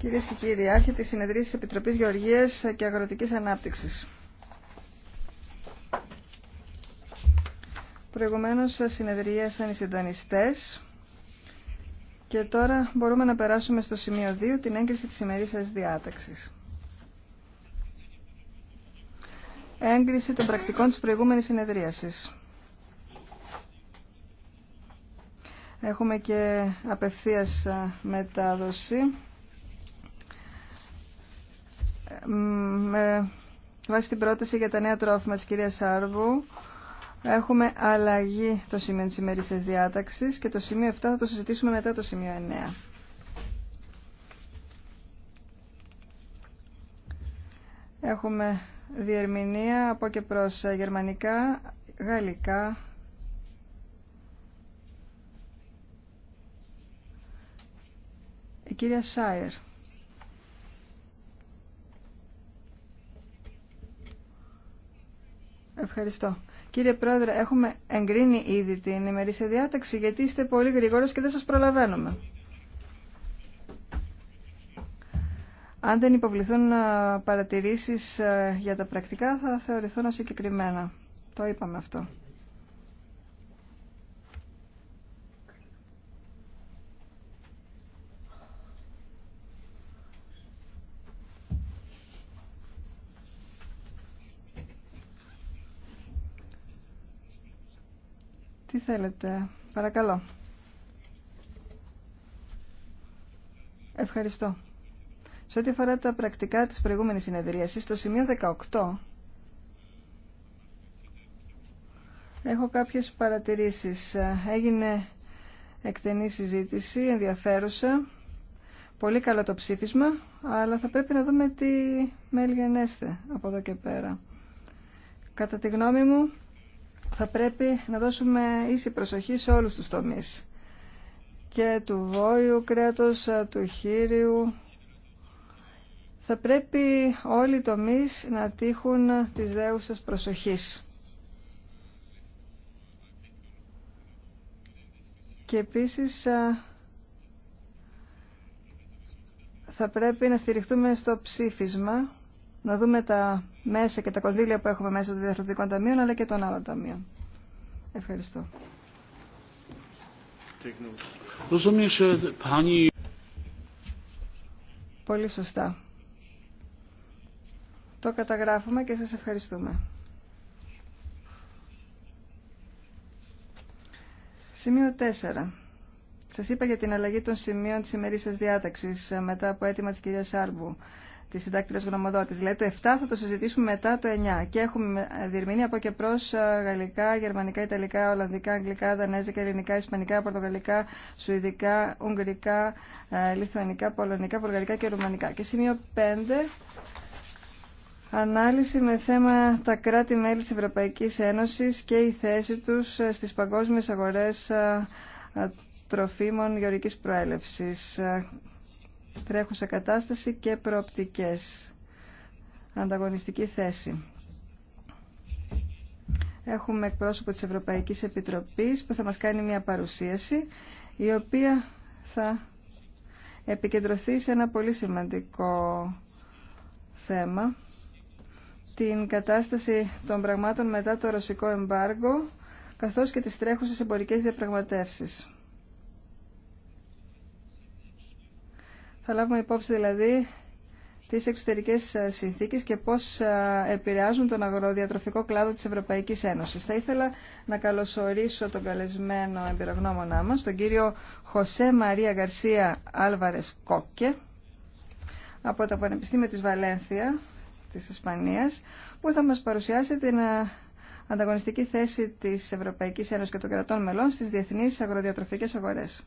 Κυρίε και κύριοι, άρχεται η συνεδρία τη Επιτροπή Γεωργία και Αγροτική Ανάπτυξη. Προηγουμένω συνεδρίασαν οι συντονιστέ και τώρα μπορούμε να περάσουμε στο σημείο 2, την έγκριση τη σα διάταξη. Έγκριση των πρακτικών τη προηγούμενη συνεδρίασης. Έχουμε και απευθείας μετάδοση με βάση την πρόταση για τα νέα τρόφιμα της κυρίας Άρβου έχουμε αλλαγή το σημείο της ημερήσιας διάταξης και το σημείο 7 θα το συζητήσουμε μετά το σημείο 9. Έχουμε διερμηνία από και προς γερμανικά, γαλλικά, Η κυρία Σάιερ. Ευχαριστώ. Κύριε Πρόεδρε, έχουμε εγκρίνει ήδη την ημερήσια διάταξη γιατί είστε πολύ γρήγορος και δεν σας προλαβαίνουμε. Αν δεν υποβληθούν ε, παρατηρήσεις ε, για τα πρακτικά θα θεωρηθούν συγκεκριμένα. Το είπαμε αυτό. θέλετε. Παρακαλώ. Ευχαριστώ. Σε ό,τι αφορά τα πρακτικά της προηγούμενης συνεδρίασης, στο σημείο 18 έχω κάποιες παρατηρήσεις. Έγινε εκτενή συζήτηση, ενδιαφέρουσα. Πολύ καλό το ψήφισμα, αλλά θα πρέπει να δούμε τι μέλη από εδώ και πέρα. Κατά τη γνώμη μου, θα πρέπει να δώσουμε ίση προσοχή σε όλους τους τομείς και του βόηου κρέατος, του χείριου. Θα πρέπει όλοι οι τομείς να τύχουν της δέουσας προσοχής. Και επίσης θα πρέπει να στηριχτούμε στο ψήφισμα, να δούμε τα μέσα και τα κονδύλια που έχουμε μέσα των διαθροτικών ταμείων αλλά και των άλλων ταμείων. Ευχαριστώ. Πολύ σωστά. Το καταγράφουμε και σας ευχαριστούμε. Σημείο 4. Σας είπα για την αλλαγή των σημείων της σας διάταξης ε, μετά από αίτημα της κυρίας Σάρβου τη συντάκτηρα γνωμοδότη. Δηλαδή το 7 θα το συζητήσουμε μετά το 9. Και έχουμε ε, διερμηνία από και προ ε, γαλλικά, γερμανικά, ιταλικά, ολλανδικά, αγγλικά, δανέζικα, ελληνικά, ισπανικά, πορτογαλικά, σουηδικά, ουγγρικά, ε, λιθουανικά, πολωνικά, βουλγαρικά και ρουμανικά. Και σημείο 5. Ανάλυση με θέμα τα κράτη-μέλη της Ευρωπαϊκής Ένωσης και η θέση τους στις παγκόσμιες αγορές τροφίμων γεωρικής προέλευσης τρέχουσα κατάσταση και προοπτικές. Ανταγωνιστική θέση. Έχουμε εκπρόσωπο της Ευρωπαϊκής Επιτροπής που θα μας κάνει μια παρουσίαση η οποία θα επικεντρωθεί σε ένα πολύ σημαντικό θέμα την κατάσταση των πραγμάτων μετά το ρωσικό εμπάργο καθώς και τις τρέχουσες εμπορικές διαπραγματεύσεις. Θα λάβουμε υπόψη δηλαδή τις εξωτερικές ε, συνθήκες και πώς ε, επηρεάζουν τον αγροδιατροφικό κλάδο της Ευρωπαϊκής Ένωσης. Θα ήθελα να καλωσορίσω τον καλεσμένο εμπειρογνώμονά μας, τον κύριο Χωσέ Μαρία Γκαρσία Άλβαρες Κόκκε, από το Πανεπιστήμιο της Βαλένθια της Ισπανίας, που θα μας παρουσιάσει την ε, ανταγωνιστική θέση της Ευρωπαϊκής Ένωσης και των κρατών μελών στις διεθνείς αγροδιατροφικές αγορές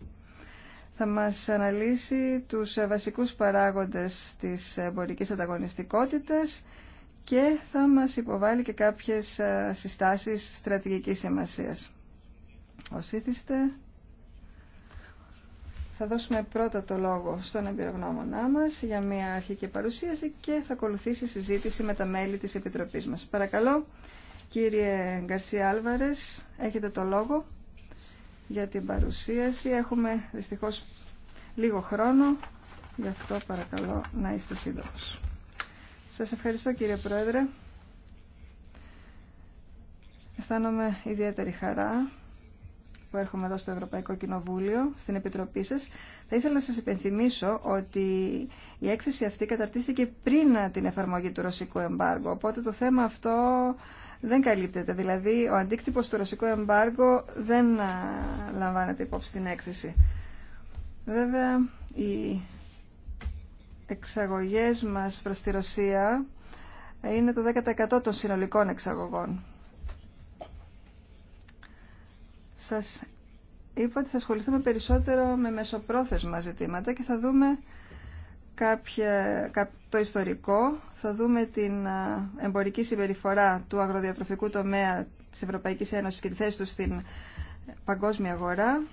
θα μας αναλύσει τους ε, βασικούς παράγοντες της εμπορικής ανταγωνιστικότητας και θα μας υποβάλει και κάποιες ε, συστάσεις στρατηγικής σημασίας. Ως ήθιστε, θα δώσουμε πρώτα το λόγο στον εμπειρογνώμονά μας για μια αρχική παρουσίαση και θα ακολουθήσει συζήτηση με τα μέλη της Επιτροπής μας. Παρακαλώ, κύριε Γκαρσία Άλβαρες, έχετε το λόγο για την παρουσίαση. Έχουμε δυστυχώς λίγο χρόνο, γι' αυτό παρακαλώ να είστε σύντομος. Σας ευχαριστώ κύριε Πρόεδρε. Αισθάνομαι ιδιαίτερη χαρά που έρχομαι εδώ στο Ευρωπαϊκό Κοινοβούλιο, στην Επιτροπή σας. Θα ήθελα να σας υπενθυμίσω ότι η έκθεση αυτή καταρτίστηκε πριν την εφαρμογή του ρωσικού εμπάργου, οπότε το θέμα αυτό δεν καλύπτεται. Δηλαδή, ο αντίκτυπος του ρωσικού εμπάργου δεν λαμβάνεται υπόψη στην έκθεση. Βέβαια, οι εξαγωγές μας προς τη Ρωσία είναι το 10% των συνολικών εξαγωγών. Σας είπα ότι θα ασχοληθούμε περισσότερο με μεσοπρόθεσμα ζητήματα και θα δούμε κάποια, το ιστορικό, θα δούμε την εμπορική συμπεριφορά του αγροδιατροφικού τομέα της Ευρωπαϊκής Ένωσης και τη θέση του στην παγκόσμια αγορά.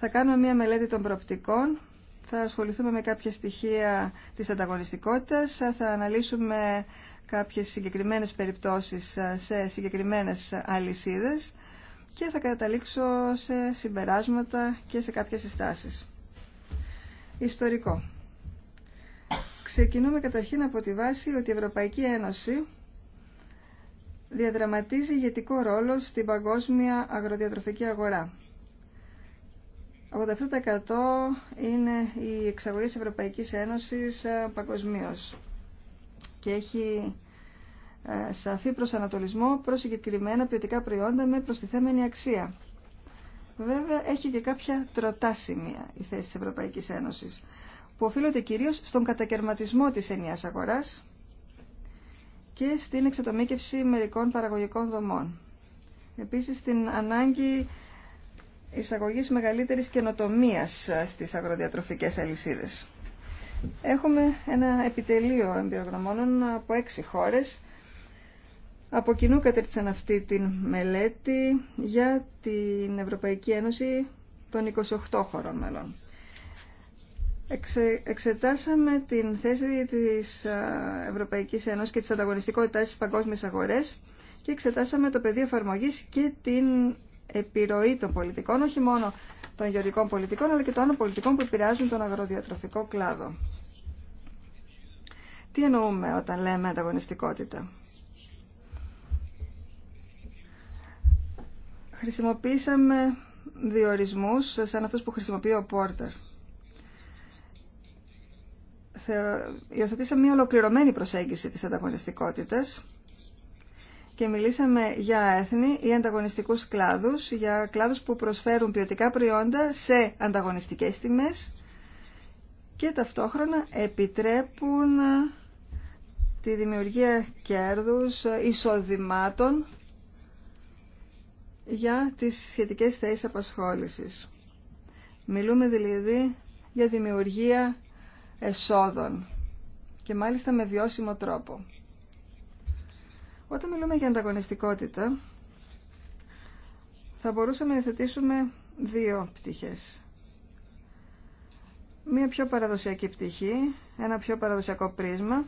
Θα κάνουμε μια μελέτη των προοπτικών, θα ασχοληθούμε με κάποια στοιχεία της ανταγωνιστικότητας, θα αναλύσουμε κάποιες συγκεκριμένες περιπτώσεις σε συγκεκριμένες αλυσίδες και θα καταλήξω σε συμπεράσματα και σε κάποιες συστάσεις. Ιστορικό. Ξεκινούμε καταρχήν από τη βάση ότι η Ευρωπαϊκή Ένωση διαδραματίζει ηγετικό ρόλο στην παγκόσμια αγροδιατροφική αγορά. 87% είναι η εξαγωγή της Ευρωπαϊκής Ένωσης ε, παγκοσμίω και έχει ε, σαφή προσανατολισμό προς συγκεκριμένα ποιοτικά προϊόντα με προστιθέμενη αξία. Βέβαια, έχει και κάποια τροτά σημεία η θέση της Ευρωπαϊκής Ένωσης που οφείλονται κυρίως στον κατακαιρματισμό της ενιαίας αγοράς και στην εξατομίκευση μερικών παραγωγικών δομών. Επίσης, στην ανάγκη εισαγωγής μεγαλύτερης καινοτομίας στις αγροδιατροφικές αλυσίδες. Έχουμε ένα επιτελείο εμπειρογνωμόνων από έξι χώρες. Από κοινού κατέρτισαν αυτή τη μελέτη για την Ευρωπαϊκή Ένωση των 28 χωρών μελών εξετάσαμε την θέση της Ευρωπαϊκής Ένωσης και της ανταγωνιστικότητας στις παγκόσμιες αγορές και εξετάσαμε το πεδίο εφαρμογή και την επιρροή των πολιτικών, όχι μόνο των γεωργικών πολιτικών, αλλά και των άλλων πολιτικών που επηρεάζουν τον αγροδιατροφικό κλάδο. Τι εννοούμε όταν λέμε ανταγωνιστικότητα. Χρησιμοποίησαμε διορισμούς σαν αυτούς που χρησιμοποιεί ο Πόρτερ υιοθετήσαμε μια ολοκληρωμένη προσέγγιση της ανταγωνιστικότητας και μιλήσαμε για έθνη ή ανταγωνιστικούς κλάδους, για κλάδους που προσφέρουν ποιοτικά προϊόντα σε ανταγωνιστικές τιμές και ταυτόχρονα επιτρέπουν τη δημιουργία κέρδους, εισοδημάτων για τις σχετικές θέσεις απασχόλησης. Μιλούμε δηλαδή για δημιουργία εσόδων και μάλιστα με βιώσιμο τρόπο. Όταν μιλούμε για ανταγωνιστικότητα, θα μπορούσαμε να θετήσουμε δύο πτυχές. Μία πιο παραδοσιακή πτυχή, ένα πιο παραδοσιακό πρίσμα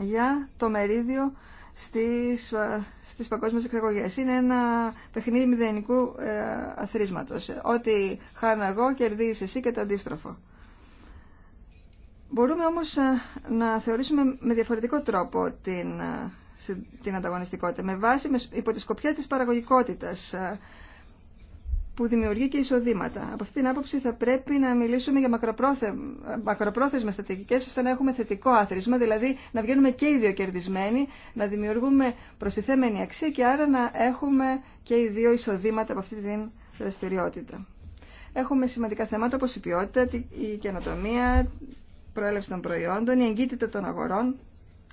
για το μερίδιο στις, ε, στις παγκόσμιες εξαγωγές. Είναι ένα παιχνίδι μηδενικού ε, αθρίσματος. Ό,τι χάνω εγώ, κερδίζεις εσύ και το αντίστροφο. Μπορούμε όμως ε, να θεωρήσουμε με διαφορετικό τρόπο την, ε, την ανταγωνιστικότητα, με βάση με, υπό τη σκοπιά της παραγωγικότητας ε, που δημιουργεί και εισοδήματα. Από αυτή την άποψη θα πρέπει να μιλήσουμε για μακροπρόθεσμα στρατηγικές ώστε να έχουμε θετικό άθροισμα, δηλαδή να βγαίνουμε και οι δύο κερδισμένοι, να δημιουργούμε προστιθέμενη αξία και άρα να έχουμε και οι δύο εισοδήματα από αυτή την δραστηριότητα. Έχουμε σημαντικά θέματα όπως η ποιότητα, η καινοτομία, προέλευση των προϊόντων, η εγκύτητα των αγορών,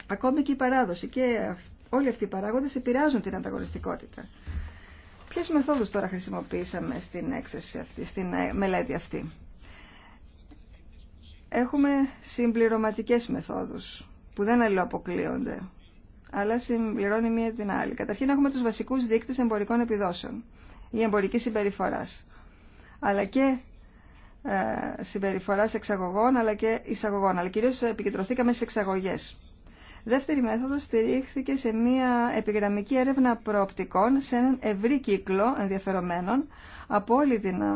ακόμη και η παράδοση. Και όλοι αυτοί οι παράγοντε επηρεάζουν την ανταγωνιστικότητα. Ποιε μεθόδους τώρα χρησιμοποίησαμε στην έκθεση αυτή, στην ε, μελέτη αυτή. Έχουμε συμπληρωματικέ μεθόδους που δεν αλληλοαποκλείονται, αλλά συμπληρώνει μία την άλλη. Καταρχήν έχουμε του βασικού δείκτες εμπορικών επιδόσεων ή εμπορική συμπεριφορά. αλλά και ε, συμπεριφορά εξαγωγών αλλά και εισαγωγών, αλλά κυρίω επικεντρωθήκαμε στι εξαγωγέ. Δεύτερη μέθοδο στηρίχθηκε σε μια επιγραμμική έρευνα προοπτικών σε έναν ευρύ κύκλο ενδιαφερομένων από όλη την ε,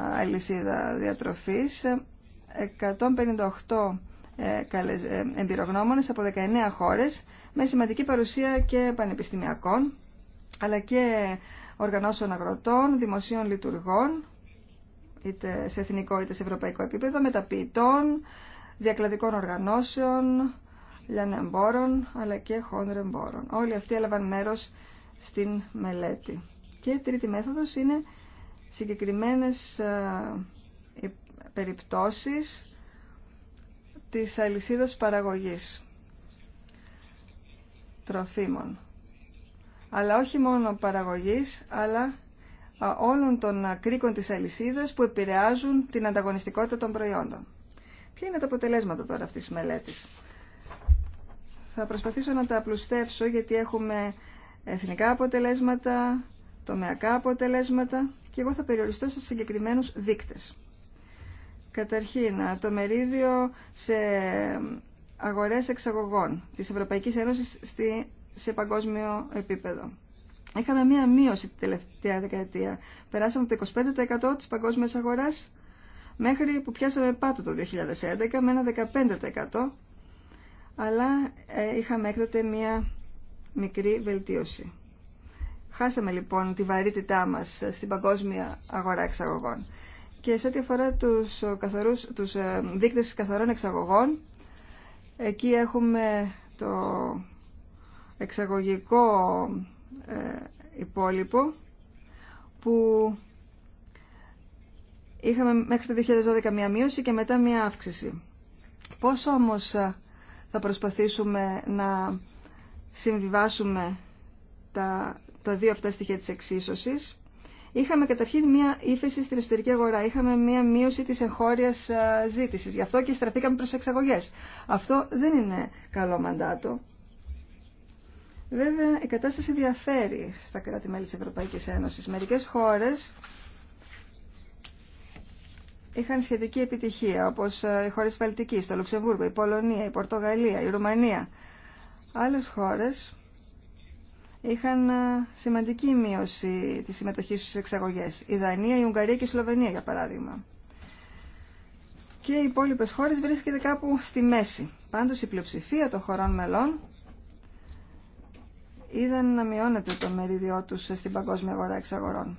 αλυσίδα διατροφής, 158 ε, εμπειρογνώμονες από 19 χώρες με σημαντική παρουσία και πανεπιστημιακών αλλά και οργανώσεων αγροτών, δημοσίων λειτουργών είτε σε εθνικό είτε σε ευρωπαϊκό επίπεδο, μεταποιητών, διακλαδικών οργανώσεων, λιανεμπόρων, αλλά και χονδρεμπόρων. Όλοι αυτοί έλαβαν μέρος στην μελέτη. Και τρίτη μέθοδος είναι συγκεκριμένες ε, ε, περιπτώσεις της αλυσίδας παραγωγής τροφίμων. Αλλά όχι μόνο παραγωγής, αλλά όλων των κρίκων της αλυσίδας που επηρεάζουν την ανταγωνιστικότητα των προϊόντων. Ποια είναι τα αποτελέσματα τώρα αυτής της μελέτης. Θα προσπαθήσω να τα απλουστεύσω γιατί έχουμε εθνικά αποτελέσματα, τομεακά αποτελέσματα και εγώ θα περιοριστώ σε συγκεκριμένους δείκτες. Καταρχήν, το μερίδιο σε αγορές εξαγωγών της Ευρωπαϊκής Ένωσης σε παγκόσμιο επίπεδο. Είχαμε μία μείωση τη τελευταία δεκαετία. Περάσαμε το 25% της παγκόσμιας αγοράς μέχρι που πιάσαμε πάτο το 2011 με ένα 15% αλλά ε, είχαμε έκτοτε μία μικρή βελτίωση. Χάσαμε λοιπόν τη βαρύτητά μας στην παγκόσμια αγορά εξαγωγών. Και σε ό,τι αφορά τους, ε, καθαρούς, τους ε, καθαρών εξαγωγών, εκεί έχουμε το εξαγωγικό ε, υπόλοιπο που είχαμε μέχρι το 2012 μία μείωση και μετά μία αύξηση. Πώς όμως ε, θα προσπαθήσουμε να συμβιβάσουμε τα, τα δύο αυτά στοιχεία της εξίσωσης. Είχαμε καταρχήν μία ύφεση στην εσωτερική αγορά, είχαμε μία μείωση της εγχώριας ε, ζήτησης, γι' αυτό και στραφήκαμε προς εξαγωγές. Αυτό δεν είναι καλό μαντάτο. Βέβαια, η κατάσταση διαφέρει στα κράτη-μέλη της Ευρωπαϊκής Ένωσης. Μερικές χώρες είχαν σχετική επιτυχία, όπως ε, οι χώρες Βαλτικής, το Λουξεμβούργο, η Πολωνία, η Πορτογαλία, η Ρουμανία. Άλλες χώρες είχαν ε, σημαντική μείωση της συμμετοχής στις εξαγωγές. Η Δανία, η Ουγγαρία και η Σλοβενία, για παράδειγμα. Και οι υπόλοιπε χώρε βρίσκεται κάπου στη μέση. Πάντω η πλειοψηφία των χωρών μελών είδαν να μειώνεται το μερίδιό τους στην παγκόσμια αγορά εξαγορών.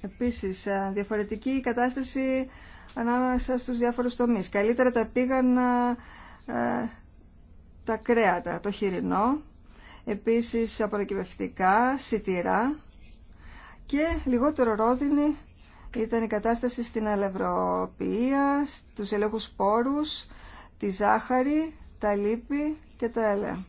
Επίσης, ε, διαφορετική η κατάσταση ανάμεσα στους διάφορους τομείς. Καλύτερα τα πήγαν ε, τα κρέατα, το χοιρινό, επίσης απορροκυπευτικά, σιτηρά και λιγότερο ρόδινη ήταν η κατάσταση στην αλευροποιία, στους ελέγχους πόρους, τη ζάχαρη, τα λίπη και τα έλαια.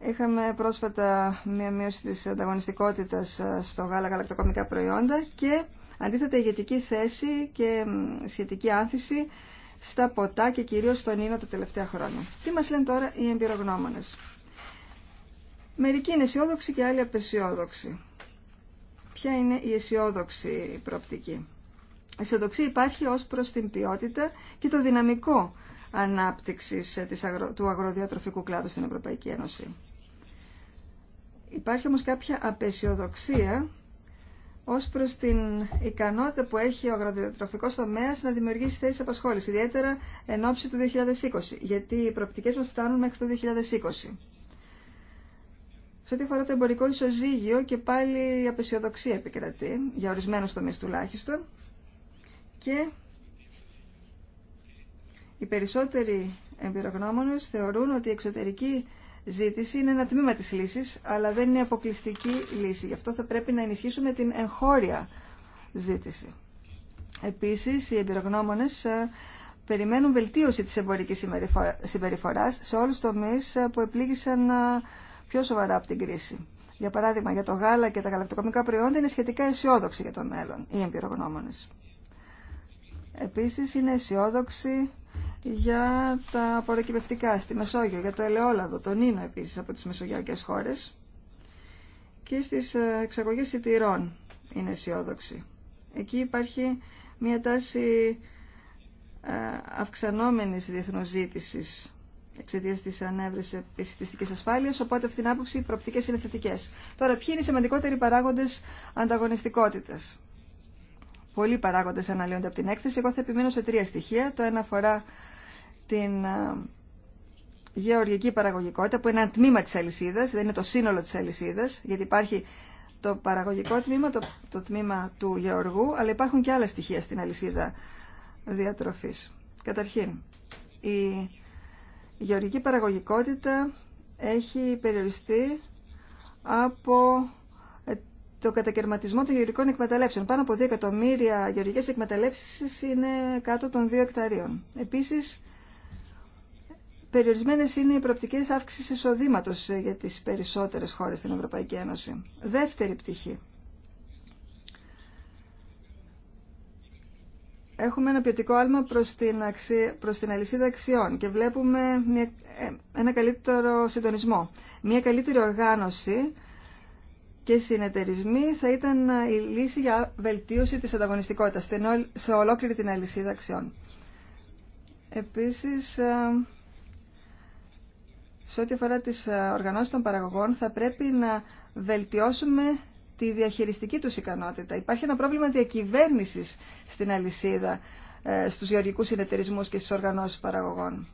Είχαμε πρόσφατα μία μείωση της ανταγωνιστικότητας ε, στο γάλα γαλακτοκομικά προϊόντα και αντίθετα ηγετική θέση και σχετική άνθηση στα ποτά και κυρίως στον ίνο τα τελευταία χρόνια. Τι μας λένε τώρα οι εμπειρογνώμονες. Μερικοί είναι αισιόδοξοι και άλλοι απεσιόδοξοι. Ποια είναι η αισιόδοξη προοπτική. Η αισιοδοξία υπάρχει ως προς την ποιότητα και το δυναμικό ανάπτυξης ε, του αγροδιατροφικού κλάδου στην Ευρωπαϊκή Ένωση. Υπάρχει όμως κάποια απεσιοδοξία ως προς την ικανότητα που έχει ο αγροδιατροφικός τομέας να δημιουργήσει θέσεις απασχόλησης, ιδιαίτερα εν ώψη του 2020, γιατί οι προοπτικές μας φτάνουν μέχρι το 2020. Σε ό,τι αφορά το εμπορικό ισοζύγιο και πάλι η απεσιοδοξία επικρατεί, για ορισμένους τομείς τουλάχιστον, και οι περισσότεροι εμπειρογνώμονες θεωρούν ότι η εξωτερική ζήτηση είναι ένα τμήμα της λύσης, αλλά δεν είναι αποκλειστική λύση. Γι' αυτό θα πρέπει να ενισχύσουμε την εγχώρια ζήτηση. Επίσης, οι εμπειρογνώμονες ε, περιμένουν βελτίωση της εμπορικής συμπεριφοράς σε όλους τομείς ε, που επλήγησαν ε, πιο σοβαρά από την κρίση. Για παράδειγμα, για το γάλα και τα γαλακτοκομικά προϊόντα είναι σχετικά αισιόδοξοι για το μέλλον οι εμπειρογνώμονες. Επίσης, είναι αισιόδοξοι για τα απορροκυπευτικά στη Μεσόγειο, για το ελαιόλαδο, τον Ίνο επίσης από τις μεσογειακές χώρες και στις ε, εξαγωγές σιτηρών είναι αισιόδοξη. Εκεί υπάρχει μια τάση ε, αυξανόμενη διεθνούς ζήτησης εξαιτία τη ανέβρεση επιστημιστική ασφάλεια, οπότε αυτήν την άποψη οι προοπτικέ είναι θετικέ. Τώρα, ποιοι είναι οι σημαντικότεροι παράγοντε ανταγωνιστικότητα πολλοί παράγοντε αναλύονται από την έκθεση. Εγώ θα επιμείνω σε τρία στοιχεία. Το ένα αφορά την ε, γεωργική παραγωγικότητα που είναι ένα τμήμα της αλυσίδα, δεν είναι το σύνολο της αλυσίδα, γιατί υπάρχει το παραγωγικό τμήμα, το, το τμήμα του γεωργού, αλλά υπάρχουν και άλλα στοιχεία στην αλυσίδα διατροφής. Καταρχήν, η γεωργική παραγωγικότητα έχει περιοριστεί από το κατακαιρματισμό των γεωργικών εκμεταλλεύσεων. Πάνω από 2 εκατομμύρια γεωργικές εκμεταλλεύσει είναι κάτω των 2 εκταρίων. Επίσης, περιορισμένε είναι οι προοπτικέ αύξηση εισοδήματο ε, για τις περισσότερες χώρες στην Ευρωπαϊκή Ένωση. Δεύτερη πτυχή. Έχουμε ένα ποιοτικό άλμα προς την, αξι... προς την αλυσίδα αξιών και βλέπουμε μια... Ε, ένα καλύτερο συντονισμό. Μια καλύτερη οργάνωση και συνεταιρισμοί θα ήταν η λύση για βελτίωση της ανταγωνιστικότητας σε ολόκληρη την αλυσίδα αξιών. Επίσης, ε, σε ό,τι αφορά τις ε, οργανώσεις των παραγωγών, θα πρέπει να βελτιώσουμε τη διαχειριστική τους ικανότητα. Υπάρχει ένα πρόβλημα διακυβέρνησης στην αλυσίδα, ε, στους γεωργικούς συνεταιρισμούς και στις οργανώσεις παραγωγών.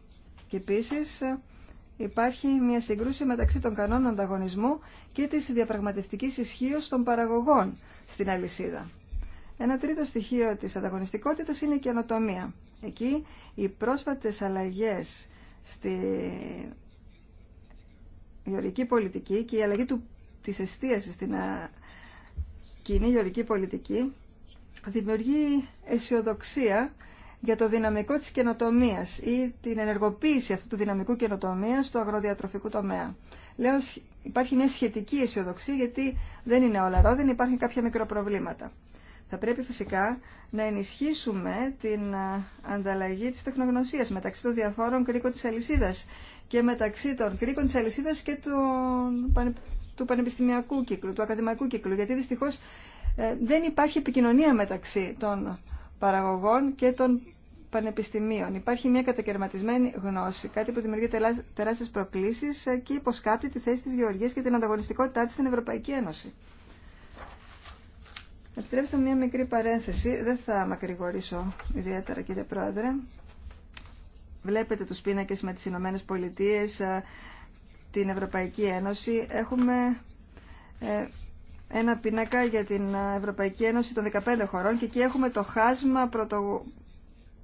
Και επίσης, υπάρχει μια συγκρούση μεταξύ των κανόνων ανταγωνισμού και της διαπραγματευτικής ισχύω των παραγωγών στην αλυσίδα. Ένα τρίτο στοιχείο της ανταγωνιστικότητας είναι η καινοτομία. Εκεί οι πρόσφατες αλλαγές στη γεωρική πολιτική και η αλλαγή του, της εστίασης στην κοινή γεωρική πολιτική δημιουργεί αισιοδοξία για το δυναμικό της καινοτομία ή την ενεργοποίηση αυτού του δυναμικού καινοτομία στο αγροδιατροφικού τομέα. Λέω υπάρχει μια σχετική αισιοδοξία γιατί δεν είναι όλα ρόδινα, υπάρχουν κάποια μικροπροβλήματα. Θα πρέπει φυσικά να ενισχύσουμε την ανταλλαγή της τεχνογνωσίας μεταξύ των διαφόρων κρίκων της αλυσίδας και μεταξύ των κρίκων της αλυσίδας και του πανεπιστημιακού κύκλου, του ακαδημαϊκού κύκλου, γιατί δυστυχώς ε, δεν υπάρχει επικοινωνία μεταξύ των παραγωγών και των πανεπιστημίων. Υπάρχει μια κατακαιρματισμένη γνώση, κάτι που δημιουργεί τεράστιες προκλήσεις ε, και υποσκάπτει τη θέση της γεωργίας και την ανταγωνιστικότητά τη στην Ευρωπαϊκή Ένωση. Επιτρέψτε μια μικρή παρένθεση, δεν θα μακρηγορήσω ιδιαίτερα κύριε Πρόεδρε. Βλέπετε τους πίνακε με τις Ηνωμένε Πολιτείες, ε, την Ευρωπαϊκή Ένωση. Έχουμε ε, ένα πίνακα για την Ευρωπαϊκή Ένωση των 15 χωρών και εκεί έχουμε το χάσμα πρωτο...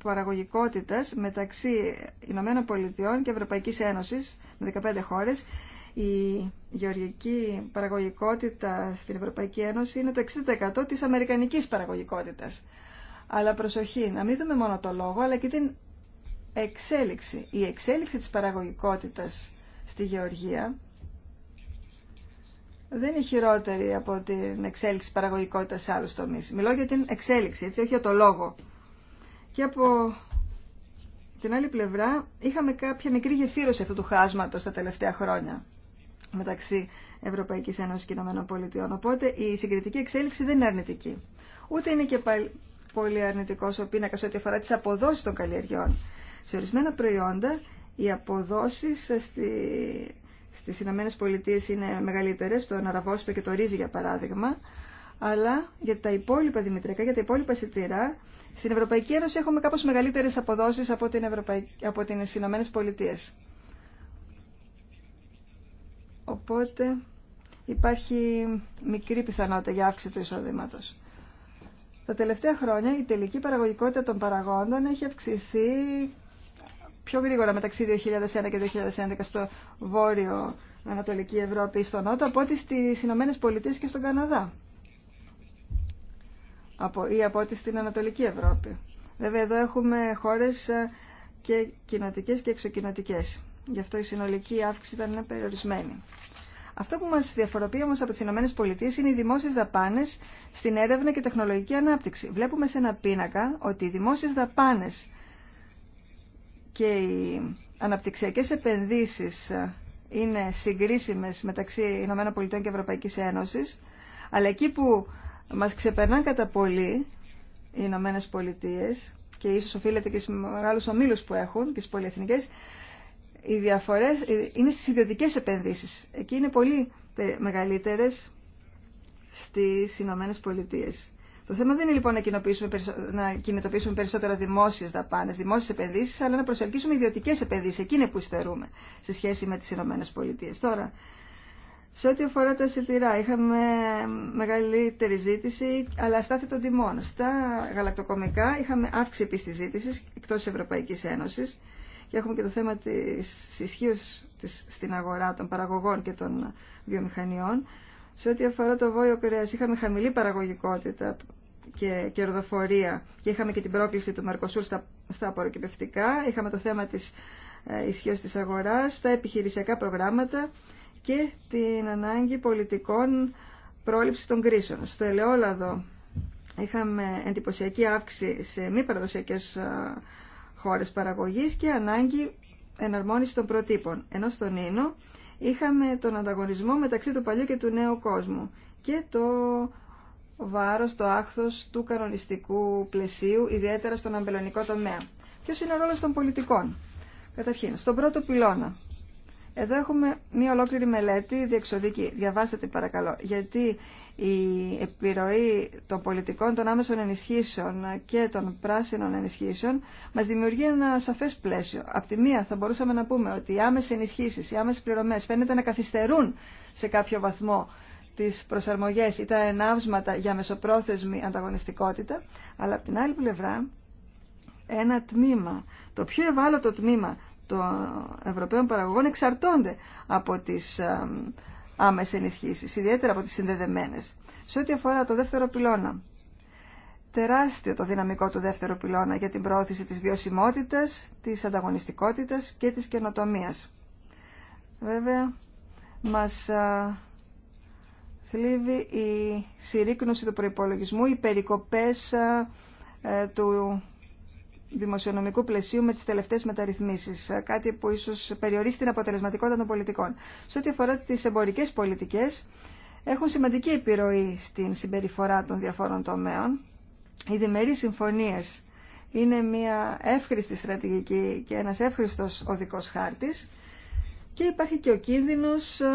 παραγωγικότητας μεταξύ Ηνωμένων Πολιτειών και Ευρωπαϊκής Ένωσης με 15 χώρες. Η γεωργική παραγωγικότητα στην Ευρωπαϊκή Ένωση είναι το 60% της αμερικανικής παραγωγικότητας. Αλλά προσοχή, να μην δούμε μόνο το λόγο, αλλά και την εξέλιξη. Η εξέλιξη της παραγωγικότητας στη γεωργία δεν είναι χειρότερη από την εξέλιξη παραγωγικότητα σε άλλου τομεί. Μιλώ για την εξέλιξη, έτσι, όχι για το λόγο. Και από την άλλη πλευρά είχαμε κάποια μικρή γεφύρωση αυτού του χάσματο τα τελευταία χρόνια μεταξύ Ευρωπαϊκή Ένωση και Ηνωμένων Πολιτειών. Οπότε η συγκριτική εξέλιξη δεν είναι αρνητική. Ούτε είναι και πολύ αρνητικό ο πίνακα ό,τι αφορά τις αποδόσεις των καλλιεργιών. Σε ορισμένα προϊόντα οι αποδόσει στη στις Ηνωμένες Πολιτείες είναι μεγαλύτερες, το Ναραβόστο και το Ρίζι για παράδειγμα, αλλά για τα υπόλοιπα δημητριακά, για τα υπόλοιπα εισιτήρα, στην Ευρωπαϊκή Ένωση έχουμε κάπως μεγαλύτερες αποδόσεις από, την Ευρωπαϊ... από τις Ηνωμένες Πολιτείες. Οπότε υπάρχει μικρή πιθανότητα για αύξηση του εισόδηματο. Τα τελευταία χρόνια η τελική παραγωγικότητα των παραγόντων έχει αυξηθεί πιο γρήγορα μεταξύ 2001 και 2011 στο Βόρειο Ανατολική Ευρώπη ή στο Νότο από ό,τι στις Ηνωμένε Πολιτείε και στον Καναδά από, ή από ό,τι στην Ανατολική Ευρώπη. Βέβαια εδώ έχουμε χώρες ε, και κοινοτικέ και εξοκοινοτικές. Γι' αυτό η συνολική αύξηση ήταν περιορισμένη. Αυτό που μας διαφοροποιεί όμως από τις Ηνωμένες Πολιτείες είναι οι δημόσιες δαπάνες στην έρευνα και τεχνολογική ανάπτυξη. Βλέπουμε σε ένα πίνακα ότι οι δημόσιες δαπάνες και οι αναπτυξιακές επενδύσεις ε, είναι συγκρίσιμες μεταξύ ΗΠΑ και Ευρωπαϊκής Ένωσης, αλλά εκεί που μας ξεπερνάνε κατά πολύ οι Ηνωμένε Πολιτείε και ίσως οφείλεται και στους μεγάλους ομίλους που έχουν και στις πολυεθνικές, οι διαφορές ε, είναι στις ιδιωτικές επενδύσεις. Εκεί είναι πολύ μεγαλύτερες στις Ηνωμένε Πολιτείες. Το θέμα δεν είναι λοιπόν να, κοινοποιήσουμε, να κινητοποιήσουμε περισσότερα δημόσιε δαπάνε, δημόσιε επενδύσει, αλλά να προσελκύσουμε ιδιωτικέ επενδύσει, εκείνε που υστερούμε σε σχέση με τι ΗΠΑ. Τώρα, σε ό,τι αφορά τα σιτηρά, είχαμε μεγαλύτερη ζήτηση, αλλά στάθη των τιμών. Στα γαλακτοκομικά είχαμε αύξηση επίση τη ζήτηση εκτό Ευρωπαϊκή Ένωση και έχουμε και το θέμα τη ισχύω στην αγορά των παραγωγών και των βιομηχανιών. Σε ό,τι αφορά το βόλιο κρέα, είχαμε χαμηλή παραγωγικότητα και κερδοφορία και είχαμε και την πρόκληση του Μαρκοσούρ στα, στα απορροκυπευτικά, είχαμε το θέμα της ε, της αγοράς, τα επιχειρησιακά προγράμματα και την ανάγκη πολιτικών πρόληψη των κρίσεων. Στο ελαιόλαδο είχαμε εντυπωσιακή αύξηση σε μη παραδοσιακές ε, χώρες παραγωγής και ανάγκη εναρμόνιση των προτύπων. Ενώ στον Ίνο είχαμε τον ανταγωνισμό μεταξύ του παλιού και του νέου κόσμου και το βάρο το άχθο του κανονιστικού πλαισίου, ιδιαίτερα στον αμπελονικό τομέα. Ποιο είναι ο ρόλο των πολιτικών. Καταρχήν, στον πρώτο πυλώνα. Εδώ έχουμε μία ολόκληρη μελέτη διεξοδική. Διαβάστε την παρακαλώ. Γιατί η επιρροή των πολιτικών, των άμεσων ενισχύσεων και των πράσινων ενισχύσεων μας δημιουργεί ένα σαφές πλαίσιο. Απ' τη μία θα μπορούσαμε να πούμε ότι οι άμεσες ενισχύσεις, οι άμεσες πληρωμές φαίνεται να καθυστερούν σε κάποιο βαθμό τις προσαρμογές ή τα ενάυσματα για μεσοπρόθεσμη ανταγωνιστικότητα, αλλά από την άλλη πλευρά ένα τμήμα, το πιο ευάλωτο τμήμα των Ευρωπαίων παραγωγών εξαρτώνται από τις ε, άμεσες ενισχύσεις, ιδιαίτερα από τις συνδεδεμένες. Σε ό,τι αφορά το δεύτερο πυλώνα, τεράστιο το δυναμικό του δεύτερου πυλώνα για την προώθηση της βιωσιμότητας, της ανταγωνιστικότητας και της καινοτομίας. Βέβαια, μας ε, θλίβει η συρρήκνωση του προϋπολογισμού, οι περικοπές ε, του δημοσιονομικού πλαισίου με τις τελευταίες μεταρρυθμίσεις, ε, κάτι που ίσως περιορίσει την αποτελεσματικότητα των πολιτικών. Σε ό,τι αφορά τις εμπορικές πολιτικές, έχουν σημαντική επιρροή στην συμπεριφορά των διαφόρων τομέων. Οι διμερείς συμφωνίες είναι μια εύχρηστη στρατηγική και ένας εύχρηστος οδικός χάρτης και υπάρχει και ο κίνδυνος ε,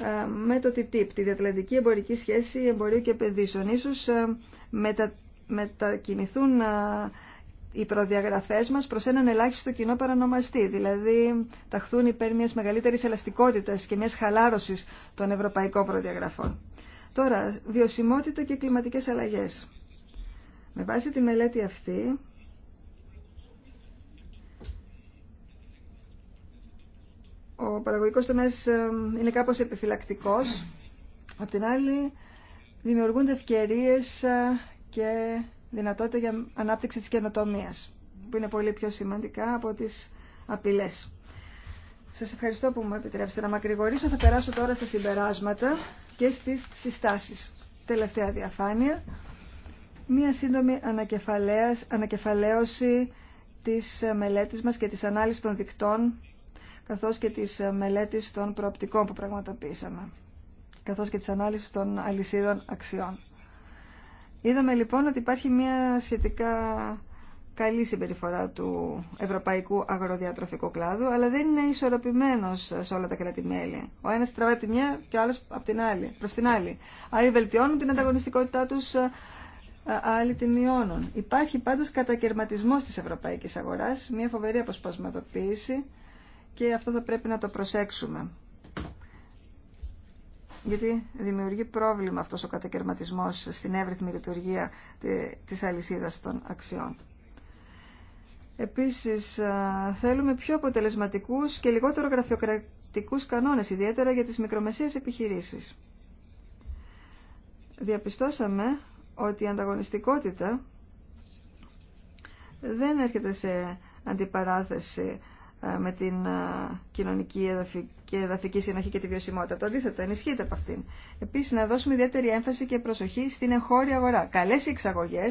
ε, με το TTIP, τη Διατλαντική Εμπορική Σχέση Εμπορίου και Επενδύσεων. Ίσως ε, μετα, μετακινηθούν ε, οι προδιαγραφές μας προς έναν ελάχιστο κοινό παρανομαστή, δηλαδή ταχθούν υπέρ μιας μεγαλύτερης ελαστικότητας και μιας χαλάρωσης των ευρωπαϊκών προδιαγραφών. Τώρα, βιωσιμότητα και κλιματικές αλλαγές. Με βάση τη μελέτη αυτή, ο παραγωγικός τομέας ε, είναι κάπως επιφυλακτικός. Απ' την άλλη, δημιουργούνται ευκαιρίες ε, και δυνατότητα για ανάπτυξη της καινοτομία, που είναι πολύ πιο σημαντικά από τις απειλές. Σας ευχαριστώ που μου επιτρέψετε να μακρηγορήσω. Θα περάσω τώρα στα συμπεράσματα και στις συστάσεις. Τελευταία διαφάνεια. Μία σύντομη ανακεφαλαίωση της μελέτης μας και της ανάλυσης των δικτών καθώς και της μελέτης των προοπτικών που πραγματοποιήσαμε, καθώς και της ανάλυσης των αλυσίδων αξιών. Είδαμε λοιπόν ότι υπάρχει μια σχετικά καλή συμπεριφορά του ευρωπαϊκού αγροδιατροφικού κλάδου, αλλά δεν είναι ισορροπημένο σε όλα τα κράτη-μέλη. Ο ένα τραβάει από τη μια και ο άλλο προ την άλλη. Άλλοι βελτιώνουν την ανταγωνιστικότητά του, ε, άλλοι τη μειώνουν. Υπάρχει πάντω κατακαιρματισμό τη ευρωπαϊκή αγορά, μια φοβερή αποσπασματοποίηση και αυτό θα πρέπει να το προσέξουμε. Γιατί δημιουργεί πρόβλημα αυτός ο κατακαιρματισμός στην εύρυθμη λειτουργία της αλυσίδας των αξιών. Επίσης, θέλουμε πιο αποτελεσματικούς και λιγότερο γραφειοκρατικούς κανόνες, ιδιαίτερα για τις μικρομεσαίες επιχειρήσεις. Διαπιστώσαμε ότι η ανταγωνιστικότητα δεν έρχεται σε αντιπαράθεση ε, με την ε, κοινωνική και εδαφική συνοχή και τη βιωσιμότητα. Το αντίθετο, ενισχύεται από αυτήν. Επίση, να δώσουμε ιδιαίτερη έμφαση και προσοχή στην εγχώρια αγορά. Καλέ οι εξαγωγέ,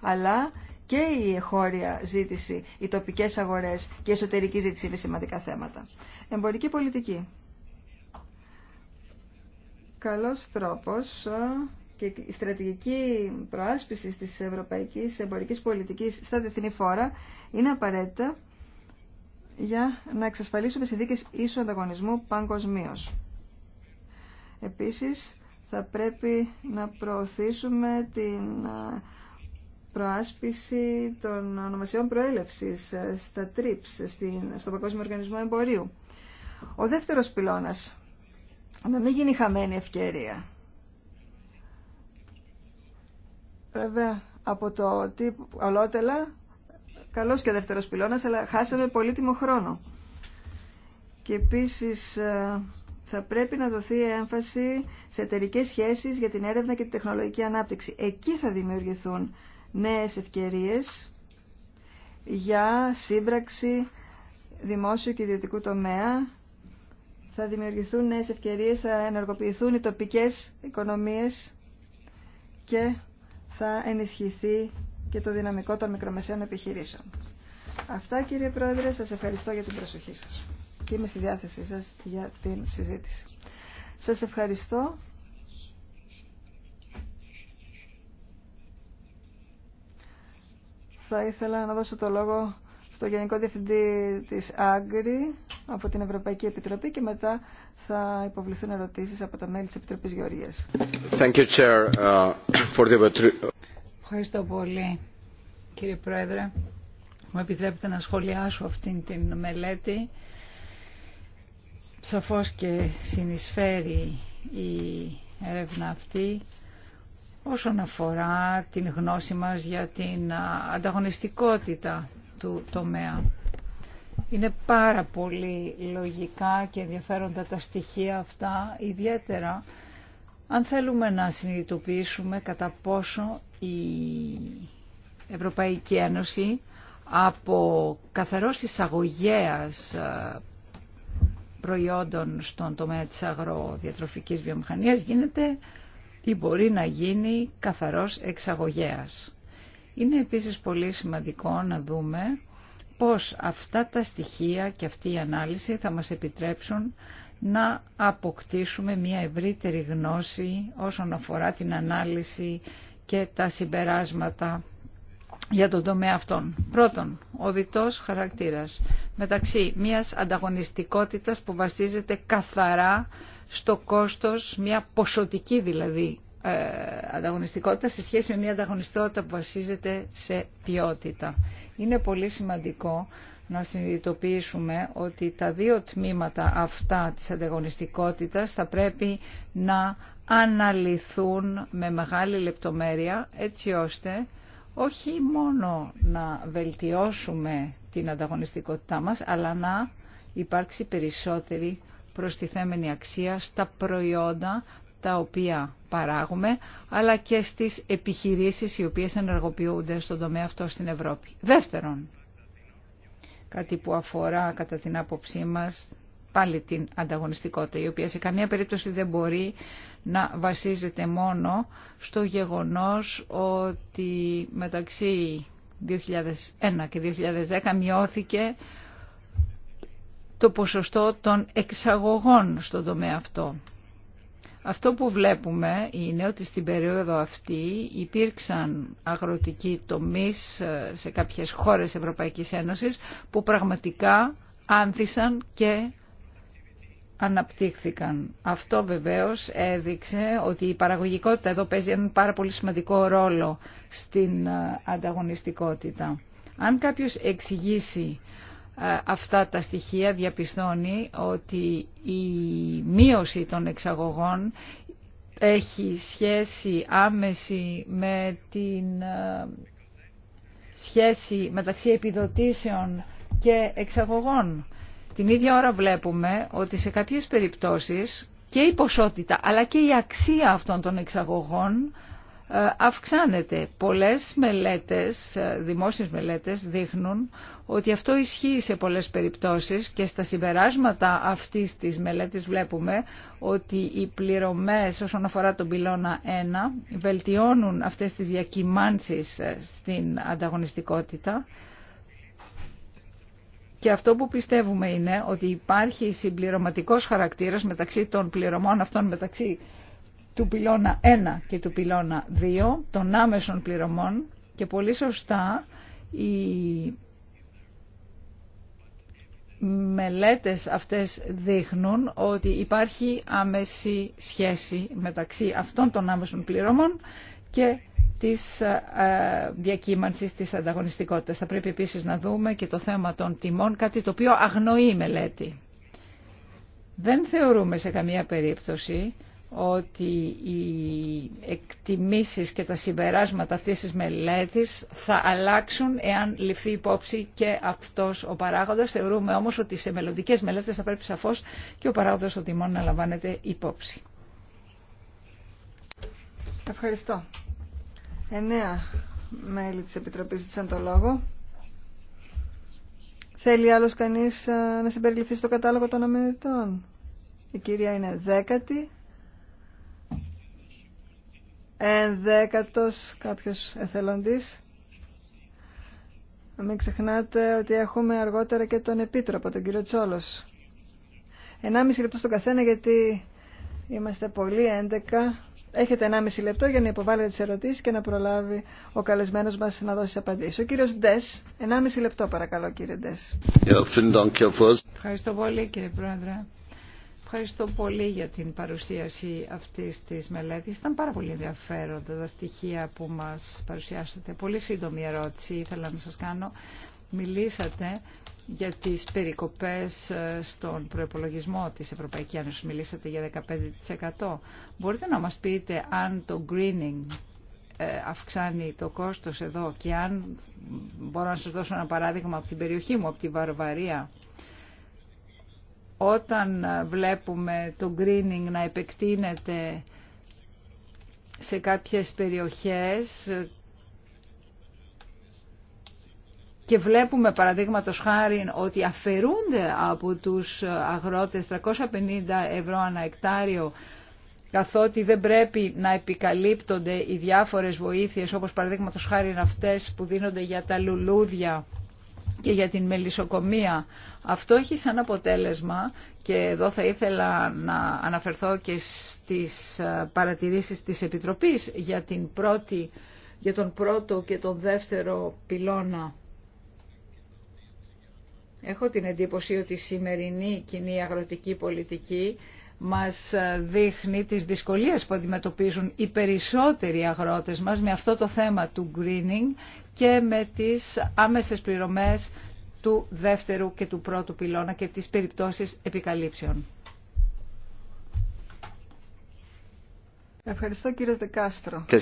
αλλά και η εγχώρια ζήτηση, οι τοπικέ αγορέ και η εσωτερική ζήτηση είναι σημαντικά θέματα. Εμπορική πολιτική. Καλό τρόπο. Ε, και η στρατηγική προάσπιση τη Ευρωπαϊκή Εμπορική Πολιτική στα διεθνή φόρα είναι απαραίτητα για να εξασφαλίσουμε συνθήκε ίσου ανταγωνισμού παγκοσμίω. Επίσης, θα πρέπει να προωθήσουμε την ε, προάσπιση των ονομασιών προέλευση ε, στα TRIPS, στο Παγκόσμιο Οργανισμό Εμπορίου. Ο δεύτερος πυλώνας, να μην γίνει χαμένη ευκαιρία. Βέβαια, από το τύπο ολότελα καλός και δεύτερος πυλώνας, αλλά χάσαμε πολύτιμο χρόνο. Και επίσης ε, θα πρέπει να δοθεί έμφαση σε εταιρικέ σχέσεις για την έρευνα και την τεχνολογική ανάπτυξη. Εκεί θα δημιουργηθούν νέες ευκαιρίες για σύμπραξη δημόσιου και ιδιωτικού τομέα. Θα δημιουργηθούν νέες ευκαιρίες, θα ενεργοποιηθούν οι τοπικές οικονομίες και θα ενισχυθεί και το δυναμικό των μικρομεσαίων επιχειρήσεων. Αυτά κύριε Πρόεδρε, σας ευχαριστώ για την προσοχή σας και είμαι στη διάθεσή σας για την συζήτηση. Σας ευχαριστώ. Θα ήθελα να δώσω το λόγο στο Γενικό Διευθυντή της Άγκρη από την Ευρωπαϊκή Επιτροπή και μετά θα υποβληθούν ερωτήσεις από τα μέλη της Επιτροπής Γεωργίας. Uh, Ευχαριστώ πολύ κύριε Πρόεδρε. Μου επιτρέπετε να σχολιάσω αυτήν την μελέτη. Σαφώς και συνεισφέρει η έρευνα αυτή όσον αφορά την γνώση μας για την ανταγωνιστικότητα του τομέα. Είναι πάρα πολύ λογικά και ενδιαφέροντα τα στοιχεία αυτά, ιδιαίτερα αν θέλουμε να συνειδητοποιήσουμε κατά πόσο η Ευρωπαϊκή Ένωση από καθαρός εισαγωγέας ε, προϊόντων στον τομέα της αγροδιατροφικής βιομηχανίας γίνεται ή μπορεί να γίνει καθαρός εξαγωγέας. Είναι επίσης πολύ σημαντικό να δούμε πώς αυτά τα στοιχεία και αυτή η ανάλυση θα μας επιτρέψουν να αποκτήσουμε μια ευρύτερη γνώση όσον αφορά την ανάλυση και τα συμπεράσματα για τον τομέα αυτόν. Πρώτον, ο διτός χαρακτήρας μεταξύ μιας ανταγωνιστικότητας που βασίζεται καθαρά στο κόστος, μια ποσοτική δηλαδή ε, ανταγωνιστικότητα σε σχέση με μια ανταγωνιστικότητα που βασίζεται σε ποιότητα. Είναι πολύ σημαντικό να συνειδητοποιήσουμε ότι τα δύο τμήματα αυτά της ανταγωνιστικότητας θα πρέπει να αναλυθούν με μεγάλη λεπτομέρεια έτσι ώστε όχι μόνο να βελτιώσουμε την ανταγωνιστικότητά μας αλλά να υπάρξει περισσότερη προστιθέμενη αξία στα προϊόντα τα οποία παράγουμε, αλλά και στις επιχειρήσεις οι οποίες ενεργοποιούνται στον τομέα αυτό στην Ευρώπη. Δεύτερον, κάτι που αφορά κατά την άποψή μας πάλι την ανταγωνιστικότητα, η οποία σε καμία περίπτωση δεν μπορεί να βασίζεται μόνο στο γεγονός ότι μεταξύ 2001 και 2010 μειώθηκε το ποσοστό των εξαγωγών στον τομέα αυτό. Αυτό που βλέπουμε είναι ότι στην περίοδο αυτή υπήρξαν αγροτικοί τομείς ε, σε κάποιες χώρες Ευρωπαϊκής Ένωσης που πραγματικά άνθησαν και αναπτύχθηκαν. Αυτό βεβαίως έδειξε ότι η παραγωγικότητα εδώ παίζει έναν πάρα πολύ σημαντικό ρόλο στην ε, ανταγωνιστικότητα. Αν κάποιος εξηγήσει ε, αυτά τα στοιχεία διαπιστώνει ότι η μείωση των εξαγωγών έχει σχέση άμεση με την ε, σχέση μεταξύ επιδοτήσεων και εξαγωγών. Την ίδια ώρα βλέπουμε ότι σε κάποιες περιπτώσεις και η ποσότητα αλλά και η αξία αυτών των εξαγωγών ε, αυξάνεται. Πολλές μελέτες, ε, δημόσιες μελέτες δείχνουν ότι αυτό ισχύει σε πολλές περιπτώσεις και στα συμπεράσματα αυτής της μελέτης βλέπουμε ότι οι πληρωμές όσον αφορά τον πυλώνα 1 βελτιώνουν αυτές τις διακυμάνσεις ε, στην ανταγωνιστικότητα και αυτό που πιστεύουμε είναι ότι υπάρχει συμπληρωματικός χαρακτήρας μεταξύ των πληρωμών αυτών μεταξύ του πυλώνα 1 και του πυλώνα 2 των άμεσων πληρωμών και πολύ σωστά οι μελέτες αυτές δείχνουν ότι υπάρχει άμεση σχέση μεταξύ αυτών των άμεσων πληρωμών και της ε, διακύμανσης της ανταγωνιστικότητας. Θα πρέπει επίσης να δούμε και το θέμα των τιμών, κάτι το οποίο αγνοεί η μελέτη. Δεν θεωρούμε σε καμία περίπτωση ότι οι εκτιμήσεις και τα συμπεράσματα αυτής της μελέτης θα αλλάξουν εάν ληφθεί υπόψη και αυτός ο παράγοντας. Θεωρούμε όμως ότι σε μελλοντικέ μελέτες θα πρέπει σαφώς και ο παράγοντας των τιμών να λαμβάνεται υπόψη. Ευχαριστώ. Εννέα μέλη της Επιτροπής το λόγο. Θέλει άλλος κανείς ε, να συμπεριληφθεί στο κατάλογο των ομιλητών. Η κυρία είναι δέκατη ενδέκατος κάποιος εθελοντής. Μην ξεχνάτε ότι έχουμε αργότερα και τον Επίτροπο, τον κύριο Τσόλος. Ενάμιση λεπτό στον καθένα γιατί είμαστε πολύ έντεκα. Έχετε 1,5 λεπτό για να υποβάλλετε τις ερωτήσεις και να προλάβει ο καλεσμένος μας να δώσει απαντήσει. Ο κύριος Ντες, 1,5 λεπτό παρακαλώ κύριε Ντες. Ευχαριστώ πολύ κύριε Πρόεδρε ευχαριστώ πολύ για την παρουσίαση αυτής της μελέτης. Ήταν πάρα πολύ ενδιαφέροντα τα στοιχεία που μας παρουσιάσατε. Πολύ σύντομη ερώτηση ήθελα να σας κάνω. Μιλήσατε για τις περικοπές ε, στον προεπολογισμό της Ευρωπαϊκής Ένωσης. Μιλήσατε για 15%. Μπορείτε να μας πείτε αν το greening ε, αυξάνει το κόστος εδώ και αν μπορώ να σας δώσω ένα παράδειγμα από την περιοχή μου, από τη Βαρβαρία όταν βλέπουμε το greening να επεκτείνεται σε κάποιες περιοχές και βλέπουμε παραδείγματος χάρη ότι αφαιρούνται από τους αγρότες 350 ευρώ ανά εκτάριο καθότι δεν πρέπει να επικαλύπτονται οι διάφορες βοήθειες όπως παραδείγματος χάρη αυτές που δίνονται για τα λουλούδια και για την μελισσοκομεία. Αυτό έχει σαν αποτέλεσμα και εδώ θα ήθελα να αναφερθώ και στις ε, παρατηρήσεις της Επιτροπής για, την για τον πρώτο και τον δεύτερο πυλώνα. Έχω την εντύπωση ότι η σημερινή κοινή αγροτική πολιτική μας ε, δείχνει τις δυσκολίες που αντιμετωπίζουν οι περισσότεροι αγρότες μας με αυτό το θέμα του greening και με τις άμεσες πληρωμές του δεύτερου και του πρώτου πυλώνα και τις περιπτώσεις επικαλύψεων. Ευχαριστώ κύριε Δεκάστρο. Ε,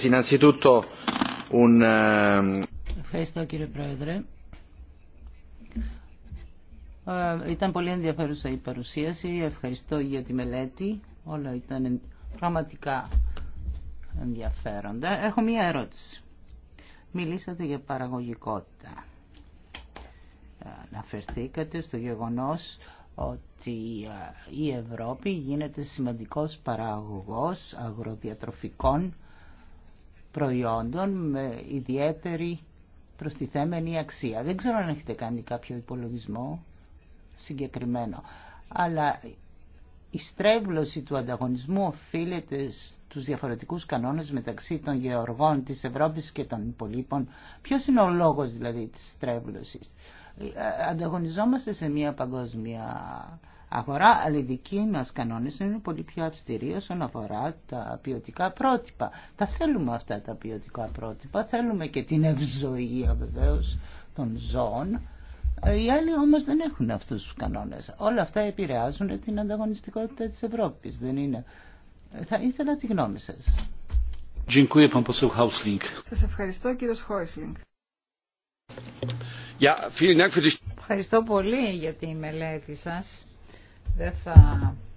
Ευχαριστώ κύριε Πρόεδρε. Ε, ήταν πολύ ενδιαφέρουσα η παρουσίαση. Ευχαριστώ για τη μελέτη. Όλα ήταν πραγματικά ενδιαφέροντα. Έχω μία ερώτηση. Μιλήσατε για παραγωγικότητα. Ε, αναφερθήκατε στο γεγονός ότι ε, η Ευρώπη γίνεται σημαντικός παραγωγός αγροδιατροφικών προϊόντων με ιδιαίτερη προστιθέμενη αξία. Δεν ξέρω αν έχετε κάνει κάποιο υπολογισμό συγκεκριμένο, αλλά η στρέβλωση του ανταγωνισμού οφείλεται στους διαφορετικούς κανόνες μεταξύ των γεωργών της Ευρώπης και των υπολείπων. Ποιος είναι ο λόγος δηλαδή της στρέβλωσης. Ε, ανταγωνιζόμαστε σε μια παγκόσμια αγορά, αλλά οι δικοί μας κανόνες είναι πολύ πιο αυστηροί όσον αφορά τα ποιοτικά πρότυπα. Τα θέλουμε αυτά τα ποιοτικά πρότυπα, θέλουμε και την ευζωία βεβαίως των ζώων, οι άλλοι όμω δεν έχουν αυτού του κανόνε. Όλα αυτά επηρεάζουν την ανταγωνιστικότητα τη Ευρώπη. Δεν είναι... Θα ήθελα τη γνώμη σα. Σας ευχαριστώ κύριο Χόισλινγκ. Ευχαριστώ πολύ για τη μελέτη σας. Δεν θα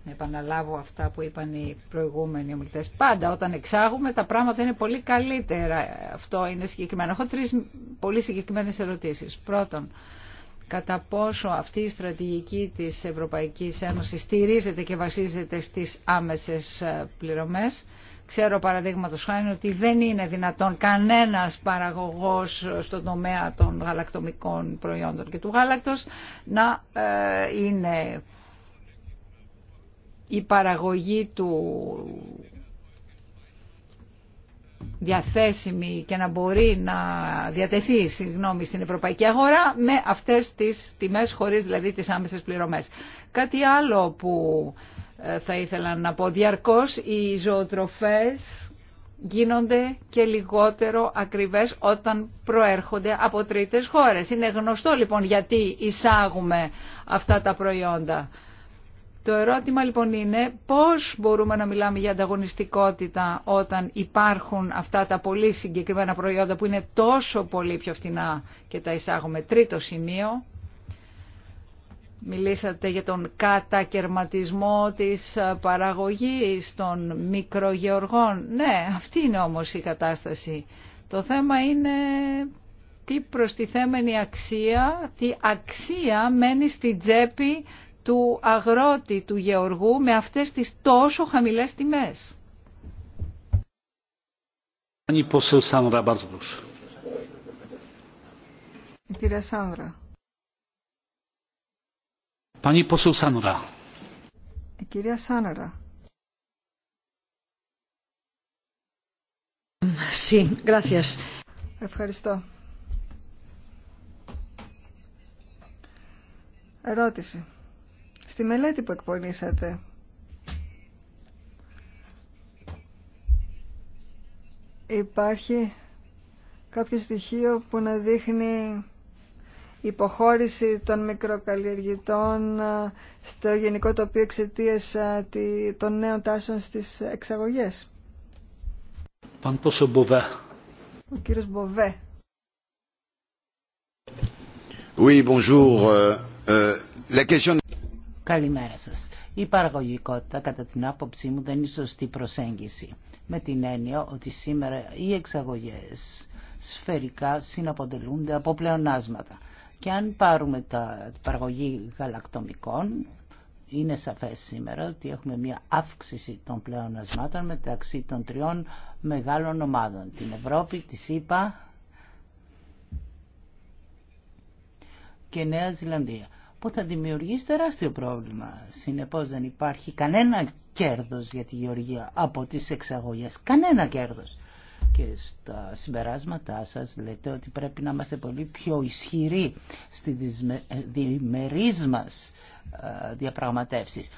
επαναλάβω αυτά που είπαν οι προηγούμενοι ομιλητέ. Πάντα όταν εξάγουμε τα πράγματα είναι πολύ καλύτερα. Αυτό είναι συγκεκριμένο. Έχω τρεις πολύ συγκεκριμένες ερωτήσεις. Πρώτον, κατά πόσο αυτή η στρατηγική της Ευρωπαϊκής Ένωσης στηρίζεται και βασίζεται στις άμεσες ε, πληρωμές. Ξέρω παραδείγματο χάρη ότι δεν είναι δυνατόν κανένας παραγωγός στον τομέα των γαλακτομικών προϊόντων και του γάλακτος να ε, είναι η παραγωγή του διαθέσιμη και να μπορεί να διατεθεί συγγνώμη, στην ευρωπαϊκή αγορά με αυτές τις τιμές χωρίς δηλαδή τις άμεσες πληρωμές. Κάτι άλλο που ε, θα ήθελα να πω διαρκώς, οι ζωοτροφές γίνονται και λιγότερο ακριβές όταν προέρχονται από τρίτες χώρες. Είναι γνωστό λοιπόν γιατί εισάγουμε αυτά τα προϊόντα. Το ερώτημα λοιπόν είναι πώς μπορούμε να μιλάμε για ανταγωνιστικότητα όταν υπάρχουν αυτά τα πολύ συγκεκριμένα προϊόντα που είναι τόσο πολύ πιο φθηνά και τα εισάγουμε. Τρίτο σημείο, μιλήσατε για τον κατακαιρματισμό της παραγωγής των μικρογεωργών. Ναι, αυτή είναι όμως η κατάσταση. Το θέμα είναι τι προστιθέμενη αξία, τι αξία μένει στην τσέπη του αγρότη, του γεωργού με αυτές τις τόσο χαμηλές τιμές. Κυρία Σανρά. Κυρία Σάνδρα. Sí, gracias. Ευχαριστώ. Ερώτηση στη μελέτη που εκπονήσατε. Υπάρχει κάποιο στοιχείο που να δείχνει υποχώρηση των μικροκαλλιεργητών ε, στο γενικό τοπίο εξαιτία ε, των νέων τάσεων στις εξαγωγές. Ο κύριος Μποβέ. Oui, bonjour. Euh, euh, la question... Καλημέρα σας. Η παραγωγικότητα κατά την άποψή μου δεν είναι σωστή προσέγγιση. Με την έννοια ότι σήμερα οι εξαγωγές σφαιρικά συναποτελούνται από πλεονάσματα. Και αν πάρουμε τα παραγωγή γαλακτομικών, είναι σαφές σήμερα ότι έχουμε μια αύξηση των πλεονασμάτων μεταξύ των τριών μεγάλων ομάδων. Την Ευρώπη, τη ΣΥΠΑ και Νέα Ζηλανδία που θα δημιουργήσει τεράστιο πρόβλημα. Συνεπώς δεν υπάρχει κανένα κέρδος για τη γεωργία από τις εξαγωγές. Κανένα κέρδος. Και στα συμπεράσματά σας λέτε ότι πρέπει να είμαστε πολύ πιο ισχυροί στη ε, διμερείς μας ε, διαπραγματεύσεις.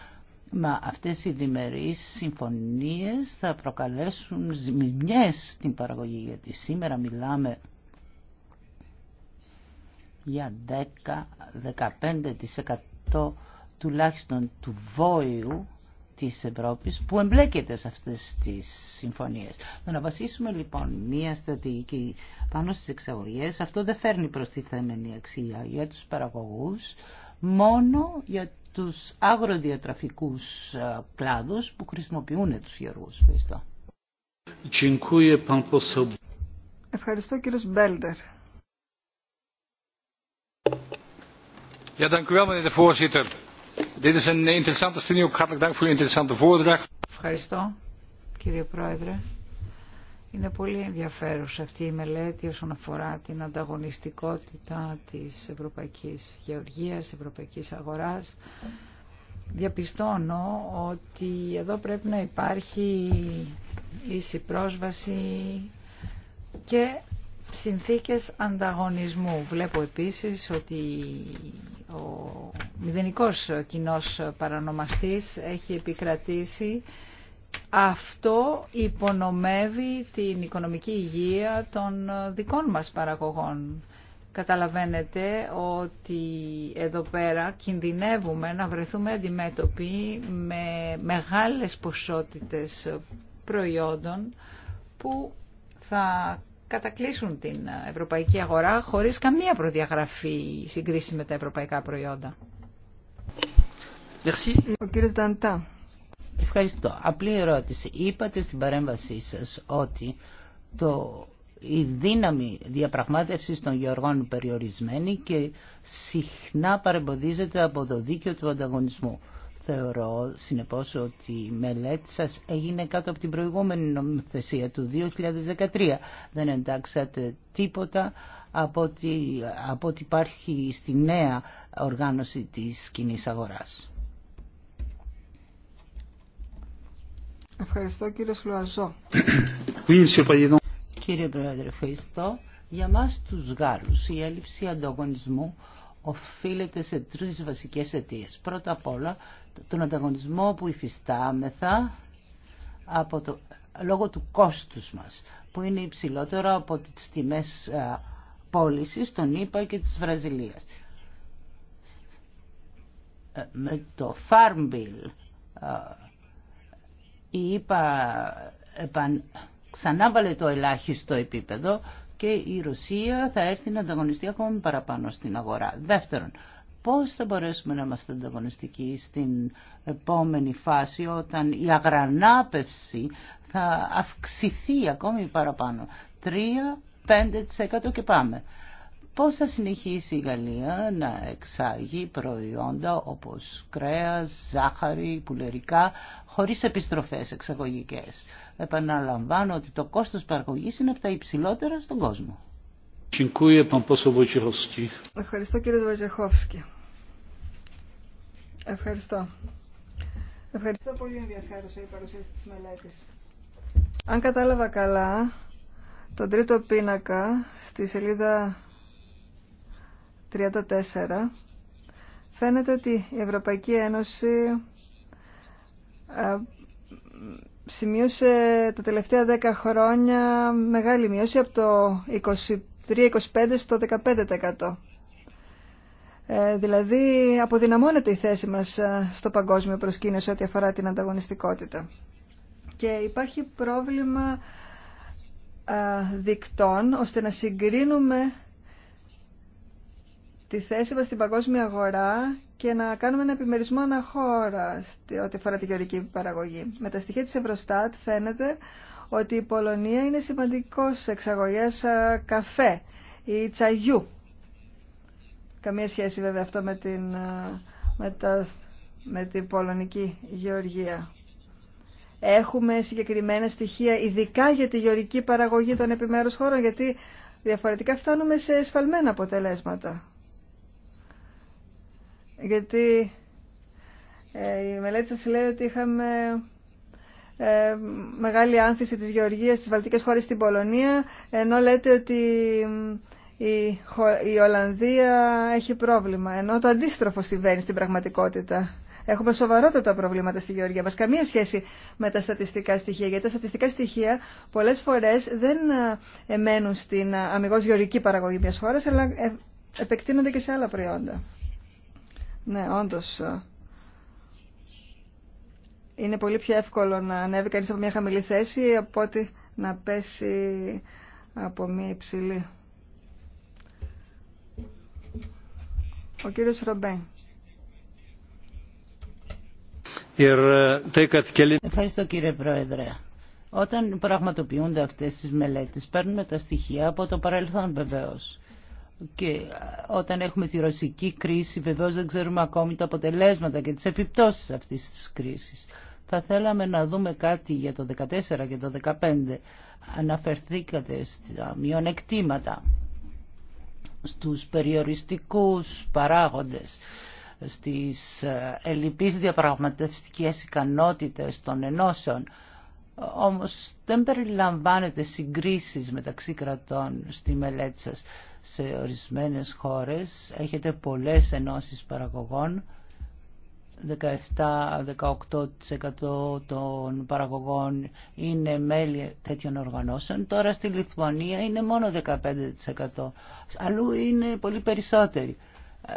Μα αυτές οι διμερείς συμφωνίες θα προκαλέσουν ζημιές στην παραγωγή γιατί σήμερα μιλάμε για 10-15% τουλάχιστον του βόηου της Ευρώπης που εμπλέκεται σε αυτές τις συμφωνίες. να βασίσουμε λοιπόν μια στρατηγική πάνω στις εξαγωγές, αυτό δεν φέρνει τη θέμενη αξία για τους παραγωγούς, μόνο για τους αγροδιατραφικούς ε, κλάδους που χρησιμοποιούν τους γεωργούς. Ευχαριστώ. Ευχαριστώ κύριος Μπέλτερ. Ευχαριστώ, κύριε Πρόεδρε. Είναι πολύ ενδιαφέρουσα αυτή η μελέτη όσον αφορά την ανταγωνιστικότητα της ευρωπαϊκής γεωργίας, ευρωπαϊκής αγοράς. Διαπιστώνω ότι εδώ πρέπει να υπάρχει ίση πρόσβαση και συνθήκες ανταγωνισμού. Βλέπω επίσης ότι ο μηδενικός κοινός παρανομαστής έχει επικρατήσει. Αυτό υπονομεύει την οικονομική υγεία των δικών μας παραγωγών. Καταλαβαίνετε ότι εδώ πέρα κινδυνεύουμε να βρεθούμε αντιμέτωποι με μεγάλες ποσότητες προϊόντων που θα κατακλείσουν την ευρωπαϊκή αγορά χωρίς καμία προδιαγραφή συγκρίση με τα ευρωπαϊκά προϊόντα. Ο κύριος Ευχαριστώ. Απλή ερώτηση. Είπατε στην παρέμβασή σας ότι το, η δύναμη διαπραγμάτευσης των γεωργών περιορισμένη και συχνά παρεμποδίζεται από το δίκαιο του ανταγωνισμού. Θεωρώ συνεπώς ότι η μελέτη σας έγινε κάτω από την προηγούμενη νομοθεσία του 2013. Δεν εντάξατε τίποτα από ό,τι υπάρχει στη νέα οργάνωση της κοινή αγοράς. Ευχαριστώ κύριε Σλουαζό. Κύριε Πρόεδρε, ευχαριστώ. Για μας τους Γάρους η έλλειψη ανταγωνισμού οφείλεται σε τρεις βασικές αιτίες. Πρώτα απ' όλα τον ανταγωνισμό που υφιστάμεθα από το, λόγω του κόστους μας, που είναι υψηλότερο από τις τιμές ε, πώλησης των ΗΠΑ και της Βραζιλίας. Ε, με το Farm Bill ε, η ΗΠΑ επαν... ξανάβαλε το ελάχιστο επίπεδο και η Ρωσία θα έρθει να ανταγωνιστεί ακόμη παραπάνω στην αγορά. Δεύτερον, πώς θα μπορέσουμε να είμαστε ανταγωνιστικοί στην επόμενη φάση όταν η αγρανάπευση θα αυξηθεί ακόμη παραπάνω. 3-5% και πάμε. Πώς θα συνεχίσει η Γαλλία να εξάγει προϊόντα όπως κρέας, ζάχαρη, πουλερικά, χωρίς επιστροφές εξαγωγικές. Επαναλαμβάνω ότι το κόστος παραγωγής είναι από τα υψηλότερα στον κόσμο. Ευχαριστώ κύριε Βαζεχόφσκι. Ευχαριστώ. Ευχαριστώ πολύ ενδιαφέρουσα η παρουσίαση της μελέτης. Αν κατάλαβα καλά, τον τρίτο πίνακα στη σελίδα 34 φαίνεται ότι η Ευρωπαϊκή Ένωση σημείωσε τα τελευταία 10 χρόνια μεγάλη μείωση από το 23-25% στο 15%. Ε, δηλαδή αποδυναμώνεται η θέση μας ε, στο παγκόσμιο προσκήνιο σε ό,τι αφορά την ανταγωνιστικότητα. Και υπάρχει πρόβλημα ε, δικτών ώστε να συγκρίνουμε τη θέση μας στην παγκόσμια αγορά και να κάνουμε ένα επιμερισμό αναχώρα ό,τι αφορά τη γεωρική παραγωγή. Με τα στοιχεία της Ευρωστάτ φαίνεται ότι η Πολωνία είναι σημαντικός εξαγωγές καφέ ή τσαγιού Καμία σχέση βέβαια αυτό με την, ε, με τα, με την πολωνική γεωργία. Έχουμε συγκεκριμένα στοιχεία ειδικά για τη γεωργική παραγωγή των επιμέρους χώρων γιατί διαφορετικά φτάνουμε σε εσφαλμένα αποτελέσματα. Γιατί ε, η μελέτη σας λέει ότι είχαμε ε, μεγάλη άνθηση της γεωργίας στις βαλτικές χώρες στην Πολωνία, ενώ λέτε ότι η Ολλανδία έχει πρόβλημα, ενώ το αντίστροφο συμβαίνει στην πραγματικότητα. Έχουμε σοβαρότατα προβλήματα στη Γεωργία μας. Καμία σχέση με τα στατιστικά στοιχεία, γιατί τα στατιστικά στοιχεία πολλές φορές δεν ε, εμένουν στην ε, αμυγός γεωργική παραγωγή μιας χώρας, αλλά ε, επεκτείνονται και σε άλλα προϊόντα. Ναι, όντως. Είναι πολύ πιο εύκολο να ανέβει κανείς από μια χαμηλή θέση από ότι να πέσει από μια υψηλή. Ο κύριος Ρομπέ. Uh, Ευχαριστώ κύριε Πρόεδρε. Όταν πραγματοποιούνται αυτές τις μελέτες παίρνουμε τα στοιχεία από το παρελθόν βεβαίως. Και όταν έχουμε τη ρωσική κρίση βεβαίως δεν ξέρουμε ακόμη τα αποτελέσματα και τις επιπτώσεις αυτής της κρίσης. Θα θέλαμε να δούμε κάτι για το 2014 και το 2015. Αναφερθήκατε στα μειονεκτήματα στους περιοριστικούς παράγοντες, στις ε, ελλειπείς διαπραγματευτικές ικανότητες των ενώσεων, όμως δεν περιλαμβάνεται συγκρίσεις μεταξύ κρατών στη μελέτη σας. Σε ορισμένες χώρες έχετε πολλές ενώσεις παραγωγών 17-18% των παραγωγών είναι μέλη τέτοιων οργανώσεων. Τώρα στη Λιθουανία είναι μόνο 15%. Αλλού είναι πολύ περισσότεροι. Ε,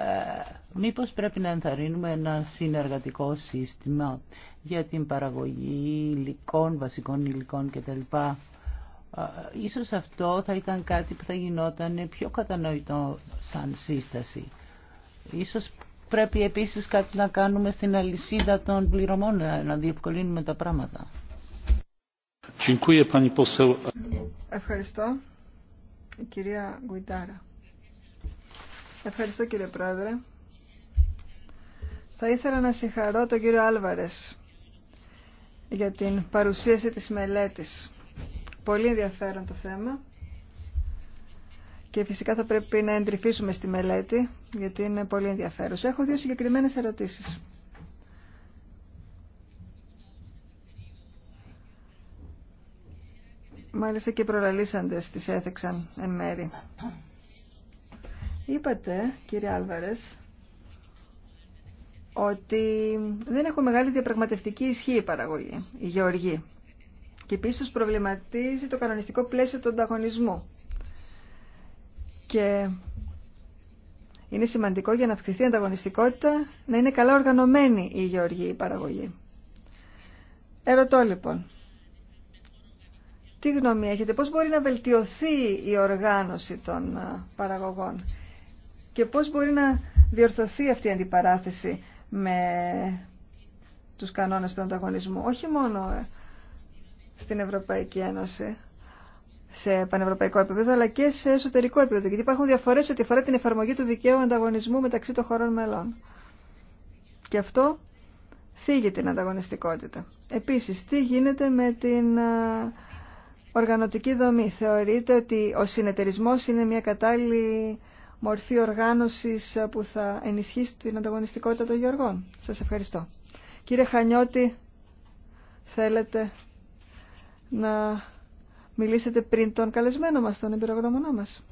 μήπως πρέπει να ενθαρρύνουμε ένα συνεργατικό σύστημα για την παραγωγή υλικών, βασικών υλικών κτλ. Ε, ίσως αυτό θα ήταν κάτι που θα γινόταν πιο κατανοητό σαν σύσταση. Ίσως Πρέπει επίσης κάτι να κάνουμε στην αλυσίδα των πληρωμών, ε, να διευκολύνουμε τα πράγματα. Ευχαριστώ. Η κυρία Γουιτάρα. Ευχαριστώ κύριε Πρόεδρε. Θα ήθελα να συγχαρώ τον κύριο Άλβαρες για την παρουσίαση της μελέτης. Πολύ ενδιαφέρον το θέμα και φυσικά θα πρέπει να εντρυφήσουμε στη μελέτη γιατί είναι πολύ ενδιαφέρον. Έχω δύο συγκεκριμένες ερωτήσεις. Μάλιστα και προλαλήσαντες τις έθεξαν εν μέρη. Είπατε, κύριε Άλβαρες, ότι δεν έχουν μεγάλη διαπραγματευτική ισχύ η παραγωγή, η γεωργή. Και επίση προβληματίζει το κανονιστικό πλαίσιο του ανταγωνισμού και είναι σημαντικό για να αυξηθεί η ανταγωνιστικότητα να είναι καλά οργανωμένη η γεωργή η παραγωγή. Ερωτώ λοιπόν, τι γνώμη έχετε, πώς μπορεί να βελτιωθεί η οργάνωση των παραγωγών και πώς μπορεί να διορθωθεί αυτή η αντιπαράθεση με τους κανόνες του ανταγωνισμού, όχι μόνο ε, στην Ευρωπαϊκή Ένωση, σε πανευρωπαϊκό επίπεδο αλλά και σε εσωτερικό επίπεδο γιατί υπάρχουν διαφορέ ό,τι αφορά την εφαρμογή του δικαίου ανταγωνισμού μεταξύ των χωρών μελών. Και αυτό θίγει την ανταγωνιστικότητα. Επίσης, τι γίνεται με την οργανωτική δομή. Θεωρείται ότι ο συνεταιρισμό είναι μια κατάλληλη μορφή οργάνωση που θα ενισχύσει την ανταγωνιστικότητα των γεωργών. Σα ευχαριστώ. Κύριε Χανιώτη, θέλετε να μιλήσετε πριν τον καλεσμένο μας, τον εμπειρογνωμονό μας.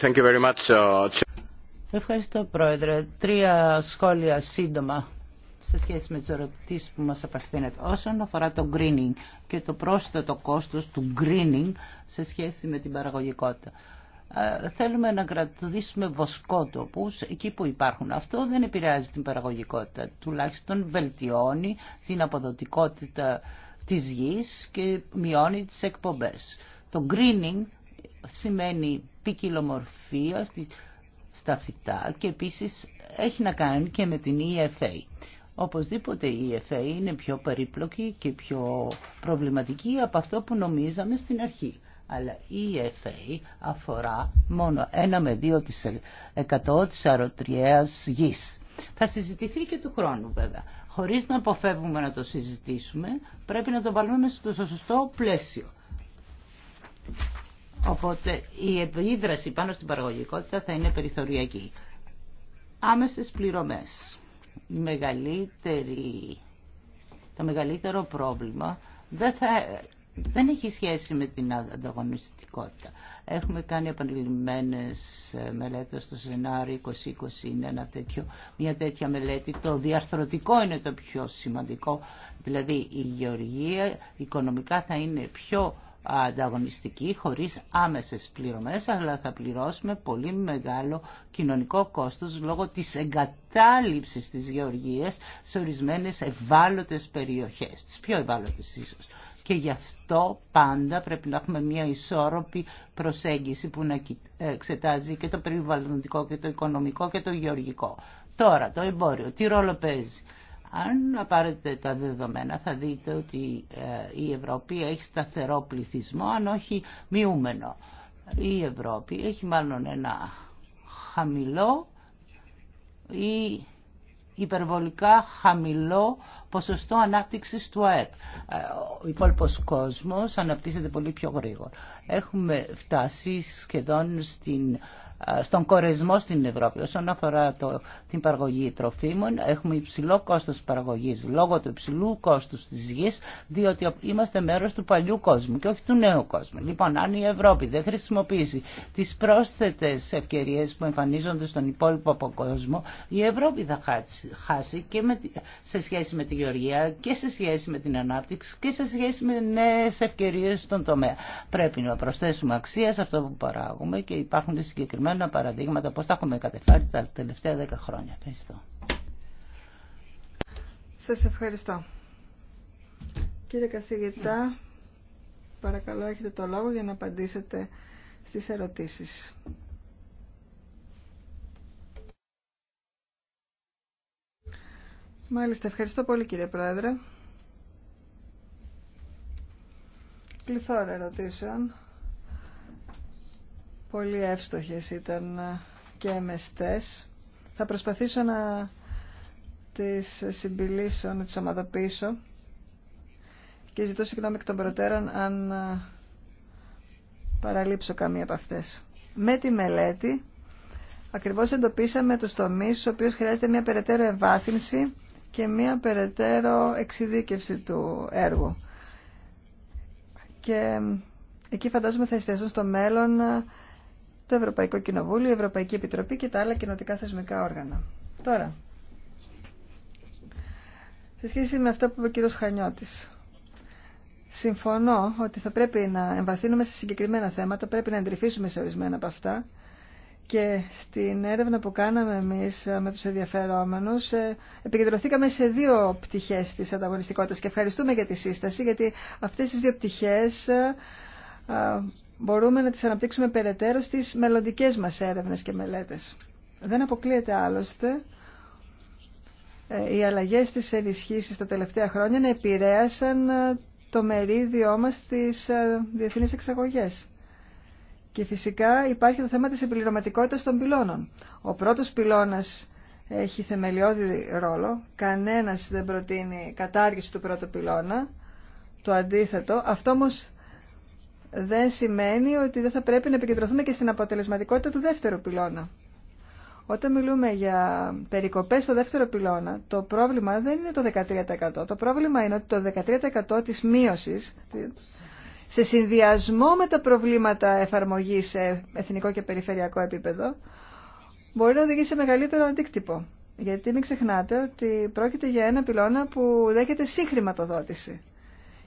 Thank you very much. Uh, Ευχαριστώ Πρόεδρε. Τρία σχόλια σύντομα σε σχέση με τις ερωτήσεις που μας απευθύνεται. Όσον αφορά το greening και το πρόσθετο κόστος του greening σε σχέση με την παραγωγικότητα. Ε, θέλουμε να κρατήσουμε βοσκότοπους εκεί που υπάρχουν. Αυτό δεν επηρεάζει την παραγωγικότητα, τουλάχιστον βελτιώνει την αποδοτικότητα της γης και μειώνει τις εκπομπές. Το greening σημαίνει ποικιλομορφία στα φυτά και επίσης έχει να κάνει και με την EFA. Οπωσδήποτε η EFA είναι πιο περίπλοκη και πιο προβληματική από αυτό που νομίζαμε στην αρχή αλλά η EFA αφορά μόνο ένα με 2% της αεροτριέας γης. Θα συζητηθεί και του χρόνου βέβαια. Χωρίς να αποφεύγουμε να το συζητήσουμε, πρέπει να το βάλουμε στο σωστό πλαίσιο. Οπότε η επίδραση πάνω στην παραγωγικότητα θα είναι περιθωριακή. Άμεσες πληρωμές. το μεγαλύτερο πρόβλημα δεν θα δεν έχει σχέση με την ανταγωνιστικότητα. Έχουμε κάνει επανειλημμένες ε, μελέτες στο σενάριο 2020 είναι μια τέτοια μελέτη. Το διαρθρωτικό είναι το πιο σημαντικό. Δηλαδή η γεωργία οικονομικά θα είναι πιο ανταγωνιστική χωρίς άμεσες πληρωμές αλλά θα πληρώσουμε πολύ μεγάλο κοινωνικό κόστος λόγω της εγκατάλειψης της γεωργίας σε ορισμένες ευάλωτες περιοχές, τις πιο ευάλωτες ίσως και γι' αυτό πάντα πρέπει να έχουμε μια ισόρροπη προσέγγιση που να εξετάζει και το περιβαλλοντικό και το οικονομικό και το γεωργικό. Τώρα, το εμπόριο, τι ρόλο παίζει. Αν πάρετε τα δεδομένα θα δείτε ότι ε, η Ευρώπη έχει σταθερό πληθυσμό, αν όχι μειούμενο. Η Ευρώπη έχει μάλλον ένα χαμηλό ή υπερβολικά χαμηλό ποσοστό ανάπτυξης του ΑΕΠ. Ε, ο υπόλοιπο κόσμος αναπτύσσεται πολύ πιο γρήγορα. Έχουμε φτάσει σχεδόν στην ε, στον κορεσμό στην Ευρώπη. Όσον αφορά το, την παραγωγή τροφίμων, έχουμε υψηλό κόστος παραγωγής λόγω του υψηλού κόστου της γης, διότι είμαστε μέρος του παλιού κόσμου και όχι του νέου κόσμου. Λοιπόν, αν η Ευρώπη δεν χρησιμοποιήσει τις πρόσθετες ευκαιρίες που εμφανίζονται στον υπόλοιπο κόσμο, η Ευρώπη θα χάσει, και με, σε σχέση με τη γεωργία και σε σχέση με την ανάπτυξη και σε σχέση με νέες ευκαιρίε στον τομέα. Πρέπει να προσθέσουμε αξία αυτό που παράγουμε και υπάρχουν συγκεκριμένα συγκεκριμένα παραδείγματα πώς τα έχουμε κατεφάρει τα τελευταία δέκα χρόνια. Ευχαριστώ. Σας ευχαριστώ. Κύριε καθηγητά, παρακαλώ έχετε το λόγο για να απαντήσετε στις ερωτήσεις. Μάλιστα, ευχαριστώ πολύ κύριε Πρόεδρε. Πληθώρα ερωτήσεων. Πολύ εύστοχες ήταν ε, και μεστές. Θα προσπαθήσω να τις συμπιλήσω, να τις ομαδοποιήσω και ζητώ συγγνώμη εκ των προτέρων αν ε, παραλείψω καμία από αυτές. Με τη μελέτη ακριβώς εντοπίσαμε τους τομείς στους οποίους χρειάζεται μια περαιτέρω ευάθυνση και μια περαιτέρω εξειδίκευση του έργου. Και ε, εκεί φαντάζομαι θα εστιαστούν στο μέλλον το Ευρωπαϊκό Κοινοβούλιο, η Ευρωπαϊκή Επιτροπή και τα άλλα κοινοτικά θεσμικά όργανα. Τώρα, σε σχέση με αυτά που είπε ο κύριος Χανιώτης, συμφωνώ ότι θα πρέπει να εμβαθύνουμε σε συγκεκριμένα θέματα, πρέπει να εντρυφήσουμε σε ορισμένα από αυτά και στην έρευνα που κάναμε εμείς με τους ενδιαφερόμενους ε, επικεντρωθήκαμε σε δύο πτυχές της ανταγωνιστικότητας και ευχαριστούμε για τη σύσταση γιατί αυτές τις δύο πτυχές ε, μπορούμε να τις αναπτύξουμε περαιτέρω στις μελλοντικέ μας έρευνες και μελέτες. Δεν αποκλείεται άλλωστε ε, οι αλλαγές στις ενισχύσεις τα τελευταία χρόνια να επηρέασαν ε, το μερίδιό μας στις ε, διεθνείς εξαγωγές. Και φυσικά υπάρχει το θέμα της επιπληρωματικότητας των πυλώνων. Ο πρώτος πυλώνας έχει θεμελιώδη ρόλο. Κανένας δεν προτείνει κατάργηση του πρώτου πυλώνα. Το αντίθετο. Αυτό όμως δεν σημαίνει ότι δεν θα πρέπει να επικεντρωθούμε και στην αποτελεσματικότητα του δεύτερου πυλώνα. Όταν μιλούμε για περικοπές στο δεύτερο πυλώνα, το πρόβλημα δεν είναι το 13%. Το πρόβλημα είναι ότι το 13% της μείωση, σε συνδυασμό με τα προβλήματα εφαρμογής σε εθνικό και περιφερειακό επίπεδο, μπορεί να οδηγήσει σε μεγαλύτερο αντίκτυπο. Γιατί μην ξεχνάτε ότι πρόκειται για ένα πυλώνα που δέχεται σύγχρηματοδότηση.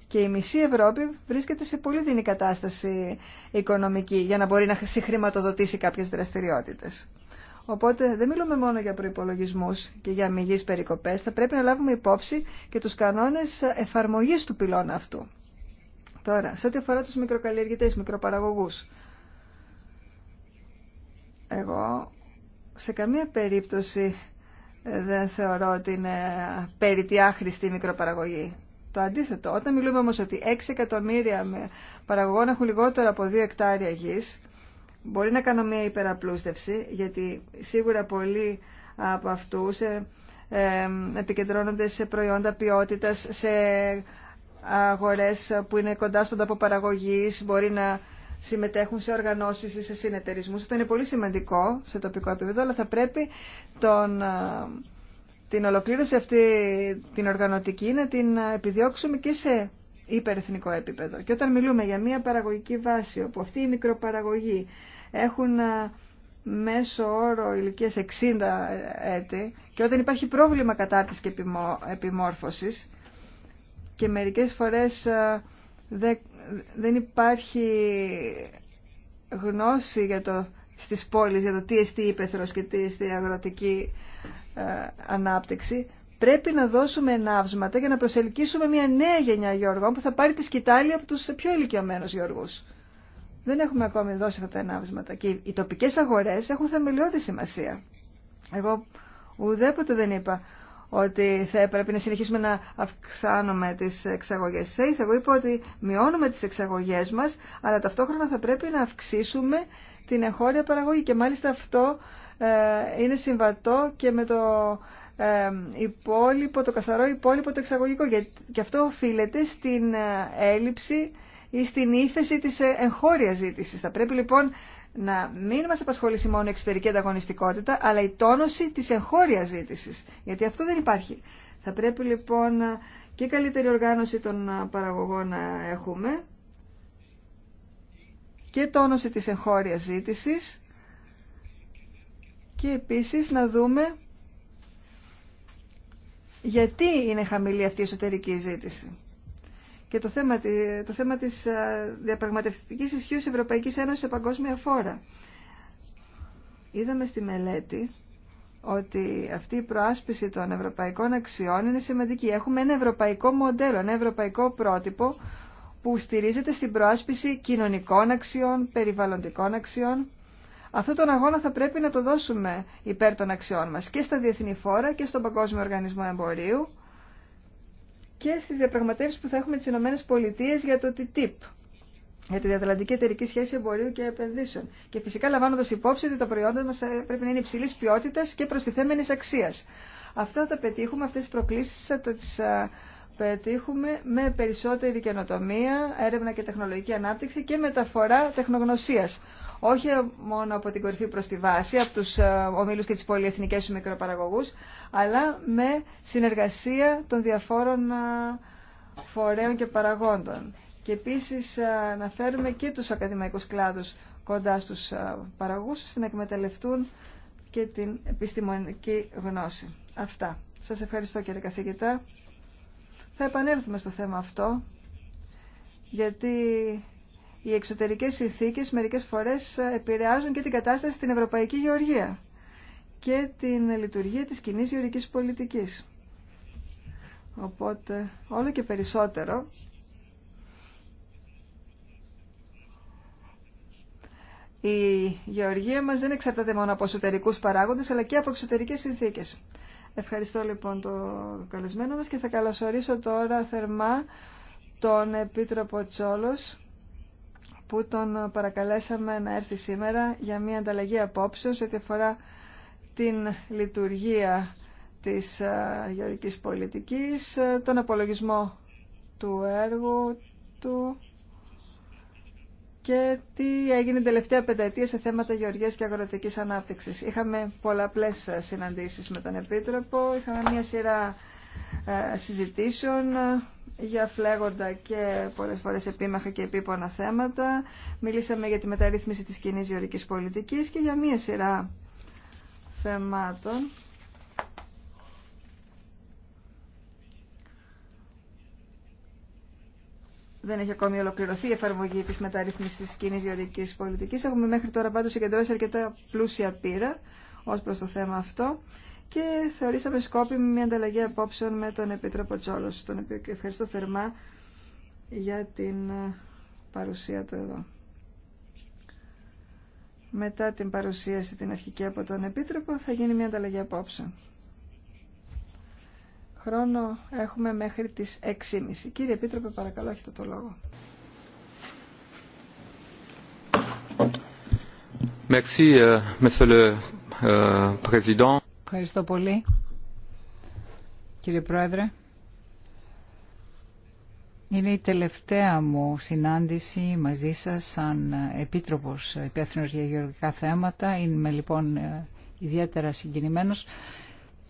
Και η μισή Ευρώπη βρίσκεται σε πολύ δινή κατάσταση οικονομική για να μπορεί να συγχρηματοδοτήσει κάποιες δραστηριότητες. Οπότε δεν μιλούμε μόνο για προπολογισμού και για αμυγείς περικοπές, θα πρέπει να λάβουμε υπόψη και τους κανόνες εφαρμογής του πυλώνα αυτού. Τώρα, σε ό,τι αφορά τους μικροκαλλιεργητές, μικροπαραγωγούς, εγώ σε καμία περίπτωση δεν θεωρώ ότι είναι περίτη άχρηστη η μικροπαραγωγή το αντίθετο. Όταν μιλούμε όμως ότι 6 εκατομμύρια με παραγωγών έχουν λιγότερο από 2 εκτάρια γης, μπορεί να κάνω μια υπεραπλούστευση, γιατί σίγουρα πολλοί από αυτούς ε, ε, επικεντρώνονται σε προϊόντα ποιότητας, σε αγορές που είναι κοντά στον τόπο παραγωγής, μπορεί να συμμετέχουν σε οργανώσεις ή σε συνεταιρισμούς. Αυτό είναι πολύ σημαντικό σε τοπικό επίπεδο, αλλά θα πρέπει τον ε, την ολοκλήρωση αυτή την οργανωτική να την επιδιώξουμε και σε υπερεθνικό επίπεδο. Και όταν μιλούμε για μια παραγωγική βάση όπου αυτοί οι μικροπαραγωγοί έχουν μέσο όρο ηλικία 60 ε, έτη και όταν υπάρχει πρόβλημα κατάρτισης και επιμόρφωσης και μερικές φορές δεν υπάρχει γνώση για το, στις πόλεις για το τι εστί ύπεθρος και τι εστί αγροτική ε, ανάπτυξη, πρέπει να δώσουμε ναύσματα για να προσελκύσουμε μια νέα γενιά γεωργών που θα πάρει τη σκητάλη από τους πιο ηλικιωμένους γεωργούς. Δεν έχουμε ακόμη δώσει αυτά τα ενάυσματα και οι τοπικές αγορές έχουν θεμελιώδη σημασία. Εγώ ουδέποτε δεν είπα ότι θα έπρεπε να συνεχίσουμε να αυξάνουμε τις εξαγωγές σε Εγώ είπα ότι μειώνουμε τις εξαγωγές μας, αλλά ταυτόχρονα θα πρέπει να αυξήσουμε την εγχώρια παραγωγή και μάλιστα αυτό ε, είναι συμβατό και με το ε, υπόλοιπο, το καθαρό υπόλοιπο το εξαγωγικό. Και αυτό οφείλεται στην ε, έλλειψη ή στην ύφεση της εγχώριας ζήτησης. Θα πρέπει λοιπόν να μην μας απασχολήσει μόνο η εξωτερική ανταγωνιστικότητα, αλλά η τόνωση της εγχώριας ζήτησης. Γιατί αυτό δεν υπάρχει. Θα πρέπει λοιπόν και καλύτερη οργάνωση των παραγωγών να έχουμε και τόνωση της εγχώριας ζήτησης και επίσης να δούμε γιατί είναι χαμηλή αυτή η εσωτερική ζήτηση. Και το θέμα, το θέμα της διαπραγματευτικής ισχύως Ευρωπαϊκής Ένωσης σε παγκόσμια φόρα. Είδαμε στη μελέτη ότι αυτή η προάσπιση των ευρωπαϊκών αξιών είναι σημαντική. Έχουμε ένα ευρωπαϊκό μοντέλο, ένα ευρωπαϊκό πρότυπο που στηρίζεται στην προάσπιση κοινωνικών αξιών, περιβαλλοντικών αξιών Αυτόν τον αγώνα θα πρέπει να το δώσουμε υπέρ των αξιών μας και στα διεθνή φόρα και στον Παγκόσμιο Οργανισμό Εμπορίου και στις διαπραγματεύσεις που θα έχουμε τις Ηνωμένες Πολιτείες για το TTIP για τη διατλαντική εταιρική σχέση εμπορίου και επενδύσεων. Και φυσικά λαμβάνοντα υπόψη ότι τα προϊόντα μα πρέπει να είναι υψηλή ποιότητα και προστιθέμενη αξία. Αυτά θα πετύχουμε, αυτέ τι προκλήσει θα τι πετύχουμε με περισσότερη καινοτομία, έρευνα και τεχνολογική ανάπτυξη και μεταφορά τεχνογνωσίας όχι μόνο από την κορυφή προς τη βάση, από τους ε, ομίλους και τις πολυεθνικές του μικροπαραγωγούς, αλλά με συνεργασία των διαφόρων ε, φορέων και παραγόντων. Και επίσης ε, να φέρουμε και τους ακαδημαϊκούς κλάδους κοντά στους παραγωγούς, ώστε να εκμεταλλευτούν και την επιστημονική γνώση. Αυτά. Σας ευχαριστώ κύριε καθηγητά. Θα επανέλθουμε στο θέμα αυτό, γιατί οι εξωτερικές συνθήκες μερικές φορές επηρεάζουν και την κατάσταση στην Ευρωπαϊκή Γεωργία και την λειτουργία της κοινή γεωργικής πολιτικής. Οπότε, όλο και περισσότερο, η γεωργία μας δεν εξαρτάται μόνο από εσωτερικούς παράγοντες, αλλά και από εξωτερικές συνθήκες. Ευχαριστώ λοιπόν το καλεσμένο μας και θα καλωσορίσω τώρα θερμά τον Επίτροπο Τσόλος, που τον παρακαλέσαμε να έρθει σήμερα για μια ανταλλαγή απόψεως ότι αφορά την λειτουργία της ε, γεωργικής πολιτικής, ε, τον απολογισμό του έργου του και τι έγινε τελευταία πενταετία σε θέματα γεωργίας και αγροτικής ανάπτυξης. Είχαμε πολλαπλές ε, συναντήσεις με τον Επίτροπο, είχαμε μια σειρά ε, συζητήσεων ε, για φλέγοντα και πολλές φορές επίμαχα και επίπονα θέματα. Μιλήσαμε για τη μεταρρύθμιση της κοινή γεωρικής πολιτικής και για μία σειρά θεμάτων. Δεν έχει ακόμη ολοκληρωθεί η εφαρμογή της μεταρρύθμισης της κοινή γεωρικής πολιτικής. Έχουμε μέχρι τώρα πάντως συγκεντρώσει αρκετά πλούσια πείρα ως προς το θέμα αυτό και θεωρήσαμε σκόπιμη μια ανταλλαγή απόψεων με τον Επίτροπο Τζόλος, τον οποίο ευχαριστώ θερμά για την ε, παρουσία του εδώ. Μετά την παρουσίαση την αρχική από τον Επίτροπο θα γίνει μια ανταλλαγή απόψεων. Χρόνο έχουμε μέχρι τις 6.30. Κύριε Επίτροπε, παρακαλώ, έχετε το λόγο. Merci, euh, Monsieur le euh, Ευχαριστώ πολύ, κύριε Πρόεδρε. Είναι η τελευταία μου συνάντηση μαζί σας σαν Επίτροπος Υπεύθυνος για Γεωργικά Θέματα. Είμαι λοιπόν ιδιαίτερα συγκινημένος.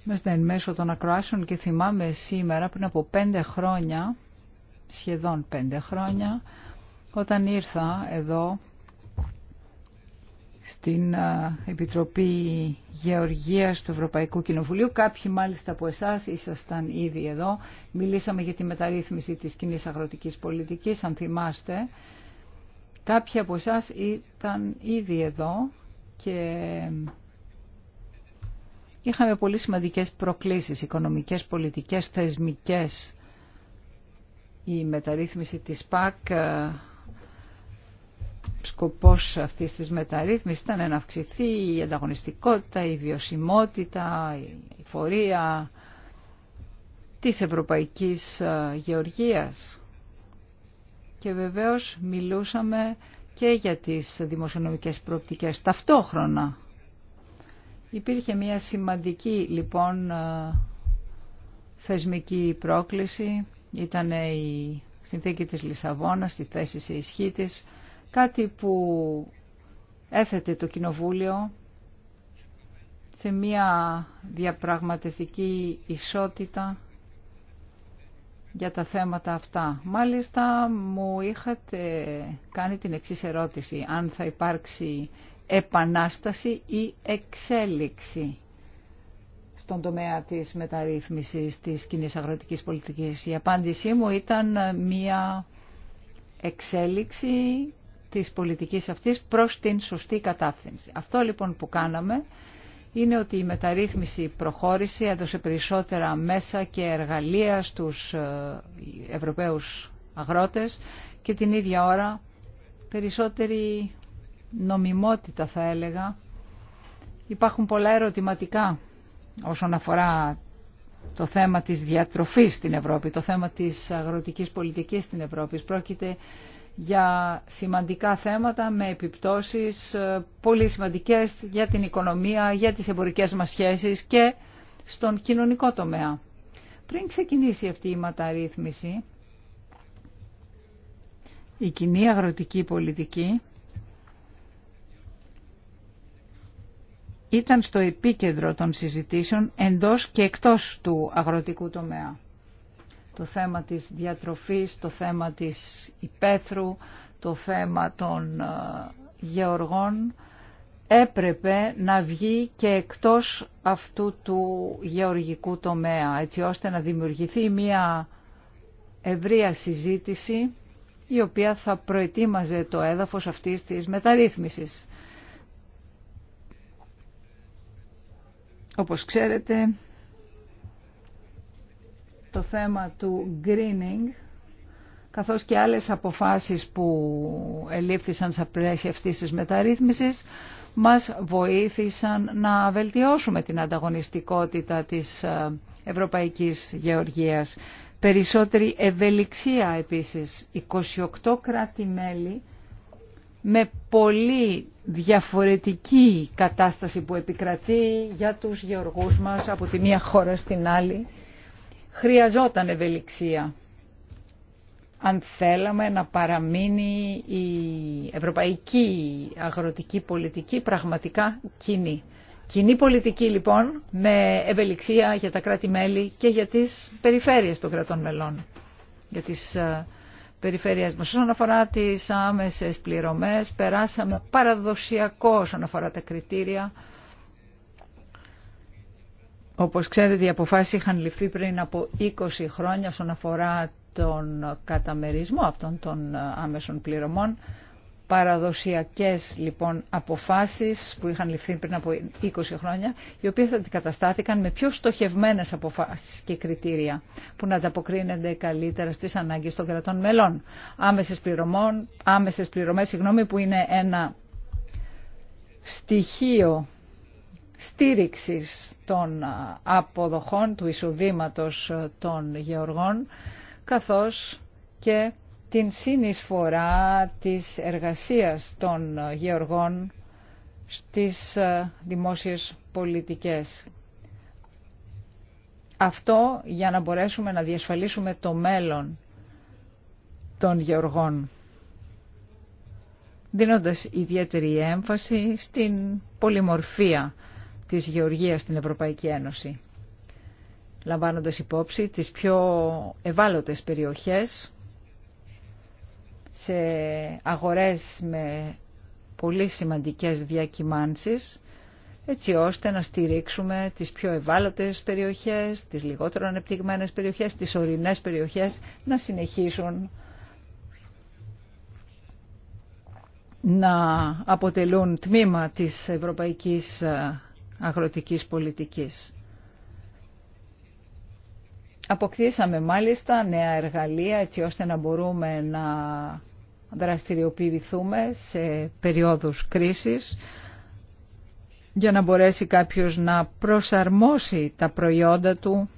Είμαστε εν μέσω των ακροάσεων και θυμάμαι σήμερα πριν από πέντε χρόνια, σχεδόν πέντε χρόνια, όταν ήρθα εδώ στην Επιτροπή Γεωργίας του Ευρωπαϊκού Κοινοβουλίου. Κάποιοι μάλιστα από εσάς ήσασταν ήδη εδώ. Μιλήσαμε για τη μεταρρύθμιση της κοινή αγροτικής πολιτικής, αν θυμάστε. Κάποιοι από εσά ήταν ήδη εδώ και είχαμε πολύ σημαντικές προκλήσεις, οικονομικές, πολιτικές, θεσμικές. Η μεταρρύθμιση της ΠΑΚ σκοπός αυτής της μεταρρύθμισης ήταν να αυξηθεί η ανταγωνιστικότητα, η βιωσιμότητα, η φορεία της ευρωπαϊκής ε, γεωργίας. Και βεβαίως μιλούσαμε και για τις δημοσιονομικές προοπτικές ταυτόχρονα. Υπήρχε μια σημαντική λοιπόν ε, θεσμική πρόκληση, ήταν η συνθήκη της Λισαβόνας, τη θέση σε ισχύ της, Κάτι που έθετε το Κοινοβούλιο σε μια διαπραγματευτική ισότητα για τα θέματα αυτά. Μάλιστα μου είχατε κάνει την εξής ερώτηση, αν θα υπάρξει επανάσταση ή εξέλιξη στον τομέα της μεταρρύθμισης της κοινή αγροτικής πολιτικής. Η απάντησή μου ήταν μια εξέλιξη της πολιτικής αυτής προς την σωστή κατεύθυνση. Αυτό λοιπόν που κάναμε είναι ότι η μεταρρύθμιση προχώρησε, έδωσε περισσότερα μέσα και εργαλεία στους ε, Ευρωπαίους αγρότες και την ίδια ώρα περισσότερη νομιμότητα θα έλεγα. Υπάρχουν πολλά ερωτηματικά όσον αφορά το θέμα της διατροφής στην Ευρώπη, το θέμα της αγροτικής πολιτικής στην Ευρώπη για σημαντικά θέματα με επιπτώσεις ε, πολύ σημαντικές για την οικονομία, για τις εμπορικές μας σχέσεις και στον κοινωνικό τομέα. Πριν ξεκινήσει αυτή η μεταρρύθμιση, η κοινή αγροτική πολιτική ήταν στο επίκεντρο των συζητήσεων εντός και εκτός του αγροτικού τομέα το θέμα της διατροφής, το θέμα της υπαίθρου, το θέμα των ε, γεωργών έπρεπε να βγει και εκτός αυτού του γεωργικού τομέα, έτσι ώστε να δημιουργηθεί μια ευρεία συζήτηση η οποία θα προετοίμαζε το έδαφος αυτής της μεταρρύθμισης. Όπως ξέρετε, το θέμα του greening, καθώς και άλλες αποφάσεις που ελήφθησαν σε πλαίσια αυτής της μεταρρύθμισης, μας βοήθησαν να βελτιώσουμε την ανταγωνιστικότητα της ε, Ευρωπαϊκής Γεωργίας. Περισσότερη ευελιξία επίσης. 28 κράτη-μέλη με πολύ διαφορετική κατάσταση που επικρατεί για τους γεωργούς μας από τη μία χώρα στην άλλη χρειαζόταν ευελιξία. Αν θέλαμε να παραμείνει η ευρωπαϊκή αγροτική πολιτική πραγματικά κοινή. Κοινή πολιτική λοιπόν με ευελιξία για τα κράτη-μέλη και για τις περιφέρειες των κρατών μελών. Για τις ε, περιφέρειες μας. Όσον αφορά τις άμεσες πληρωμές, περάσαμε παραδοσιακό όσον αφορά τα κριτήρια όπως ξέρετε οι αποφάσεις είχαν ληφθεί πριν από 20 χρόνια όσον αφορά τον καταμερισμό αυτών των ε, άμεσων πληρωμών. Παραδοσιακές λοιπόν αποφάσεις που είχαν ληφθεί πριν από 20 χρόνια, οι οποίες θα αντικαταστάθηκαν με πιο στοχευμένες αποφάσεις και κριτήρια που να ανταποκρίνονται καλύτερα στις ανάγκες των κρατών μελών. Άμεσες, πληρωμών, άμεσες πληρωμές συγγνώμη, που είναι ένα στοιχείο στήριξης των αποδοχών του εισοδήματος των γεωργών καθώς και την συνεισφορά της εργασίας των γεωργών στις δημόσιες πολιτικές. Αυτό για να μπορέσουμε να διασφαλίσουμε το μέλλον των γεωργών δίνοντας ιδιαίτερη έμφαση στην πολυμορφία της γεωργίας στην Ευρωπαϊκή Ένωση λαμβάνοντας υπόψη τις πιο ευάλωτες περιοχές σε αγορές με πολύ σημαντικές διακυμάνσεις έτσι ώστε να στηρίξουμε τις πιο ευάλωτες περιοχές, τις λιγότερο ανεπτυγμένες περιοχές, τις ορεινές περιοχές να συνεχίσουν να αποτελούν τμήμα της ευρωπαϊκής ε, αγροτικής πολιτικής. Αποκτήσαμε μάλιστα νέα εργαλεία έτσι ώστε να μπορούμε να δραστηριοποιηθούμε σε περίοδους κρίσης για να μπορέσει κάποιος να προσαρμόσει τα προϊόντα του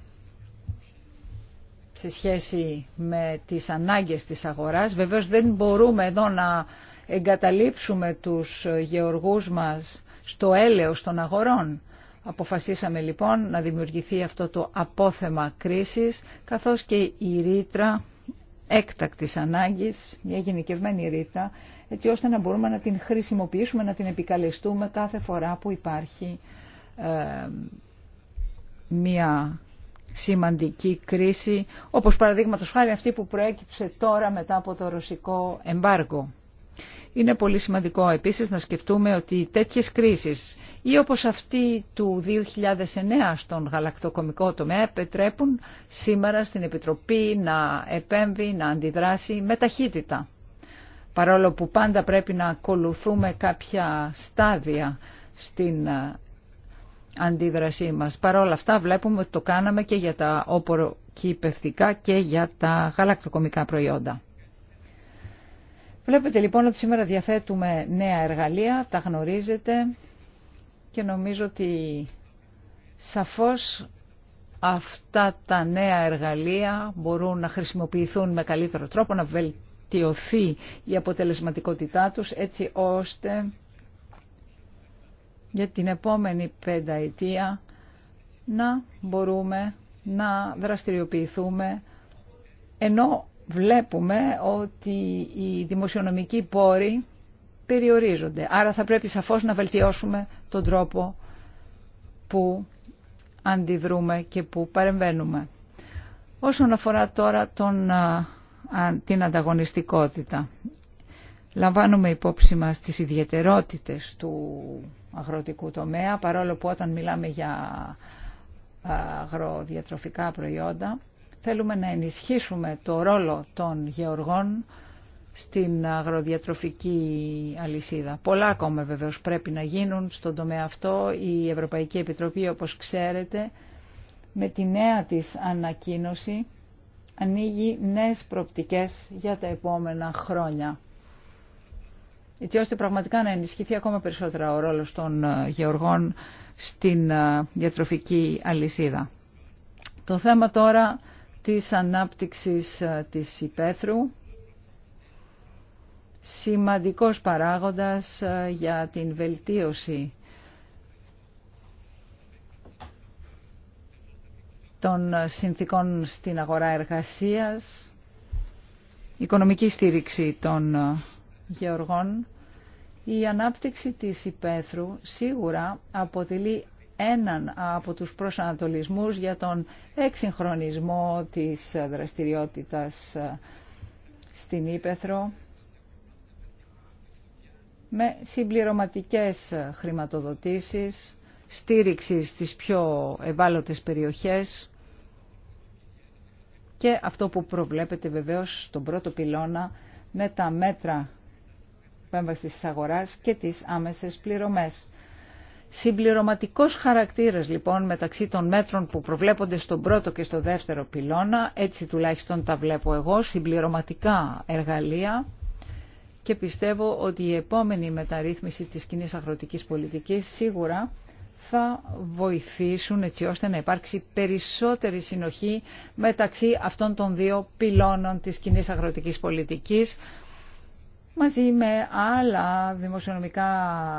σε σχέση με τις ανάγκες της αγοράς. Βεβαίως δεν μπορούμε εδώ να εγκαταλείψουμε τους γεωργούς μας στο έλεος των αγορών. Αποφασίσαμε λοιπόν να δημιουργηθεί αυτό το απόθεμα κρίσης, καθώς και η ρήτρα έκτακτης ανάγκης, μια γενικευμένη ρήτρα, έτσι ώστε να μπορούμε να την χρησιμοποιήσουμε, να την επικαλεστούμε κάθε φορά που υπάρχει ε, μια σημαντική κρίση, όπως παραδείγματο χάρη αυτή που προέκυψε τώρα μετά από το ρωσικό εμπάργο. Είναι πολύ σημαντικό επίσης να σκεφτούμε ότι τέτοιες κρίσεις ή όπως αυτή του 2009 στον γαλακτοκομικό τομέα επιτρέπουν σήμερα στην Επιτροπή να επέμβει, να αντιδράσει με ταχύτητα. Παρόλο που πάντα πρέπει να ακολουθούμε κάποια στάδια στην ε, αντίδρασή μας. Παρόλα αυτά βλέπουμε ότι το κάναμε και για τα όπορο και για τα γαλακτοκομικά προϊόντα. Βλέπετε λοιπόν ότι σήμερα διαθέτουμε νέα εργαλεία, τα γνωρίζετε και νομίζω ότι σαφώς αυτά τα νέα εργαλεία μπορούν να χρησιμοποιηθούν με καλύτερο τρόπο, να βελτιωθεί η αποτελεσματικότητά τους έτσι ώστε για την επόμενη πενταετία να μπορούμε να δραστηριοποιηθούμε ενώ βλέπουμε ότι οι δημοσιονομικοί πόροι περιορίζονται. Άρα θα πρέπει σαφώς να βελτιώσουμε τον τρόπο που αντιδρούμε και που παρεμβαίνουμε. Όσον αφορά τώρα τον, την ανταγωνιστικότητα, λαμβάνουμε υπόψη μας τις ιδιαιτερότητες του αγροτικού τομέα, παρόλο που όταν μιλάμε για αγροδιατροφικά προϊόντα, Θέλουμε να ενισχύσουμε το ρόλο των γεωργών στην αγροδιατροφική αλυσίδα. Πολλά ακόμα βεβαίως πρέπει να γίνουν στον τομέα αυτό. Η Ευρωπαϊκή Επιτροπή, όπως ξέρετε, με τη νέα της ανακοίνωση ανοίγει νέες προπτικές για τα επόμενα χρόνια. Έτσι ώστε πραγματικά να ενισχυθεί ακόμα περισσότερα ο ρόλος των γεωργών στην διατροφική αλυσίδα. Το θέμα τώρα της ανάπτυξης ε, της υπαίθρου, σημαντικός παράγοντας ε, για την βελτίωση των συνθήκων στην αγορά εργασίας, οικονομική στήριξη των ε, γεωργών. Η ανάπτυξη της υπαίθρου σίγουρα αποτελεί έναν από τους προσανατολισμούς για τον εξυγχρονισμό της δραστηριότητας ε, στην Ήπεθρο με συμπληρωματικές χρηματοδοτήσεις, στήριξη στις πιο ευάλωτες περιοχές και αυτό που προβλέπεται βεβαίως στον πρώτο πυλώνα με τα μέτρα επέμβασης της αγοράς και τις άμεσες πληρωμές. Συμπληρωματικός χαρακτήρας λοιπόν μεταξύ των μέτρων που προβλέπονται στον πρώτο και στο δεύτερο πυλώνα, έτσι τουλάχιστον τα βλέπω εγώ, συμπληρωματικά εργαλεία και πιστεύω ότι η επόμενη μεταρρύθμιση της κοινή αγροτικής πολιτικής σίγουρα θα βοηθήσουν έτσι ώστε να υπάρξει περισσότερη συνοχή μεταξύ αυτών των δύο πυλώνων της κοινή αγροτικής πολιτικής μαζί με άλλα δημοσιονομικά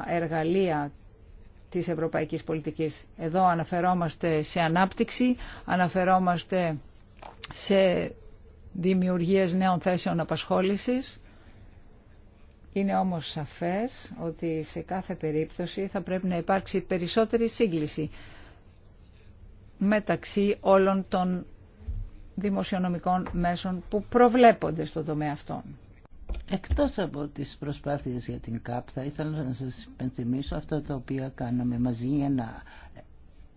εργαλεία της ευρωπαϊκής πολιτικής. Εδώ αναφερόμαστε σε ανάπτυξη, αναφερόμαστε σε δημιουργίες νέων θέσεων απασχόλησης. Είναι όμως σαφές ότι σε κάθε περίπτωση θα πρέπει να υπάρξει περισσότερη σύγκληση μεταξύ όλων των δημοσιονομικών μέσων που προβλέπονται στον τομέα αυτών. Εκτός από τις προσπάθειες για την ΚΑΠ θα ήθελα να σας υπενθυμίσω αυτά τα οποία κάναμε μαζί για να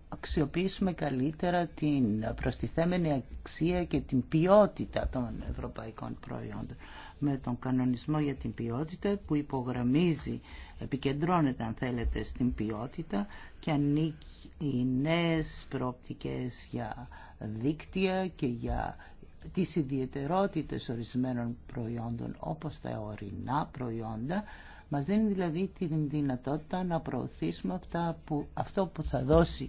αξιοποιήσουμε καλύτερα την προστιθέμενη αξία και την ποιότητα των ευρωπαϊκών προϊόντων. Με τον κανονισμό για την ποιότητα που υπογραμμίζει, επικεντρώνεται αν θέλετε στην ποιότητα και ανήκει οι νέες για δίκτυα και για τις ιδιαιτερότητες ορισμένων προϊόντων όπως τα ορεινά προϊόντα μας δίνει δηλαδή την δυνατότητα να προωθήσουμε αυτά που, αυτό που θα δώσει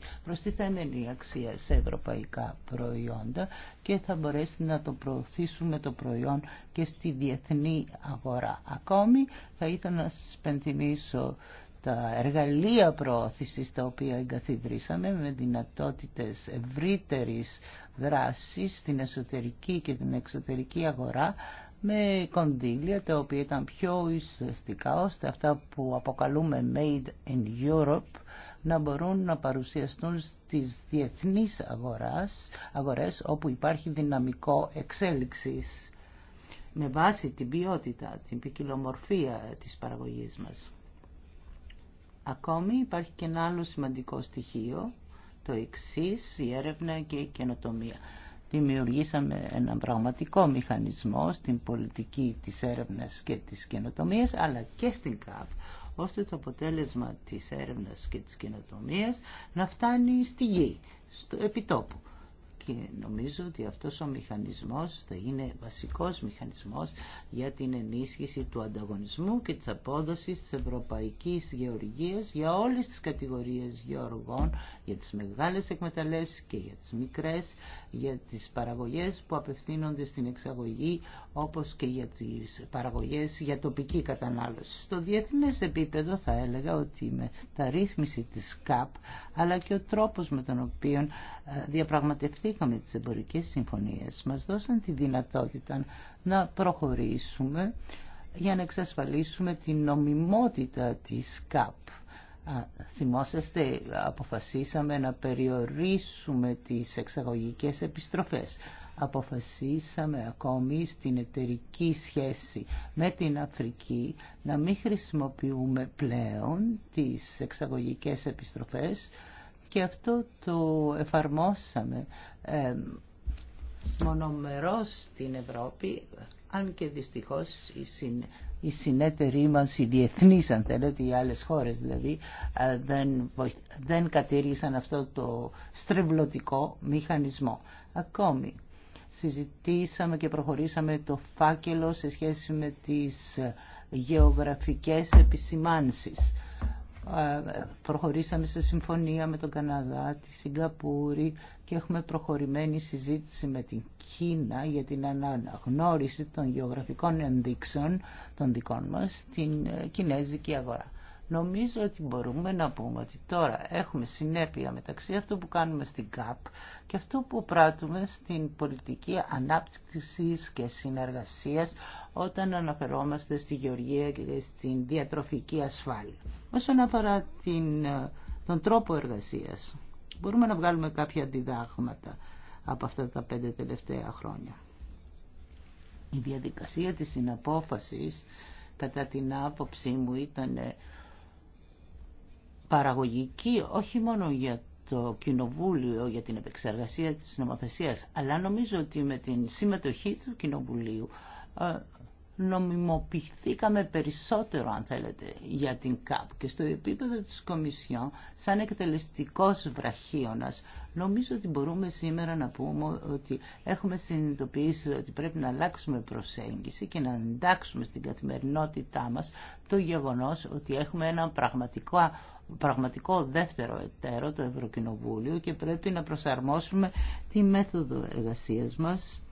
θέμενη αξία σε ευρωπαϊκά προϊόντα και θα μπορέσει να το προωθήσουμε το προϊόν και στη διεθνή αγορά. Ακόμη θα ήθελα να σας πενθυμίσω τα εργαλεία προώθησης τα οποία εγκαθιδρύσαμε με δυνατότητες ευρύτερης δράσης στην εσωτερική και την εξωτερική αγορά με κονδύλια τα οποία ήταν πιο ουσιαστικά ώστε αυτά που αποκαλούμε Made in Europe να μπορούν να παρουσιαστούν στις διεθνείς αγοράς, αγορές όπου υπάρχει δυναμικό εξέλιξης με βάση την ποιότητα, την ποικιλομορφία της παραγωγής μας. Ακόμη υπάρχει και ένα άλλο σημαντικό στοιχείο, το εξή, η έρευνα και η καινοτομία. Δημιουργήσαμε έναν πραγματικό μηχανισμό στην πολιτική της έρευνας και της καινοτομίας, αλλά και στην ΚΑΠ, ώστε το αποτέλεσμα της έρευνας και της καινοτομίας να φτάνει στη γη, στο επιτόπου και νομίζω ότι αυτός ο μηχανισμός θα είναι βασικός μηχανισμός για την ενίσχυση του ανταγωνισμού και της απόδοσης της ευρωπαϊκής γεωργίας για όλες τις κατηγορίες γεωργών για τις μεγάλες εκμεταλλεύσεις και για τις μικρές, για τις παραγωγές που απευθύνονται στην εξαγωγή όπως και για τις παραγωγές για τοπική κατανάλωση. Στο διεθνές επίπεδο θα έλεγα ότι με τα ρύθμιση της ΚΑΠ αλλά και ο τρόπος με τον οποίο ε, διαπραγματευθήκαμε τις εμπορικές συμφωνίες μας δώσαν τη δυνατότητα να προχωρήσουμε για να εξασφαλίσουμε την νομιμότητα της ΚΑΠ θυμόσαστε αποφασίσαμε να περιορίσουμε τις εξαγωγικές επιστροφές. Αποφασίσαμε ακόμη στην εταιρική σχέση με την Αφρική να μην χρησιμοποιούμε πλέον τις εξαγωγικές επιστροφές και αυτό το εφαρμόσαμε μονομερός στην Ευρώπη αν και δυστυχώς η οι συνέτεροι μας, οι διεθνείς αν θέλετε, οι άλλες χώρες δηλαδή, δεν, δεν κατήργησαν αυτό το στρεβλωτικό μηχανισμό. Ακόμη, συζητήσαμε και προχωρήσαμε το φάκελο σε σχέση με τις γεωγραφικές επισημάνσεις προχωρήσαμε σε συμφωνία με τον Καναδά, τη Σιγκαπούρη και έχουμε προχωρημένη συζήτηση με την Κίνα για την αναγνώριση των γεωγραφικών ενδείξεων των δικών μας στην ε, κινέζικη αγορά. Νομίζω ότι μπορούμε να πούμε ότι τώρα έχουμε συνέπεια μεταξύ αυτού που κάνουμε στην ΚΑΠ και αυτού που πράττουμε στην πολιτική ανάπτυξης και συνεργασίας όταν αναφερόμαστε στη γεωργία και στην διατροφική ασφάλεια. Όσον αφορά τον τρόπο εργασίας, μπορούμε να βγάλουμε κάποια διδάγματα από αυτά τα πέντε τελευταία χρόνια. Η διαδικασία της συναπόφασης κατά την άποψή μου ήταν παραγωγική όχι μόνο για το Κοινοβούλιο για την επεξεργασία της νομοθεσίας αλλά νομίζω ότι με την συμμετοχή του Κοινοβουλίου ε, νομιμοποιηθήκαμε περισσότερο αν θέλετε για την ΚΑΠ και στο επίπεδο της Κομισιόν σαν εκτελεστικός βραχίωνας νομίζω ότι μπορούμε σήμερα να πούμε ότι έχουμε συνειδητοποιήσει ότι πρέπει να αλλάξουμε προσέγγιση και να εντάξουμε στην καθημερινότητά μας το γεγονός ότι έχουμε ένα πραγματικό πραγματικό δεύτερο εταίρο το Ευρωκοινοβούλιο και πρέπει να προσαρμόσουμε τη μέθοδο εργασίας μας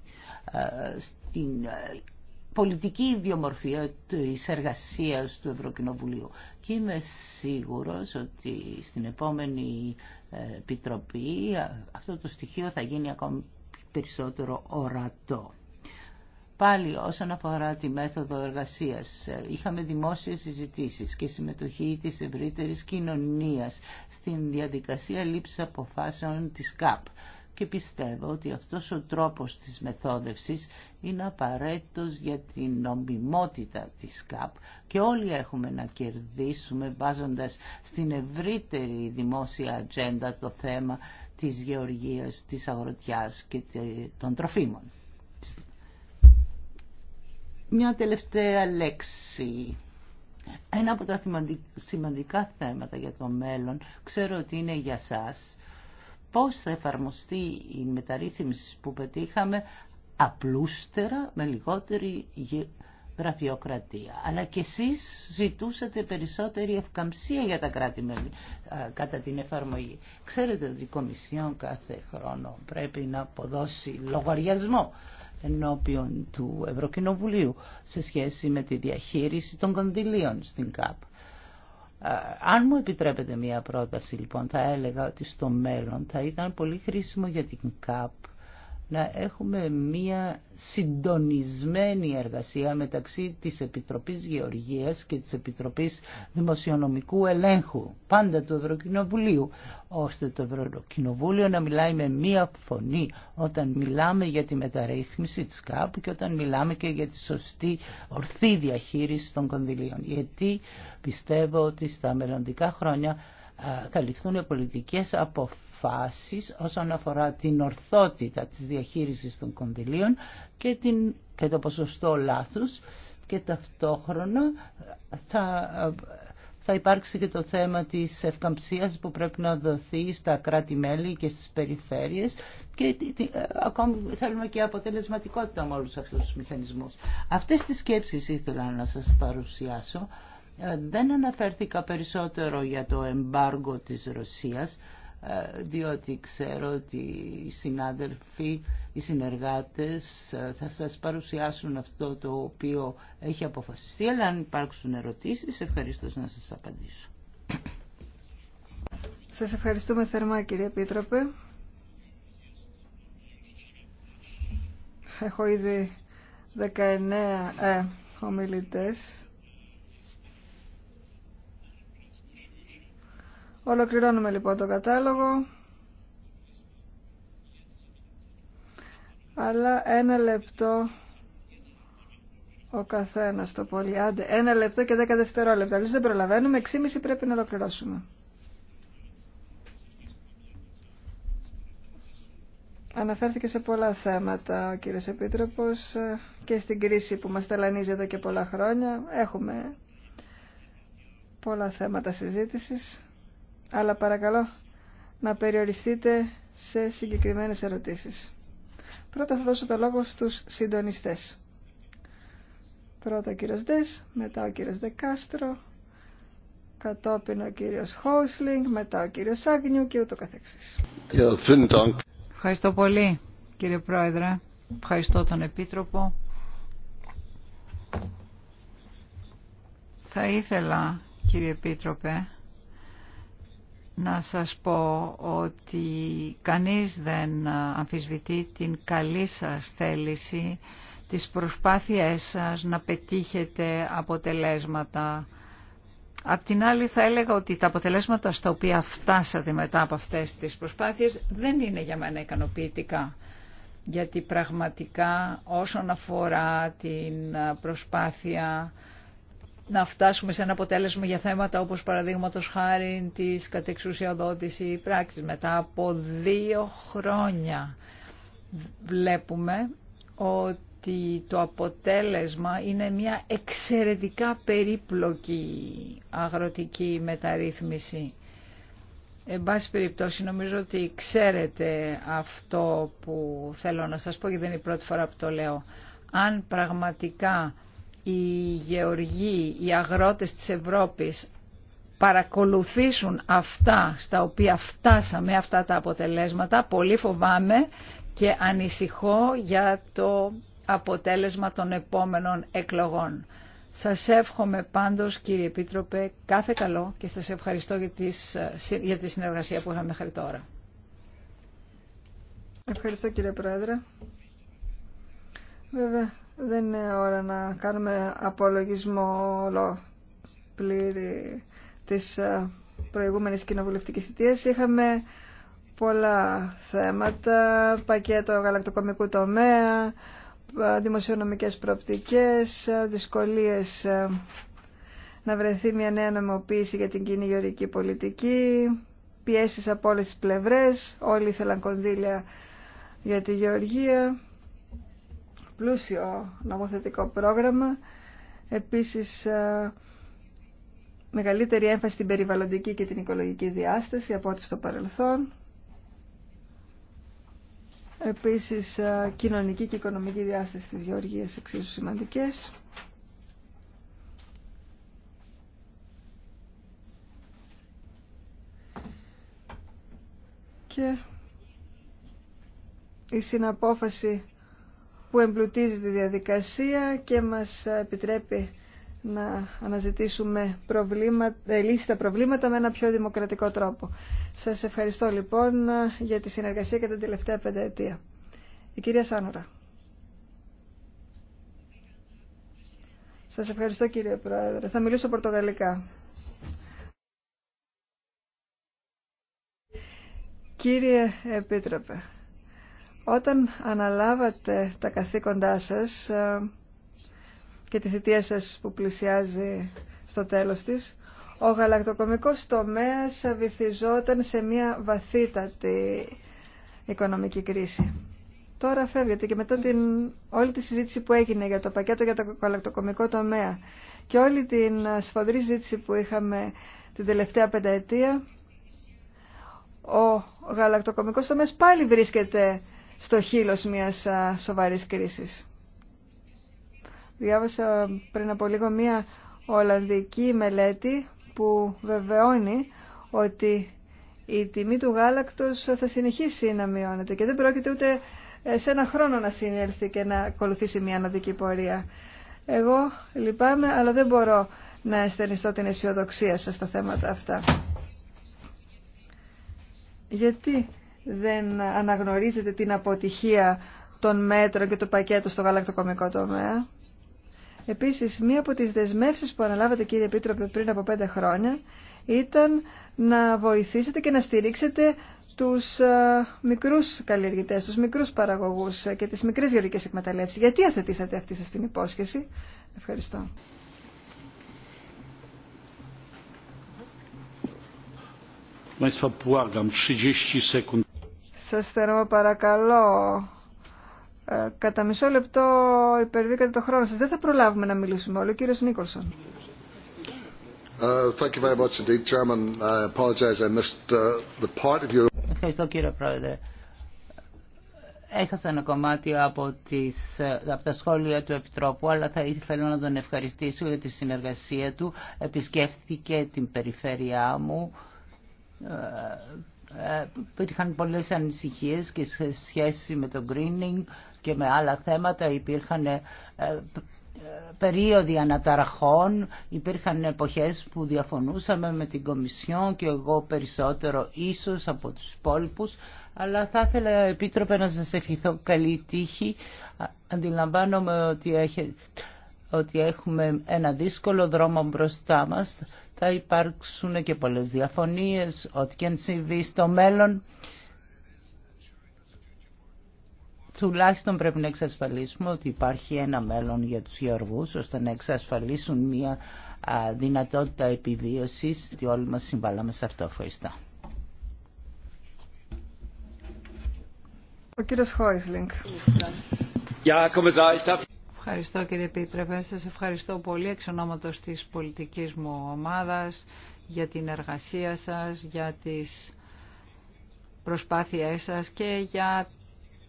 ε, στην ε, πολιτική ιδιομορφία της εργασίας του Ευρωκοινοβουλίου. Και είμαι σίγουρος ότι στην επόμενη ε, επιτροπή αυτό το στοιχείο θα γίνει ακόμη περισσότερο ορατό. Πάλι όσον αφορά τη μέθοδο εργασίας, ε, είχαμε δημόσιες συζητήσεις και συμμετοχή της ευρύτερης κοινωνίας στην διαδικασία λήψης αποφάσεων της ΚΑΠ και πιστεύω ότι αυτός ο τρόπος της μεθόδευσης είναι απαραίτητος για την νομιμότητα της ΚΑΠ και όλοι έχουμε να κερδίσουμε βάζοντας στην ευρύτερη δημόσια ατζέντα το θέμα της γεωργίας, της αγροτιάς και των τροφίμων. Μια τελευταία λέξη. Ένα από τα σημαντικά θέματα για το μέλλον, ξέρω ότι είναι για σας, πώς θα εφαρμοστεί η μεταρρύθμιση που πετύχαμε απλούστερα με λιγότερη γραφειοκρατία. Αλλά και εσείς ζητούσατε περισσότερη ευκαμψία για τα κράτη-μέλη κατά την εφαρμογή. Ξέρετε ότι η Κομισιόν κάθε χρόνο πρέπει να αποδώσει λογαριασμό ενώπιον του Ευρωκοινοβουλίου σε σχέση με τη διαχείριση των κονδυλίων στην ΚΑΠ. Ε, αν μου επιτρέπετε μία πρόταση λοιπόν θα έλεγα ότι στο μέλλον θα ήταν πολύ χρήσιμο για την ΚΑΠ να έχουμε μία συντονισμένη εργασία μεταξύ της Επιτροπής Γεωργίας και της Επιτροπής Δημοσιονομικού Ελέγχου, πάντα του Ευρωκοινοβουλίου, ώστε το Ευρωκοινοβούλιο να μιλάει με μία φωνή όταν μιλάμε για τη μεταρρύθμιση της ΚΑΠ και όταν μιλάμε και για τη σωστή ορθή διαχείριση των κονδυλίων. Γιατί πιστεύω ότι στα μελλοντικά χρόνια ε, θα ληφθούν πολιτικές αποφάσεις όσον αφορά την ορθότητα της διαχείρισης των κονδυλίων και, την, και το ποσοστό λάθους και ταυτόχρονα θα, θα υπάρξει και το θέμα της ευκαμψίας που πρέπει να δοθεί στα κράτη-μέλη και στις περιφέρειες και ε, ακόμη θέλουμε και αποτελεσματικότητα με όλους αυτούς τους μηχανισμούς. Αυτές τις σκέψεις ήθελα να σας παρουσιάσω ε, δεν αναφέρθηκα περισσότερο για το εμπάργο της Ρωσίας, ε, διότι ξέρω ότι οι συνάδελφοι, οι συνεργάτες ε, θα σας παρουσιάσουν αυτό το οποίο έχει αποφασιστεί, αλλά αν υπάρξουν ερωτήσεις, ευχαριστώ να σας απαντήσω. Σας ευχαριστούμε θερμά κύριε πίτροπε. Έχω ήδη 19 ομιλητές. Ολοκληρώνουμε λοιπόν το κατάλογο. Αλλά ένα λεπτό ο καθένα το πολύ. Άντε, ένα λεπτό και δέκα δευτερόλεπτα. Αλλιώ δεν προλαβαίνουμε. Εξήμιση πρέπει να ολοκληρώσουμε. Αναφέρθηκε σε πολλά θέματα ο κύριος Επίτροπος και στην κρίση που μας ταλανίζει εδώ και πολλά χρόνια. Έχουμε πολλά θέματα συζήτησης αλλά παρακαλώ να περιοριστείτε σε συγκεκριμένες ερωτήσεις. Πρώτα θα δώσω το λόγο στους συντονιστές. Πρώτα ο κύριος Δες, μετά ο κύριος Δεκάστρο, κατόπιν ο κύριος Χόουσλινγκ, μετά ο κύριος Άγνιου και ούτω καθεξής. Ευχαριστώ πολύ κύριε Πρόεδρε, ευχαριστώ τον Επίτροπο. Θα ήθελα κύριε Επίτροπε να σας πω ότι κανείς δεν αμφισβητεί την καλή σας θέληση, τις προσπάθειές σας να πετύχετε αποτελέσματα. Απ' την άλλη θα έλεγα ότι τα αποτελέσματα στα οποία φτάσατε μετά από αυτές τις προσπάθειες δεν είναι για μένα ικανοποιητικά. Γιατί πραγματικά όσον αφορά την προσπάθεια να φτάσουμε σε ένα αποτέλεσμα για θέματα όπως παραδείγματο χάρη της κατεξουσιοδότηση πράξης. Μετά από δύο χρόνια βλέπουμε ότι το αποτέλεσμα είναι μια εξαιρετικά περίπλοκη αγροτική μεταρρύθμιση. Εν πάση περιπτώσει νομίζω ότι ξέρετε αυτό που θέλω να σας πω και δεν είναι η πρώτη φορά που το λέω. Αν πραγματικά οι γεωργοί, οι αγρότες της Ευρώπης παρακολουθήσουν αυτά στα οποία φτάσαμε, αυτά τα αποτελέσματα, πολύ φοβάμαι και ανησυχώ για το αποτέλεσμα των επόμενων εκλογών. Σας εύχομαι πάντως κύριε Επίτροπε κάθε καλό και σας ευχαριστώ για, τη συνεργασία που είχαμε μέχρι τώρα. Ευχαριστώ κύριε Πρόεδρε. Βέβαια, δεν είναι ώρα να κάνουμε απολογισμό όλο πλήρη της ε, προηγούμενης κοινοβουλευτικής θητείας. Είχαμε πολλά θέματα, πακέτο γαλακτοκομικού τομέα, ε, δημοσιονομικές προοπτικές, ε, δυσκολίες να βρεθεί μια νέα νομοποίηση για την κοινή γεωρική πολιτική, πιέσεις από όλες τις πλευρές, όλοι ήθελαν κονδύλια για τη γεωργία πλούσιο νομοθετικό πρόγραμμα. Επίσης, ε, μεγαλύτερη έμφαση στην περιβαλλοντική και την οικολογική διάσταση από ό,τι στο παρελθόν. Επίσης, ε, κοινωνική και οικονομική διάσταση της γεωργίας εξίσου σημαντικές. Και η συναπόφαση που εμπλουτίζει τη διαδικασία και μας επιτρέπει να αναζητήσουμε προβλήματα, ε, λύσει τα προβλήματα με ένα πιο δημοκρατικό τρόπο. Σας ευχαριστώ λοιπόν για τη συνεργασία και την τελευταία πενταετία. Η κυρία Σάνορα. Σας ευχαριστώ κύριε Πρόεδρε. Θα μιλήσω πορτογαλικά. Κύριε Επίτροπε, όταν αναλάβατε τα καθήκοντά σας ε, και τη θητεία σας που πλησιάζει στο τέλος της, ο γαλακτοκομικός τομέας βυθιζόταν σε μια βαθύτατη οικονομική κρίση. Τώρα φεύγετε και μετά την, όλη τη συζήτηση που έγινε για το πακέτο για το γαλακτοκομικό τομέα και όλη την σφοδρή συζήτηση που είχαμε την τελευταία πενταετία, ο γαλακτοκομικός τομέας πάλι βρίσκεται στο χείλος μιας σοβαρής κρίσης. Διάβασα πριν από λίγο μια Ολλανδική μελέτη που βεβαιώνει ότι η τιμή του γάλακτος θα συνεχίσει να μειώνεται και δεν πρόκειται ούτε ε, σε ένα χρόνο να συνέλθει και να ακολουθήσει μια αναδική πορεία. Εγώ λυπάμαι, αλλά δεν μπορώ να αισθενιστώ την αισιοδοξία σας στα θέματα αυτά. Γιατί δεν αναγνωρίζετε την αποτυχία των μέτρων και του πακέτου στο γαλακτοκομικό τομέα. Επίσης, μία από τις δεσμεύσεις που αναλάβατε κύριε Επίτροπε πριν από πέντε χρόνια ήταν να βοηθήσετε και να στηρίξετε τους ε, μικρούς καλλιεργητές, τους μικρούς παραγωγούς και τις μικρές γεωργικές εκμεταλλεύσεις. Γιατί αθετήσατε αυτή σας την υπόσχεση. Ευχαριστώ. 30 σας θερμά παρακαλώ. Ε, κατά μισό λεπτό υπερβήκατε το χρόνο σας. Δεν θα προλάβουμε να μιλήσουμε όλοι. Ο κύριος Νίκολσον. Ευχαριστώ κύριε Πρόεδρε. Έχασα ένα κομμάτι από, τις, ε, από τα σχόλια του Επιτρόπου, αλλά θα ήθελα να τον ευχαριστήσω για τη συνεργασία του. Επισκέφθηκε την περιφέρειά μου ε, ε, υπήρχαν πολλές ανησυχίες και σε σχέση με το greening και με άλλα θέματα υπήρχαν ε, ε, περίοδοι αναταραχών, υπήρχαν εποχές που διαφωνούσαμε με την Κομισιόν και εγώ περισσότερο ίσως από τους υπόλοιπους, αλλά θα ήθελα επίτροπε να σας ευχηθώ καλή τύχη. Αντιλαμβάνομαι ότι, έχει, ότι έχουμε ένα δύσκολο δρόμο μπροστά μας θα υπάρξουν και πολλές διαφωνίες, ό,τι και αν συμβεί στο μέλλον. Τουλάχιστον πρέπει να εξασφαλίσουμε ότι υπάρχει ένα μέλλον για τους γεωργούς, ώστε να εξασφαλίσουν μια δυνατότητα επιβίωσης, ότι όλοι μας συμβάλαμε σε αυτό. Ευχαριστώ. Ο κύριος Χόισλινγκ. Ευχαριστώ κύριε Πίτρεπε, Σα ευχαριστώ πολύ εξ ονόματο της πολιτικής μου ομάδας για την εργασία σας, για τις προσπάθειές σας και για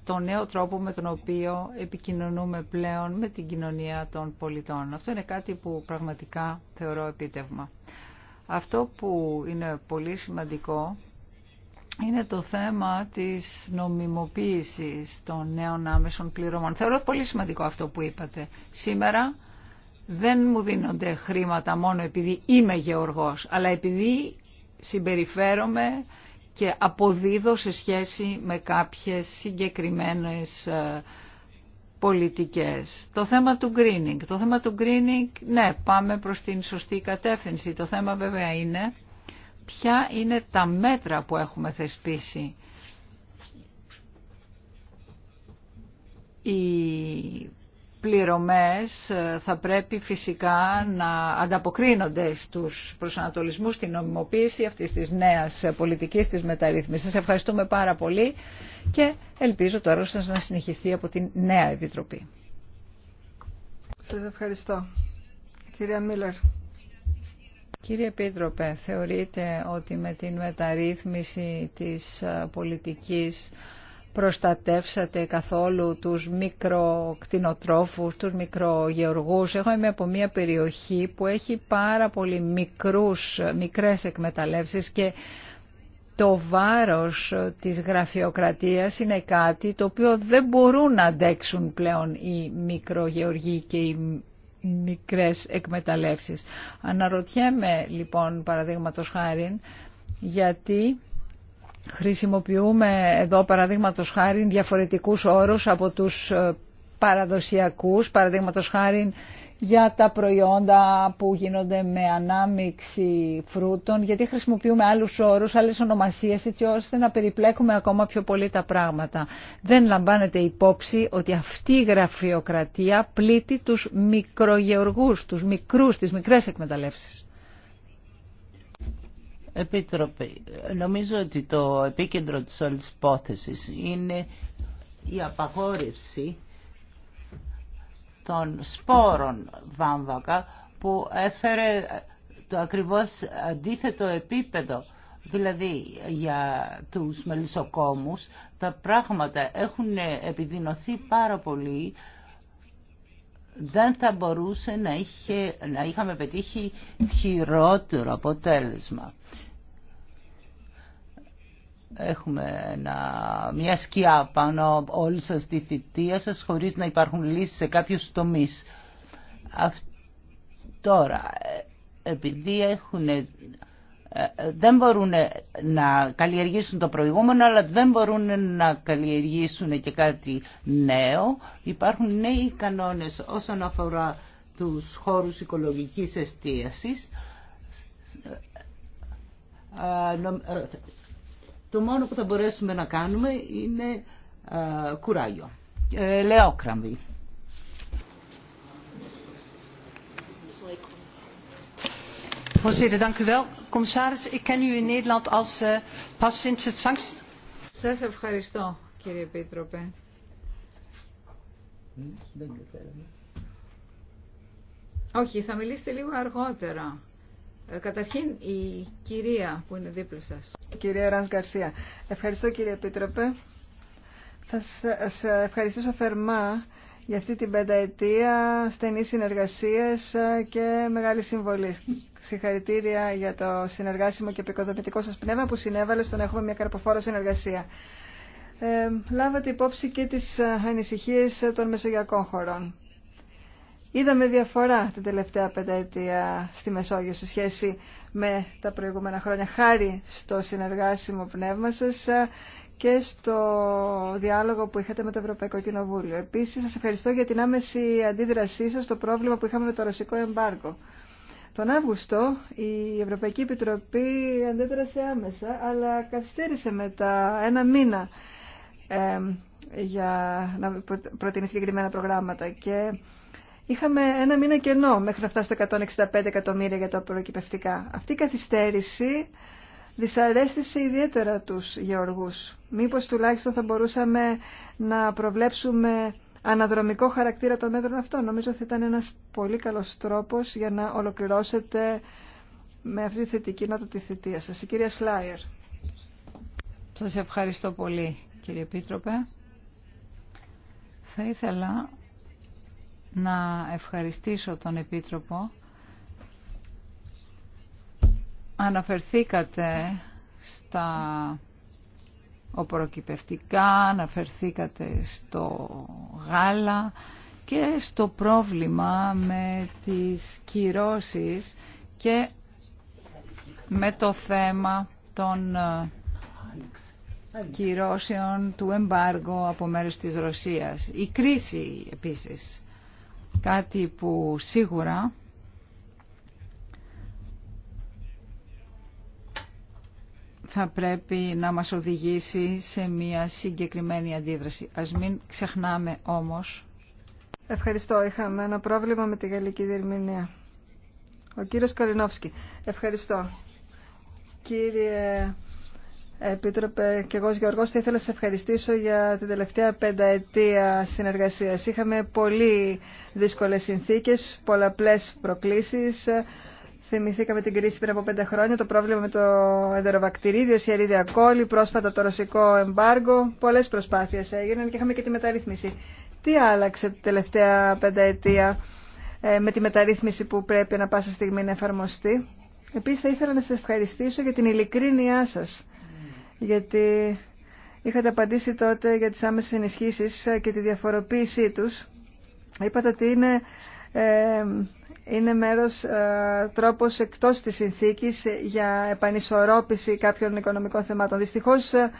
τον νέο τρόπο με τον οποίο επικοινωνούμε πλέον με την κοινωνία των πολιτών. Αυτό είναι κάτι που πραγματικά θεωρώ επίτευγμα. Αυτό που είναι πολύ σημαντικό είναι το θέμα της νομιμοποίησης των νέων άμεσων πληρωμών. Θεωρώ πολύ σημαντικό αυτό που είπατε. Σήμερα δεν μου δίνονται χρήματα μόνο επειδή είμαι γεωργός, αλλά επειδή συμπεριφέρομαι και αποδίδω σε σχέση με κάποιες συγκεκριμένες ε, πολιτικές. Το θέμα του greening. Το θέμα του greening, ναι, πάμε προς την σωστή κατεύθυνση. Το θέμα βέβαια είναι ποια είναι τα μέτρα που έχουμε θεσπίσει. Οι πληρωμές ε, θα πρέπει φυσικά να ανταποκρίνονται στους προσανατολισμούς στην νομιμοποίηση αυτής της νέας πολιτικής της μεταρρύθμισης. Σας ευχαριστούμε πάρα πολύ και ελπίζω το έργο σας να συνεχιστεί από την νέα Επιτροπή. Σας ευχαριστώ. Κυρία Μίλλερ. Κύριε Επίτροπε, θεωρείτε ότι με την μεταρρύθμιση της ε, πολιτικής προστατεύσατε καθόλου τους μικροκτηνοτρόφους, τους μικρογεωργούς. Εγώ είμαι από μια περιοχή που έχει πάρα πολύ μικρούς, μικρές εκμεταλλεύσεις και το βάρος της γραφειοκρατίας είναι κάτι το οποίο δεν μπορούν να αντέξουν πλέον οι μικρογεωργοί και οι μικρές εκμεταλλεύσεις. Αναρωτιέμαι λοιπόν παραδείγματος χάρη γιατί χρησιμοποιούμε εδώ παραδείγματος χάρη διαφορετικούς όρους από τους ε, παραδοσιακούς, παραδείγματος χάρη για τα προϊόντα που γίνονται με ανάμιξη φρούτων, γιατί χρησιμοποιούμε άλλους όρους, άλλες ονομασίες, έτσι ώστε να περιπλέκουμε ακόμα πιο πολύ τα πράγματα. Δεν λαμβάνεται υπόψη ότι αυτή η γραφειοκρατία πλήττει τους μικρογεωργούς, τους μικρούς, τις μικρές εκμεταλλεύσεις. Επίτροπε, νομίζω ότι το επίκεντρο της όλης υπόθεσης είναι η απαγόρευση των σπόρων βάμβακα που έφερε το ακριβώς αντίθετο επίπεδο. Δηλαδή για τους μελισσοκόμους τα πράγματα έχουν επιδεινωθεί πάρα πολύ δεν θα μπορούσε να, είχε, να είχαμε πετύχει χειρότερο αποτέλεσμα έχουμε ένα, μια σκιά πάνω όλη σα τη θητεία σα χωρίς να υπάρχουν λύσει σε κάποιου τομείς. Τώρα, ε, επειδή ε, ε, δεν μπορούν να καλλιεργήσουν το προηγούμενο, αλλά δεν μπορούν να καλλιεργήσουν και κάτι νέο, υπάρχουν νέοι κανόνες όσον αφορά τους χώρους οικολογικής εστίασης το μόνο που θα μπορέσουμε να κάνουμε είναι ε, κουράγιο. Ε, Λεόκραμβη. Voorzitter, dank u wel. Commissaris, ik ken u in Nederland als uh, pas sinds het sanctie... Σας ευχαριστώ, κύριε Oké, familie hm, θα μιλήσετε λίγο αργότερα. Ε, καταρχήν η κυρία που είναι δίπλα σας. Κυρία Ρανς Γκαρσία. Ευχαριστώ κύριε Επίτροπε. Θα σας ευχαριστήσω θερμά για αυτή την πενταετία στενής συνεργασίας και μεγάλη συμβολή. Συγχαρητήρια για το συνεργάσιμο και επικοδομητικό σας πνεύμα που συνέβαλε στο να έχουμε μια καρποφόρο συνεργασία. Ε, λάβατε υπόψη και τις ανησυχίες των μεσογειακών χωρών. Είδαμε διαφορά την τελευταία πενταετία στη Μεσόγειο σε σχέση με τα προηγούμενα χρόνια χάρη στο συνεργάσιμο πνεύμα σας και στο διάλογο που είχατε με το Ευρωπαϊκό Κοινοβούλιο. Επίσης, σας ευχαριστώ για την άμεση αντίδρασή σας στο πρόβλημα που είχαμε με το ρωσικό εμπάργκο. Τον Αύγουστο η Ευρωπαϊκή Επιτροπή αντέδρασε άμεσα, αλλά καθυστέρησε μετά ένα μήνα ε, για να προτείνει συγκεκριμένα προγράμματα και Είχαμε ένα μήνα κενό μέχρι να φτάσει στο 165 εκατομμύρια για τα προεκυπευτικά. Αυτή η καθυστέρηση δυσαρέστησε ιδιαίτερα τους γεωργούς. Μήπως τουλάχιστον θα μπορούσαμε να προβλέψουμε αναδρομικό χαρακτήρα των μέτρων αυτών. Νομίζω ότι ήταν ένας πολύ καλός τρόπος για να ολοκληρώσετε με αυτή τη θετική νότα τη θητεία σας. Η κυρία Σλάιερ. Σας ευχαριστώ πολύ κύριε πίτροπε. Θα ήθελα να ευχαριστήσω τον Επίτροπο. Αναφερθήκατε στα οποροκυπευτικά, αναφερθήκατε στο γάλα και στο πρόβλημα με τις κυρώσεις και με το θέμα των ε, κυρώσεων του εμπάργου από μέρους της Ρωσίας. Η κρίση επίσης Κάτι που σίγουρα θα πρέπει να μας οδηγήσει σε μια συγκεκριμένη αντίδραση. Ας μην ξεχνάμε όμως... Ευχαριστώ. Είχαμε ένα πρόβλημα με τη γαλλική διερμηνία. Ο κύριος Καρινόφσκι. Ευχαριστώ. Κύριε Επίτροπε, και εγώ Γιώργος θα ήθελα να σε ευχαριστήσω για την τελευταία πενταετία συνεργασίας. Είχαμε πολύ δύσκολες συνθήκες, πολλαπλές προκλήσεις. Θυμηθήκαμε την κρίση πριν από πέντε χρόνια, το πρόβλημα με το εντεροβακτηρίδιο, η κόλλη, πρόσφατα το ρωσικό εμπάργκο. Πολλές προσπάθειες έγιναν και είχαμε και τη μεταρρύθμιση. Τι άλλαξε την τελευταία πενταετία ε, με τη μεταρρύθμιση που πρέπει να πάσα στιγμή να εφαρμοστεί. Επίσης θα ήθελα να σας ευχαριστήσω για την ειλικρίνειά σας γιατί είχατε απαντήσει τότε για τις άμεσες ενισχύσεις και τη διαφοροποίησή τους. Είπατε ότι είναι, ε, είναι μέρος ε, τρόπος εκτός της συνθήκης για επανισορρόπηση κάποιων οικονομικών θεμάτων. Δυστυχώς ε,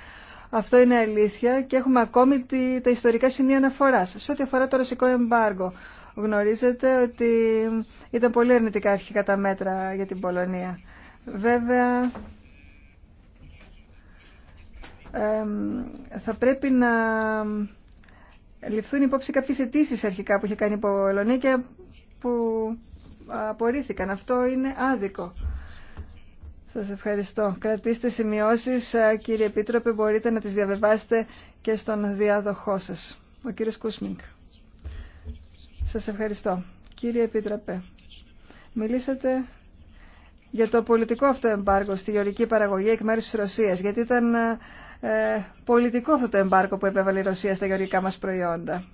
αυτό είναι αλήθεια και έχουμε ακόμη τη, τα ιστορικά σημεία αναφοράς. Σε ό,τι αφορά το ρωσικό εμπάργο, γνωρίζετε ότι ήταν πολύ αρνητικά αρχικά τα μέτρα για την Πολωνία. Βέβαια, θα πρέπει να ληφθούν υπόψη κάποιες αιτήσει αρχικά που είχε κάνει η Πολωνία που απορρίθηκαν. Αυτό είναι άδικο. Σας ευχαριστώ. Κρατήστε σημειώσεις, ε, κύριε Επίτροπε, μπορείτε να τις διαβεβάσετε και στον διάδοχό σας. Ο κύριος Κούσμινγκ. Σας ευχαριστώ. Κύριε Επίτροπε, μιλήσατε για το πολιτικό αυτό εμπάργο στη γεωρική παραγωγή εκ μέρους της Ρωσίας, γιατί ήταν ε, ε, πολιτικό αυτό το εμπάρκο που επέβαλε η Ρωσία στα γεωργικά μας προϊόντα.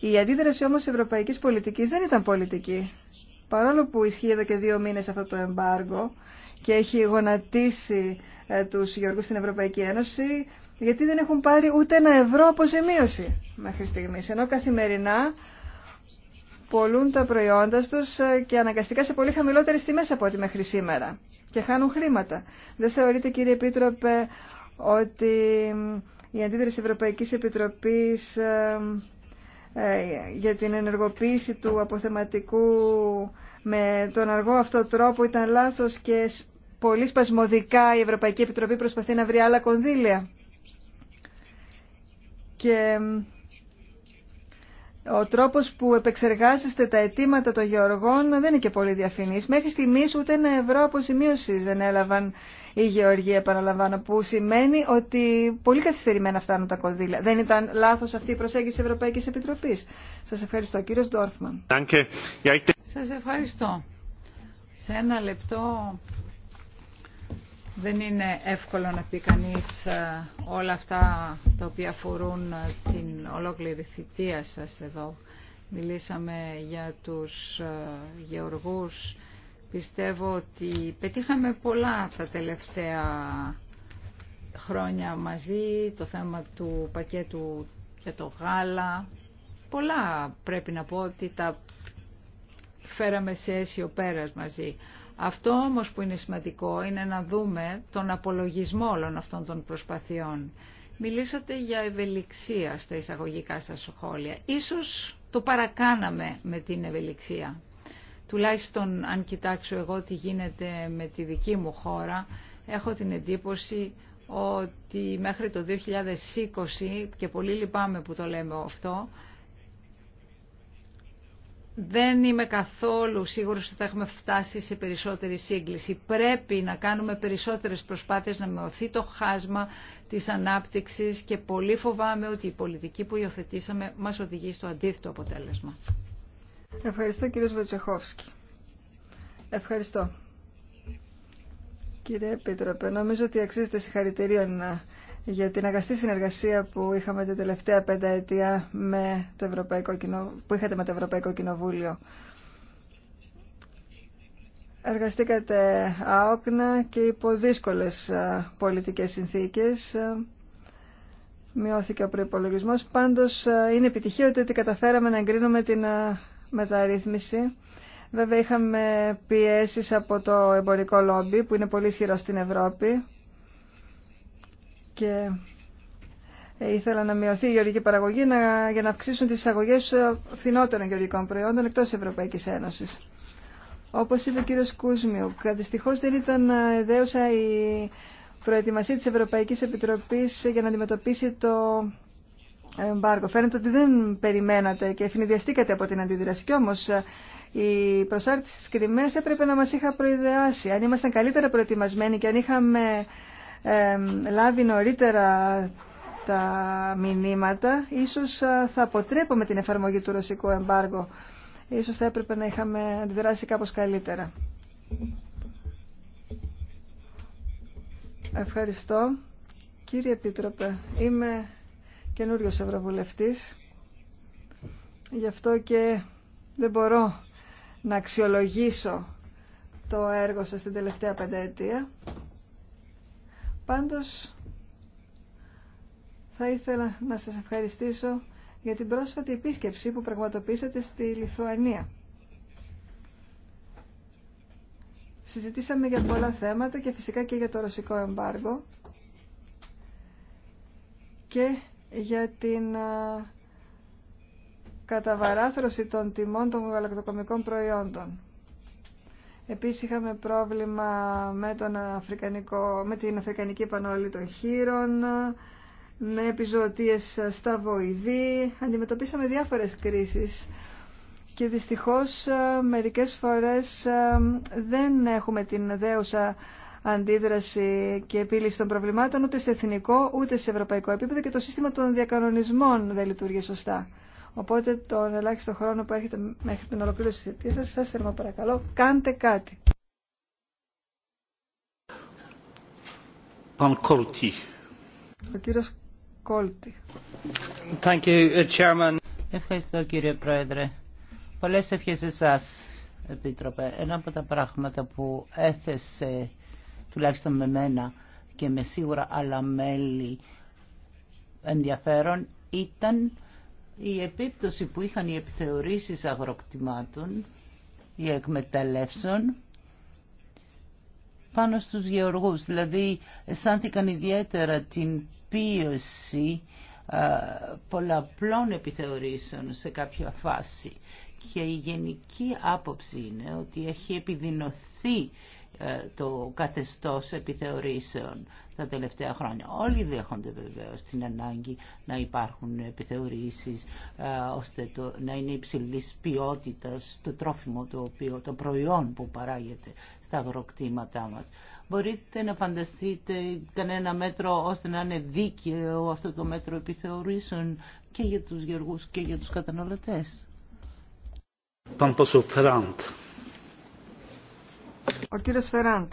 Η αντίδραση όμως της ευρωπαϊκής πολιτικής δεν ήταν πολιτική. Παρόλο που ισχύει εδώ και δύο μήνες αυτό το εμπάργο και έχει γονατίσει ε, τους γεωργούς στην Ευρωπαϊκή Ένωση, γιατί δεν έχουν πάρει ούτε ένα ευρώ αποζημίωση μέχρι στιγμής. Ενώ καθημερινά πολλούν τα προϊόντα τους ε, και αναγκαστικά σε πολύ χαμηλότερες τιμές από ό,τι μέχρι σήμερα και χάνουν χρήματα. Δεν θεωρείτε κύριε Επίτροπε ότι η αντίδραση Ευρωπαϊκής Επιτροπής ε, ε, για την ενεργοποίηση του αποθεματικού με τον αργό αυτό τρόπο ήταν λάθος και πολύ σπασμωδικά η Ευρωπαϊκή Επιτροπή προσπαθεί να βρει άλλα κονδύλια. Και ο τρόπος που επεξεργάζεστε τα αιτήματα των γεωργών δεν είναι και πολύ διαφημής. Μέχρι στιγμής ούτε ένα ευρώ αποζημίωση δεν έλαβαν η Γεωργία, επαναλαμβάνω, που σημαίνει ότι πολύ καθυστερημένα φτάνουν τα κονδύλια. Δεν ήταν λάθος αυτή η προσέγγιση Ευρωπαϊκής Επιτροπής. Σας ευχαριστώ. Κύριος Ντόρφμαν. Σας ευχαριστώ. Σε ένα λεπτό δεν είναι εύκολο να πει κανεί ε, όλα αυτά τα οποία αφορούν ε, την ολόκληρη θητεία σας εδώ. Μιλήσαμε για τους ε, γεωργούς, Πιστεύω ότι πετύχαμε πολλά τα τελευταία χρόνια μαζί, το θέμα του πακέτου για το γάλα. Πολλά πρέπει να πω ότι τα φέραμε σε αίσιο πέρας μαζί. Αυτό όμως που είναι σημαντικό είναι να δούμε τον απολογισμό όλων αυτών των προσπαθειών. Μιλήσατε για ευελιξία στα εισαγωγικά σας σχόλια. Ίσως το παρακάναμε με την ευελιξία τουλάχιστον αν κοιτάξω εγώ τι γίνεται με τη δική μου χώρα, έχω την εντύπωση ότι μέχρι το 2020, και πολύ λυπάμαι που το λέμε αυτό, δεν είμαι καθόλου σίγουρος ότι θα έχουμε φτάσει σε περισσότερη σύγκληση. Πρέπει να κάνουμε περισσότερες προσπάθειες να μειωθεί το χάσμα της ανάπτυξης και πολύ φοβάμαι ότι η πολιτική που υιοθετήσαμε μας οδηγεί στο αντίθετο αποτέλεσμα. Ευχαριστώ κύριε Βοτσεχόφσκι. Ευχαριστώ. Κύριε Επίτροπε, νομίζω ότι αξίζεται συγχαρητηρίων ε, για την αγαστή συνεργασία που είχαμε τα τελευταία πενταετία με το Ευρωπαϊκό Κοινο... που είχατε με το Ευρωπαϊκό Κοινοβούλιο. Εργαστήκατε άοκνα και υπό δύσκολες ε, πολιτικές συνθήκες. Μειώθηκε ο προϋπολογισμός. Πάντως ε, είναι επιτυχία ότι καταφέραμε να εγκρίνουμε την μεταρρύθμιση. Βέβαια είχαμε πιέσεις από το εμπορικό λόμπι που είναι πολύ ισχυρό στην Ευρώπη και ήθελα να μειωθεί η γεωργική παραγωγή για να αυξήσουν τις εισαγωγές φθηνότερων γεωργικών προϊόντων εκτός της Ευρωπαϊκής Ένωσης. Όπως είπε ο κύριος Κούσμιου, δυστυχώ δεν ήταν δέωσα η προετοιμασία της Ευρωπαϊκής Επιτροπής για να αντιμετωπίσει το εμπάργο. Φαίνεται ότι δεν περιμένατε και εφηνιδιαστήκατε από την αντίδραση. Κι όμως ε, η προσάρτηση της Κρυμαίας έπρεπε να μας είχα προειδεάσει. Αν ήμασταν καλύτερα προετοιμασμένοι και αν είχαμε λάβει νωρίτερα τα μηνύματα, ίσως ε, θα αποτρέπουμε την εφαρμογή του ρωσικού εμπάργου. Ίσως θα έπρεπε να είχαμε αντιδράσει κάπως καλύτερα. Ευχαριστώ. Κύριε Επίτροπε, είμαι καινούριος ευρωβουλευτής. Γι' αυτό και δεν μπορώ να αξιολογήσω το έργο σας την τελευταία πενταετία. Πάντως θα ήθελα να σας ευχαριστήσω για την πρόσφατη επίσκεψη που πραγματοποίησατε στη Λιθουανία. Συζητήσαμε για πολλά θέματα και φυσικά και για το ρωσικό εμπάργο και για την καταβαράθρωση των τιμών των γαλακτοκομικών προϊόντων. Επίσης είχαμε πρόβλημα με, τον Αφρικανικό, με την Αφρικανική Πανόλη των Χείρων, με επιζωτίες στα βοηδή. Αντιμετωπίσαμε διάφορες κρίσεις και δυστυχώς μερικές φορές δεν έχουμε την δέουσα αντίδραση και επίλυση των προβλημάτων ούτε σε εθνικό ούτε σε ευρωπαϊκό επίπεδο και το σύστημα των διακανονισμών δεν λειτουργεί σωστά. Οπότε τον ελάχιστο χρόνο που έχετε μέχρι την ολοκλήρωση της αιτίας σας, σας θερμά παρακαλώ, κάντε κάτι. Ο κύριος Κόλτη. Thank you, uh, Chairman. Ευχαριστώ κύριε Πρόεδρε. Πολλές ευχές εσάς, Επίτροπε. Ένα από τα πράγματα που έθεσε τουλάχιστον με μένα και με σίγουρα άλλα μέλη ενδιαφέρον ήταν η επίπτωση που είχαν οι επιθεωρήσεις αγροκτημάτων οι εκμεταλλεύσεων πάνω στους γεωργούς. Δηλαδή αισθάνθηκαν ιδιαίτερα την πίεση πολλαπλών επιθεωρήσεων σε κάποια φάση και η γενική άποψη είναι ότι έχει επιδεινωθεί ε, το καθεστώς επιθεωρήσεων τα τελευταία χρόνια. Όλοι δέχονται βεβαίως την ανάγκη να υπάρχουν επιθεωρήσεις ε, ώστε το, να είναι υψηλή ποιότητα, το τρόφιμο το οποίο, το προϊόν που παράγεται στα αγροκτήματά μας. Μπορείτε να φανταστείτε κανένα μέτρο ώστε να είναι δίκαιο αυτό το μέτρο επιθεωρήσεων και για τους γεργούς και για τους καταναλωτές. Euh,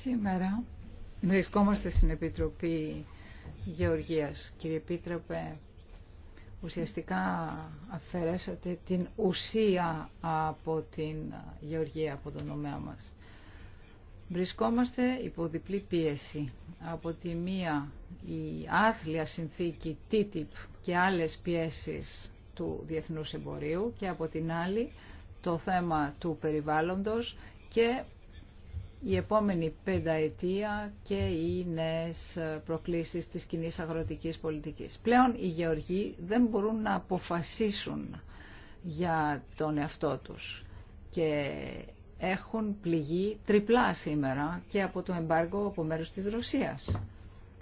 Σήμερα βρισκόμαστε στην Επιτροπή Γεωργίας. Κύριε Επίτροπε, ουσιαστικά αφαιρέσατε την ουσία από την γεωργία, από τον νομέα μας. Βρισκόμαστε υπό διπλή πίεση. Από τη μία η άθλια συνθήκη TTIP και άλλες πιέσεις του διεθνούς εμπορίου και από την άλλη το θέμα του περιβάλλοντος και η επόμενη πενταετία και οι νέες προκλήσεις της κοινή αγροτικής πολιτικής. Πλέον οι γεωργοί δεν μπορούν να αποφασίσουν για τον εαυτό τους και έχουν πληγεί τριπλά σήμερα και από το εμπάργκο από μέρους της Ρωσίας.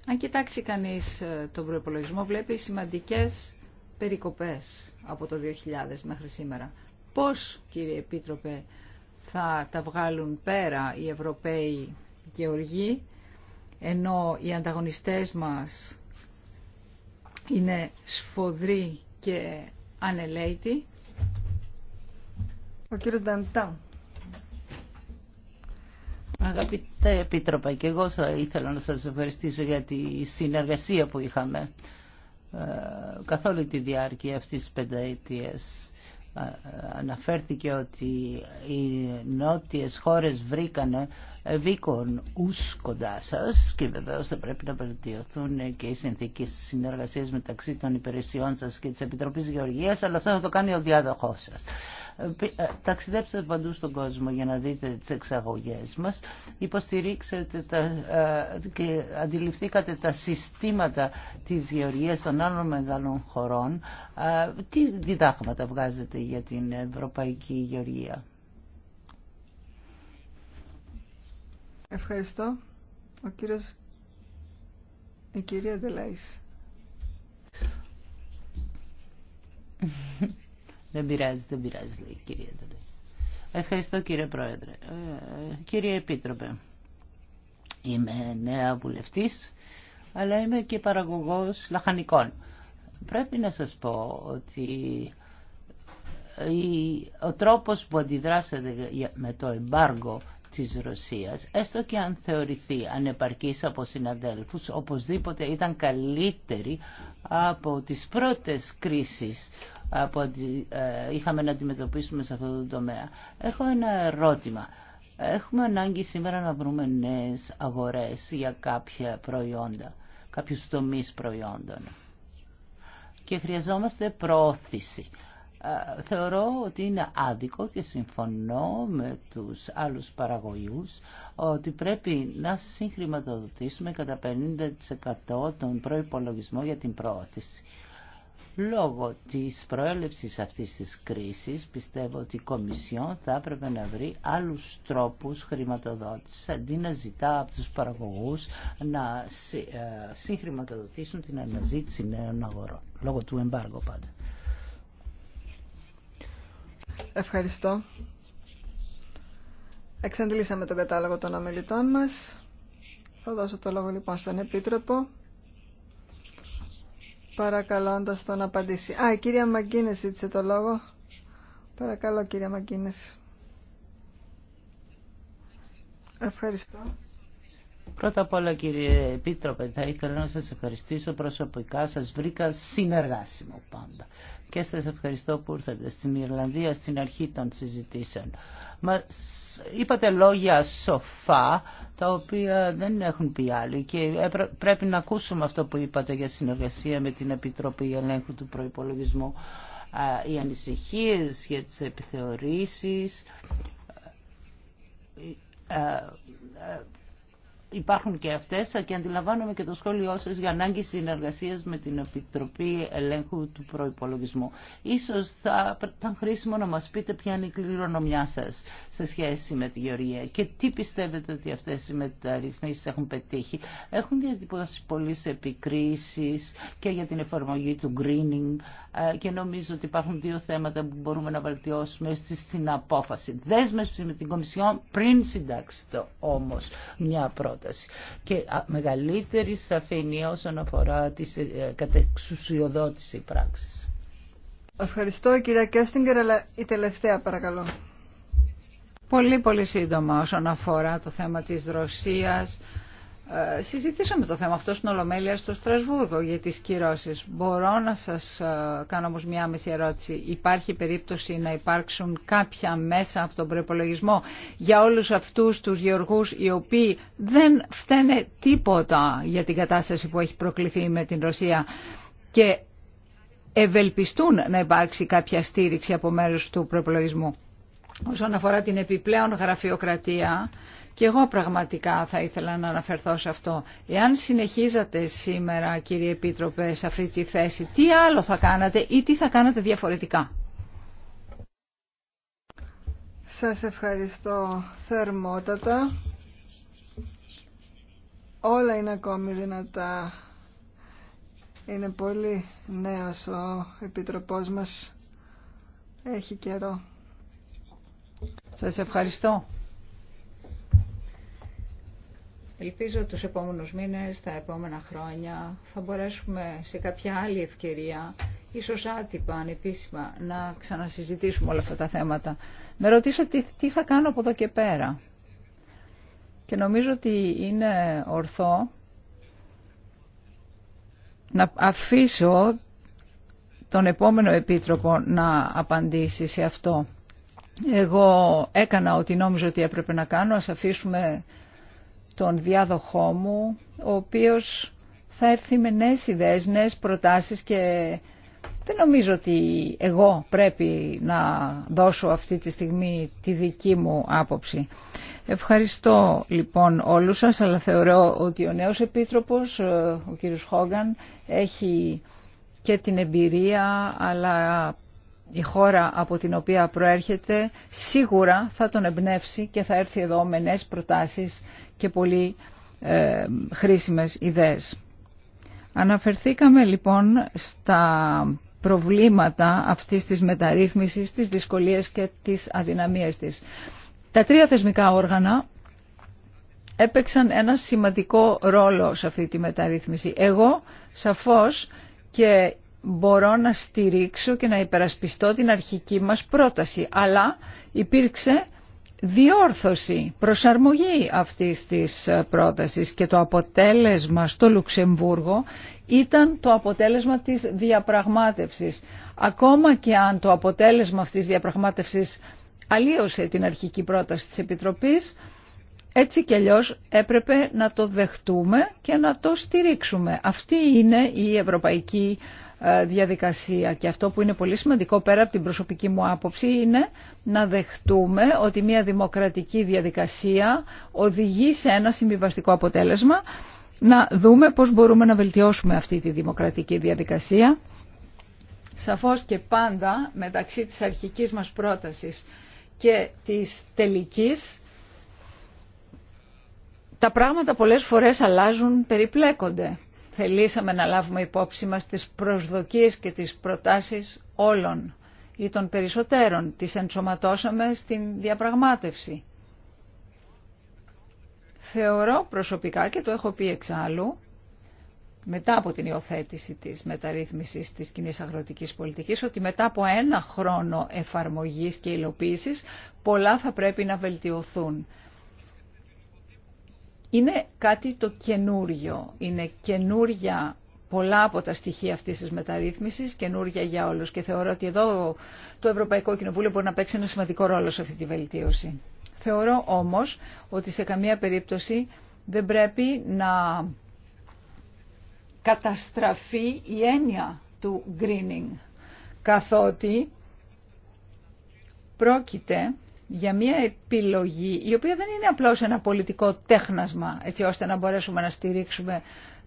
Αν κοιτάξει κανείς ε, τον προπολογισμό βλέπει σημαντικές περικοπές από το 2000 μέχρι σήμερα. Πώς, κύριε Επίτροπε, θα τα βγάλουν πέρα οι Ευρωπαίοι και οργοί, ενώ οι ανταγωνιστές μας είναι σφοδροί και ανελέητοι. Ο κύριος Νταντά. Αγαπητέ Επίτροπα, και εγώ θα ήθελα να σας ευχαριστήσω για τη συνεργασία που είχαμε ε, καθ' όλη τη διάρκεια αυτής της πενταετίας αναφέρθηκε ότι οι νότιες χώρες βρήκανε ε, βίκον ους κοντά σας και βεβαίως θα πρέπει να βελτιωθούν και οι συνθήκες συνεργασίας μεταξύ των υπηρεσιών σας και της Επιτροπής Γεωργίας αλλά αυτό θα το κάνει ο διάδοχός σας. Ε, ε, ταξιδέψτε παντού στον κόσμο για να δείτε τις εξαγωγές μας. Υποστηρίξετε τα, ε, και αντιληφθήκατε τα συστήματα της γεωργίας των άλλων μεγάλων χωρών. Τι διδάγματα βγάζετε για την ευρωπαϊκή γεωργία. Ευχαριστώ. Ο κύριος... Η κυρία Δελάης. Δεν πειράζει, δεν πειράζει, λέει η κυρία Ευχαριστώ κύριε Πρόεδρε. Ε, κύριε Επίτροπε, είμαι νέα βουλευτής, αλλά είμαι και παραγωγός λαχανικών. Πρέπει να σας πω ότι ο τρόπος που αντιδράσατε με το εμπάργο της Ρωσίας, έστω και αν θεωρηθεί ανεπαρκής από συναδέλφους, οπωσδήποτε ήταν καλύτερη από τις πρώτες κρίσεις που ε, είχαμε να αντιμετωπίσουμε σε αυτό το τομέα. Έχω ένα ερώτημα. Έχουμε ανάγκη σήμερα να βρούμε νέες αγορές για κάποια προϊόντα, κάποιους τομείς προϊόντων. Και χρειαζόμαστε προώθηση. Ε, θεωρώ ότι είναι άδικο και συμφωνώ με τους άλλους παραγωγούς ότι πρέπει να συγχρηματοδοτήσουμε κατά 50% τον προϋπολογισμό για την προώθηση. Λόγω της προέλευσης αυτής της κρίσης πιστεύω ότι η Κομισιόν θα έπρεπε να βρει άλλους τρόπους χρηματοδότησης αντί να ζητά από τους παραγωγούς να ε, συγχρηματοδοτήσουν την αναζήτηση νέων αγορών. Λόγω του εμπάργου πάντα. Ευχαριστώ. Εξαντλήσαμε τον κατάλογο των αμελητών μας. Θα δώσω το λόγο λοιπόν στον Επίτροπο παρακαλώντας τον να απαντήσει. Α, η κυρία Μαγκίνες ζήτησε το λόγο. Παρακαλώ κυρία Μαγκίνες. Ευχαριστώ. Πρώτα απ' όλα κύριε Επίτροπε θα ήθελα να σας ευχαριστήσω προσωπικά, σας βρήκα συνεργάσιμο πάντα και σας ευχαριστώ που ήρθατε στην Ιρλανδία στην αρχή των συζητήσεων μα είπατε λόγια σοφά, τα οποία δεν έχουν πει άλλοι και πρέπει να ακούσουμε αυτό που είπατε για συνεργασία με την Επιτροπή Ελέγχου του Προϋπολογισμού. Οι ανησυχίες για τις επιθεωρήσεις ε, ε, υπάρχουν και αυτές και αντιλαμβάνομαι και το σχόλιο σας για ανάγκη συνεργασίας με την Επιτροπή Ελέγχου του Προϋπολογισμού. Ίσως θα ήταν χρήσιμο να μας πείτε ποια είναι η κληρονομιά σας σε σχέση με τη Γεωργία και τι πιστεύετε ότι αυτές οι μεταρρυθμίσεις έχουν πετύχει. Έχουν διατυπώσει πολλέ επικρίσεις και για την εφαρμογή του greening ε, και νομίζω ότι υπάρχουν δύο θέματα που μπορούμε να βελτιώσουμε στην απόφαση. Δέσμευση με την Κομισιόν πριν συντάξετε όμω μια πρώτη πρόταση και μεγαλύτερη σαφήνεια όσον αφορά τις ε, κατεξουσιοδότηση πράξη. Ευχαριστώ κυρία Κέστιγκερ, αλλά η τελευταία παρακαλώ. Πολύ πολύ σύντομα όσον αφορά το θέμα της Ρωσίας ε, συζητήσαμε το θέμα αυτό στην Ολομέλεια στο Στρασβούργο για τις κυρώσεις. Μπορώ να σας ε, κάνω όμως μια άμεση ερώτηση. Υπάρχει περίπτωση να υπάρξουν κάποια μέσα από τον προπολογισμό για όλους αυτούς τους γεωργούς οι οποίοι δεν φταίνε τίποτα για την κατάσταση που έχει προκληθεί με την Ρωσία και ευελπιστούν να υπάρξει κάποια στήριξη από μέρους του προπολογισμού. Όσον αφορά την επιπλέον γραφειοκρατία, και εγώ πραγματικά θα ήθελα να αναφερθώ σε αυτό. Εάν συνεχίζατε σήμερα, κύριε Επίτροπε, σε αυτή τη θέση, τι άλλο θα κάνατε ή τι θα κάνατε διαφορετικά. Σας ευχαριστώ θερμότατα. Όλα είναι ακόμη δυνατά. Είναι πολύ νέος ο Επιτροπός μας. Έχει καιρό. Σας ευχαριστώ. Ελπίζω τους επόμενους μήνες, τα επόμενα χρόνια θα μπορέσουμε σε κάποια άλλη ευκαιρία, ίσως άτυπα, ανεπίσημα, να ξανασυζητήσουμε όλα αυτά τα θέματα. Με ρωτήσατε τι θα κάνω από εδώ και πέρα. Και νομίζω ότι είναι ορθό να αφήσω τον επόμενο επίτροπο να απαντήσει σε αυτό. Εγώ έκανα ό,τι νόμιζα ότι έπρεπε να κάνω, ας αφήσουμε τον διάδοχό μου, ο οποίος θα έρθει με νέες ιδέες, νέες προτάσεις και δεν νομίζω ότι εγώ πρέπει να δώσω αυτή τη στιγμή τη δική μου άποψη. Ευχαριστώ λοιπόν όλους σας, αλλά θεωρώ ότι ο νέος επίτροπος, ε, ο κύριος Χόγκαν, έχει και την εμπειρία, αλλά η χώρα από την οποία προέρχεται σίγουρα θα τον εμπνεύσει και θα έρθει εδώ με νέες προτάσεις και πολύ ε, χρήσιμες ιδέες. Αναφερθήκαμε λοιπόν στα προβλήματα αυτής της μεταρρύθμισης, τις δυσκολίες και τις αδυναμίες της. Τα τρία θεσμικά όργανα έπαιξαν ένα σημαντικό ρόλο σε αυτή τη μεταρρύθμιση. Εγώ σαφώς και μπορώ να στηρίξω και να υπερασπιστώ την αρχική μας πρόταση, αλλά υπήρξε διόρθωση, προσαρμογή αυτής της ε, πρότασης και το αποτέλεσμα στο Λουξεμβούργο ήταν το αποτέλεσμα της διαπραγμάτευσης. Ακόμα και αν το αποτέλεσμα αυτής της διαπραγμάτευσης αλλίωσε την αρχική πρόταση της Επιτροπής, έτσι κι αλλιώς έπρεπε να το δεχτούμε και να το στηρίξουμε. Αυτή είναι η ευρωπαϊκή ε, διαδικασία και αυτό που είναι πολύ σημαντικό πέρα από την προσωπική μου άποψη είναι να δεχτούμε ότι μια δημοκρατική διαδικασία οδηγεί σε ένα συμβιβαστικό αποτέλεσμα να δούμε πώς μπορούμε να βελτιώσουμε αυτή τη δημοκρατική διαδικασία. Σαφώς και πάντα μεταξύ της αρχικής μας πρότασης και της τελικής τα πράγματα πολλές φορές αλλάζουν, περιπλέκονται θελήσαμε να λάβουμε υπόψη μας τις προσδοκίες και τις προτάσεις όλων ή των περισσότερων. Τις ενσωματώσαμε στην διαπραγμάτευση. Θεωρώ προσωπικά και το έχω πει εξάλλου, μετά από την υιοθέτηση της μεταρρύθμισης της κοινή αγροτικής πολιτικής, ότι μετά από ένα χρόνο εφαρμογής και υλοποίησης πολλά θα πρέπει να βελτιωθούν. Είναι κάτι το καινούριο, είναι καινούρια πολλά από τα στοιχεία αυτής της μεταρρύθμισης, καινούρια για όλους και θεωρώ ότι εδώ το Ευρωπαϊκό Κοινοβούλιο μπορεί να παίξει ένα σημαντικό ρόλο σε αυτή τη βελτίωση. Θεωρώ όμως ότι σε καμία περίπτωση δεν πρέπει να καταστραφεί η έννοια του greening, καθότι πρόκειται για μια επιλογή η οποία δεν είναι απλώς ένα πολιτικό τέχνασμα έτσι ώστε να μπορέσουμε να στηρίξουμε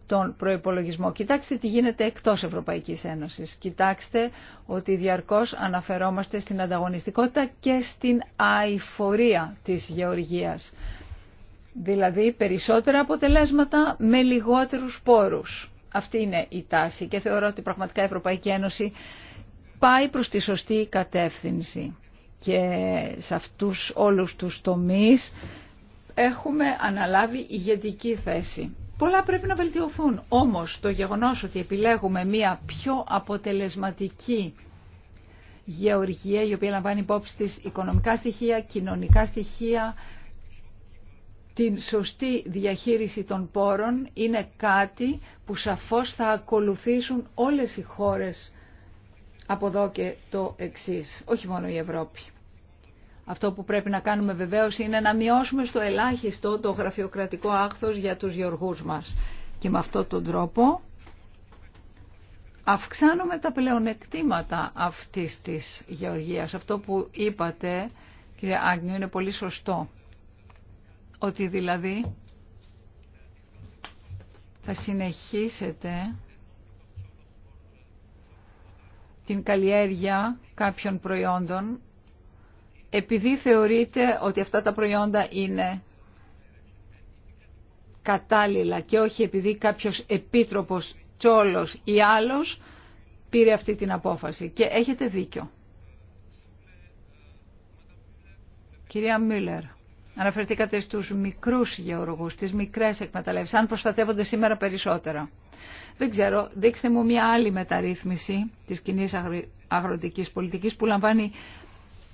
τον προϋπολογισμό. Κοιτάξτε τι γίνεται εκτός Ευρωπαϊκής Ένωσης. Κοιτάξτε ότι διαρκώς αναφερόμαστε στην ανταγωνιστικότητα και στην αηφορία της γεωργίας. Δηλαδή περισσότερα αποτελέσματα με λιγότερους πόρους. Αυτή είναι η τάση και θεωρώ ότι πραγματικά η Ευρωπαϊκή Ένωση πάει προς τη σωστή κατεύθυνση και σε αυτούς όλους τους τομείς έχουμε αναλάβει ηγετική θέση. Πολλά πρέπει να βελτιωθούν, όμως το γεγονός ότι επιλέγουμε μία πιο αποτελεσματική γεωργία η οποία λαμβάνει υπόψη της οικονομικά στοιχεία, κοινωνικά στοιχεία, την σωστή διαχείριση των πόρων είναι κάτι που σαφώς θα ακολουθήσουν όλες οι χώρες από εδώ και το εξή, όχι μόνο η Ευρώπη. Αυτό που πρέπει να κάνουμε βεβαίως είναι να μειώσουμε στο ελάχιστο το γραφειοκρατικό άχθο για τους γεωργού μας. Και με αυτόν τον τρόπο αυξάνουμε τα πλεονεκτήματα αυτής της γεωργίας. Αυτό που είπατε, κύριε Άγνιου, είναι πολύ σωστό. Ότι δηλαδή θα συνεχίσετε την καλλιέργεια κάποιων προϊόντων επειδή θεωρείται ότι αυτά τα προϊόντα είναι κατάλληλα και όχι επειδή κάποιος επίτροπος τσόλος ή άλλος πήρε αυτή την απόφαση. Και έχετε δίκιο. Κυρία Μίλλερ, αναφερθήκατε στους μικρούς γεωργούς, τις μικρές εκμεταλλεύσεις, αν προστατεύονται σήμερα περισσότερα. Δεν ξέρω, δείξτε μου μια άλλη μεταρρύθμιση της κοινή αγροτικής πολιτικής που λαμβάνει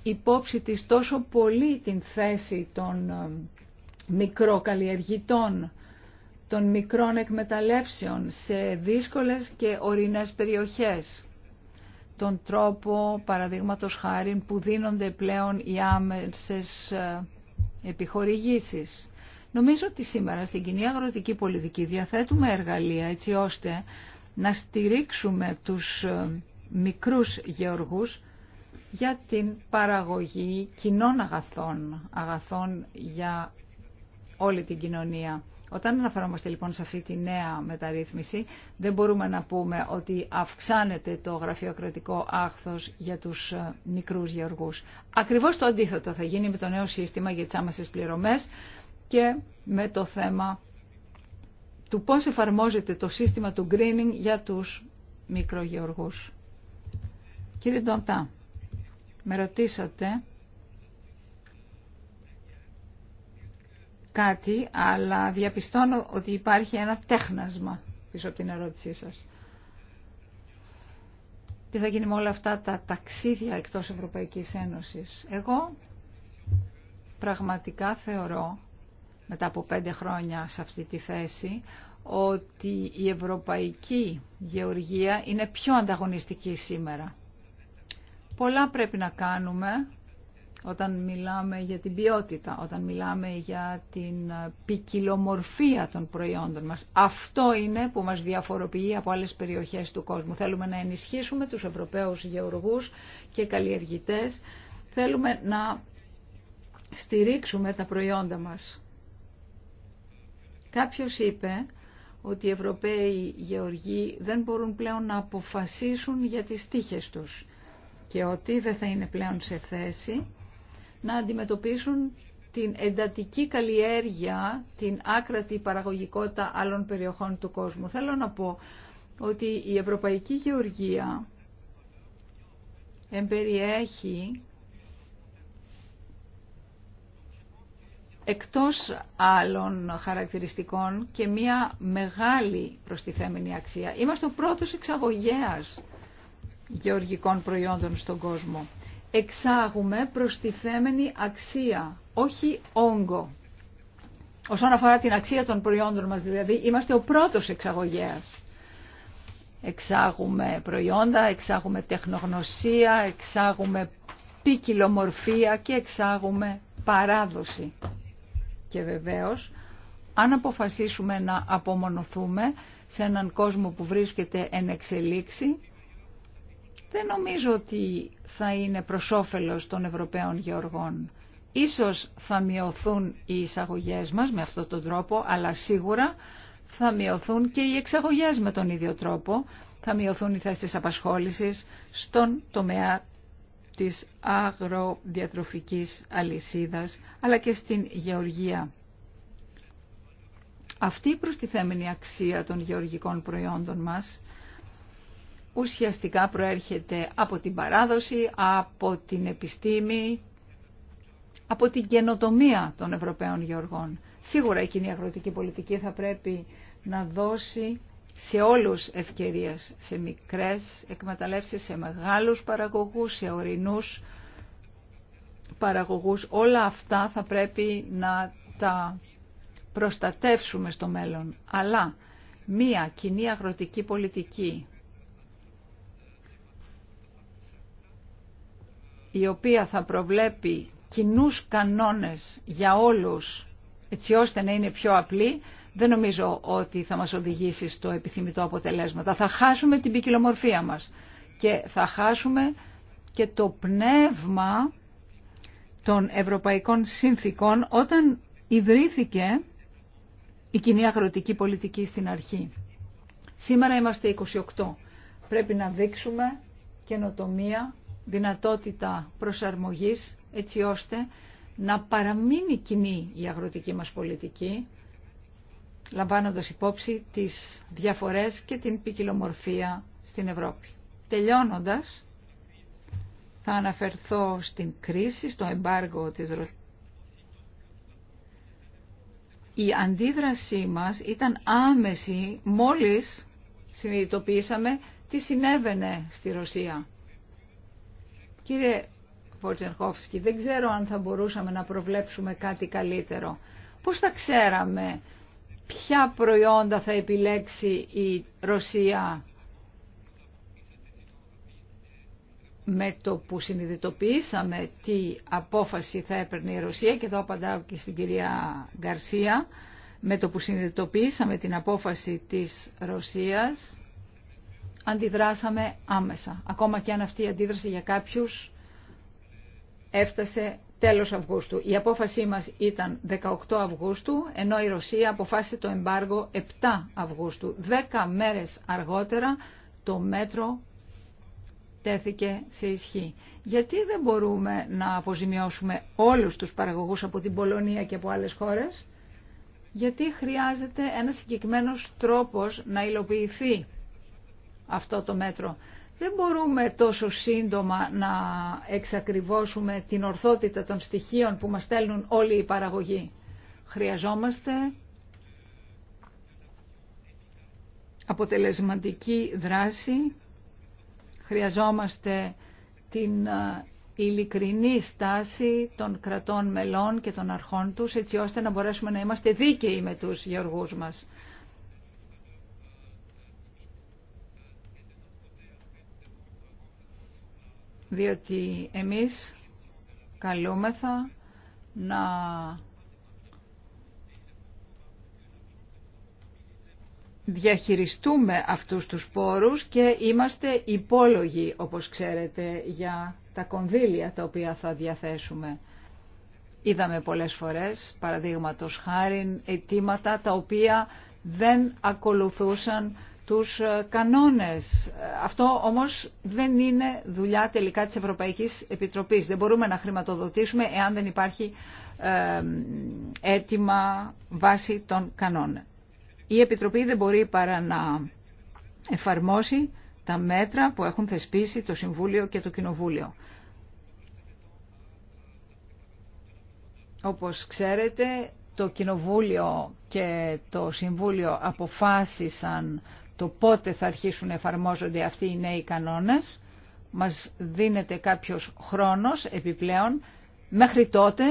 υπόψη της τόσο πολύ την θέση των ε, μικροκαλλιεργητών, των μικρών εκμεταλλεύσεων σε δύσκολες και ορεινές περιοχές τον τρόπο παραδείγματος χάρη που δίνονται πλέον οι άμεσες ε, επιχορηγήσεις. Νομίζω ότι σήμερα στην κοινή αγροτική πολιτική διαθέτουμε εργαλεία έτσι ώστε να στηρίξουμε τους ε, μικρούς γεωργούς για την παραγωγή κοινών αγαθών, αγαθών για όλη την κοινωνία. Όταν αναφερόμαστε λοιπόν σε αυτή τη νέα μεταρρύθμιση, δεν μπορούμε να πούμε ότι αυξάνεται το γραφειοκρατικό άχθος για τους ε, μικρούς γεωργούς. Ακριβώς το αντίθετο θα γίνει με το νέο σύστημα για τις άμεσες πληρωμές, και με το θέμα του πώς εφαρμόζεται το σύστημα του greening για τους μικρογεωργούς. Κύριε Ντοντά, με ρωτήσατε κάτι, αλλά διαπιστώνω ότι υπάρχει ένα τέχνασμα πίσω από την ερώτησή σας. Τι θα γίνει με όλα αυτά τα ταξίδια εκτός Ευρωπαϊκής Ένωσης. Εγώ πραγματικά θεωρώ μετά από πέντε χρόνια σε αυτή τη θέση ότι η ευρωπαϊκή γεωργία είναι πιο ανταγωνιστική σήμερα. Πολλά πρέπει να κάνουμε όταν μιλάμε για την ποιότητα, όταν μιλάμε για την ποικιλομορφία των προϊόντων μας. Αυτό είναι που μας διαφοροποιεί από άλλες περιοχές του κόσμου. Θέλουμε να ενισχύσουμε τους Ευρωπαίους γεωργούς και καλλιεργητές. Θέλουμε να στηρίξουμε τα προϊόντα μας. Κάποιος είπε ότι οι Ευρωπαίοι γεωργοί δεν μπορούν πλέον να αποφασίσουν για τις τύχες τους και ότι δεν θα είναι πλέον σε θέση να αντιμετωπίσουν την εντατική καλλιέργεια, την άκρατη παραγωγικότητα άλλων περιοχών του κόσμου. Θέλω να πω ότι η Ευρωπαϊκή Γεωργία εμπεριέχει εκτός άλλων χαρακτηριστικών και μια μεγάλη προστιθέμενη αξία. Είμαστε ο πρώτος εξαγωγέας γεωργικών προϊόντων στον κόσμο. Εξάγουμε προστιθέμενη αξία, όχι όγκο. Όσον αφορά την αξία των προϊόντων μας δηλαδή, είμαστε ο πρώτος εξαγωγέας. Εξάγουμε προϊόντα, εξάγουμε τεχνογνωσία, εξάγουμε ποικιλομορφία και εξάγουμε παράδοση. Και βεβαίως, αν αποφασίσουμε να απομονωθούμε σε έναν κόσμο που βρίσκεται εν εξελίξη, δεν νομίζω ότι θα είναι προς όφελος των Ευρωπαίων γεωργών. Ίσως θα μειωθούν οι εισαγωγές μας με αυτόν τον τρόπο, αλλά σίγουρα θα μειωθούν και οι εξαγωγές με τον ίδιο τρόπο, θα μειωθούν οι θέσεις απασχόλησης στον τομέα της αγροδιατροφικής αλυσίδας, αλλά και στην γεωργία. Αυτή η προστιθέμενη αξία των γεωργικών προϊόντων μας ουσιαστικά προέρχεται από την παράδοση, από την επιστήμη, από την καινοτομία των Ευρωπαίων γεωργών. Σίγουρα η κοινή αγροτική πολιτική θα πρέπει να δώσει σε όλους ευκαιρίες, σε μικρές εκμεταλλεύσεις, σε μεγάλους παραγωγούς, σε ορεινούς παραγωγούς. Όλα αυτά θα πρέπει να τα προστατεύσουμε στο μέλλον. Αλλά μία κοινή αγροτική πολιτική η οποία θα προβλέπει κοινούς κανόνες για όλους έτσι ώστε να είναι πιο απλή, δεν νομίζω ότι θα μας οδηγήσει στο επιθυμητό αποτελέσματα. Θα χάσουμε την ποικιλομορφία μας και θα χάσουμε και το πνεύμα των ευρωπαϊκών συνθήκων όταν ιδρύθηκε η κοινή αγροτική πολιτική στην αρχή. Σήμερα είμαστε 28. Πρέπει να δείξουμε καινοτομία, δυνατότητα προσαρμογής έτσι ώστε να παραμείνει κοινή η αγροτική μας πολιτική λαμβάνοντας υπόψη τις διαφορές και την ποικιλομορφία στην Ευρώπη. Τελειώνοντας, θα αναφερθώ στην κρίση, στο εμπάργο της Ρωσίας. Η αντίδρασή μας ήταν άμεση μόλις συνειδητοποιήσαμε τι συνέβαινε στη Ρωσία. Κύριε Βορτζενχόφσκι, δεν ξέρω αν θα μπορούσαμε να προβλέψουμε κάτι καλύτερο. Πώς θα ξέραμε ποια προϊόντα θα επιλέξει η Ρωσία με το που συνειδητοποιήσαμε τι απόφαση θα έπαιρνε η Ρωσία και εδώ απαντάω και στην κυρία Γκαρσία με το που συνειδητοποιήσαμε την απόφαση της Ρωσίας αντιδράσαμε άμεσα ακόμα και αν αυτή η αντίδραση για κάποιους έφτασε τέλος Αυγούστου. Η απόφασή μας ήταν 18 Αυγούστου, ενώ η Ρωσία αποφάσισε το εμπάργο 7 Αυγούστου. 10 μέρες αργότερα το μέτρο τέθηκε σε ισχύ. Γιατί δεν μπορούμε να αποζημιώσουμε όλους τους παραγωγούς από την Πολωνία και από άλλες χώρες. Γιατί χρειάζεται ένας συγκεκριμένος τρόπος να υλοποιηθεί αυτό το μέτρο δεν μπορούμε τόσο σύντομα να εξακριβώσουμε την ορθότητα των στοιχείων που μας στέλνουν όλοι οι παραγωγοί. Χρειαζόμαστε αποτελεσματική δράση, χρειαζόμαστε την ε, ειλικρινή στάση των κρατών μελών και των αρχών τους, έτσι ώστε να μπορέσουμε να είμαστε δίκαιοι με τους γεωργούς μας. διότι εμείς καλούμεθα να διαχειριστούμε αυτούς τους πόρους και είμαστε υπόλογοι, όπως ξέρετε, για τα κονδύλια τα οποία θα διαθέσουμε. Είδαμε πολλές φορές, παραδείγματος χάριν, αιτήματα τα οποία δεν ακολουθούσαν τους ε, κανόνες. Αυτό όμως δεν είναι δουλειά τελικά της Ευρωπαϊκής Επιτροπής. Δεν μπορούμε να χρηματοδοτήσουμε εάν δεν υπάρχει αίτημα βάση των κανόνων. Η Επιτροπή δεν μπορεί παρά να εφαρμόσει τα μέτρα που έχουν θεσπίσει το Συμβούλιο και το Κοινοβούλιο. Όπως ξέρετε, το Κοινοβούλιο και το Συμβούλιο αποφάσισαν το πότε θα αρχίσουν να εφαρμόζονται αυτοί οι νέοι κανόνες. Μας δίνεται κάποιος χρόνος επιπλέον. Μέχρι τότε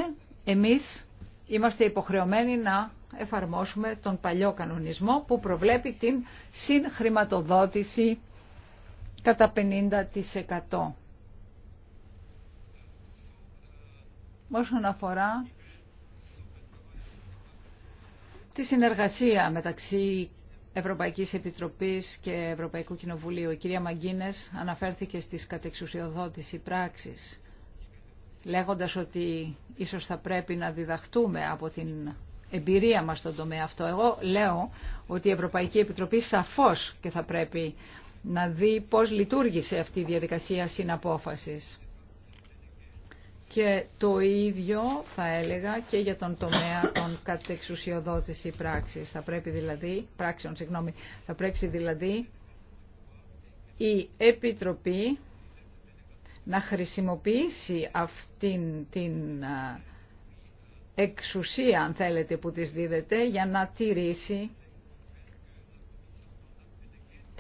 εμείς είμαστε υποχρεωμένοι να εφαρμόσουμε τον παλιό κανονισμό που προβλέπει την συγχρηματοδότηση κατά 50%. Όσον αφορά τη συνεργασία μεταξύ Ευρωπαϊκής Επιτροπής και Ευρωπαϊκού Κοινοβουλίου. Η κυρία Μαγκίνες αναφέρθηκε στις κατεξουσιοδότηση πράξης, λέγοντας ότι ίσως θα πρέπει να διδαχτούμε από την εμπειρία μας στον τομέα αυτό. Εγώ λέω ότι η Ευρωπαϊκή Επιτροπή σαφώς και θα πρέπει να δει πώς λειτουργήσε αυτή η διαδικασία συναπόφασης. Και το ίδιο θα έλεγα και για τον τομέα των κατεξουσιοδότηση πράξης. Θα πρέπει δηλαδή, πράξεων, συγγνώμη, θα πρέπει δηλαδή η Επιτροπή να χρησιμοποιήσει αυτήν την εξουσία, αν θέλετε, που της δίδεται για να τηρήσει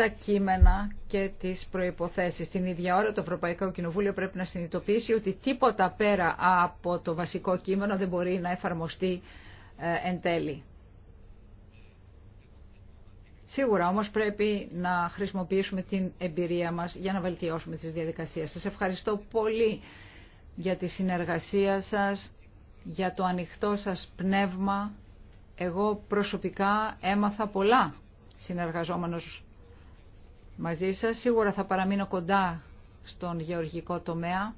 τα κείμενα και τις προϋποθέσεις. Την ίδια ώρα το Ευρωπαϊκό Κοινοβούλιο πρέπει να συνειδητοποιήσει ότι τίποτα πέρα από το βασικό κείμενο δεν μπορεί να εφαρμοστεί ε, εν τέλει. Σίγουρα όμως πρέπει να χρησιμοποιήσουμε την εμπειρία μας για να βελτιώσουμε τις διαδικασίες. Σας ευχαριστώ πολύ για τη συνεργασία σας, για το ανοιχτό σας πνεύμα. Εγώ προσωπικά έμαθα πολλά συνεργαζόμενος μαζί σας. Σίγουρα θα παραμείνω κοντά στον γεωργικό τομέα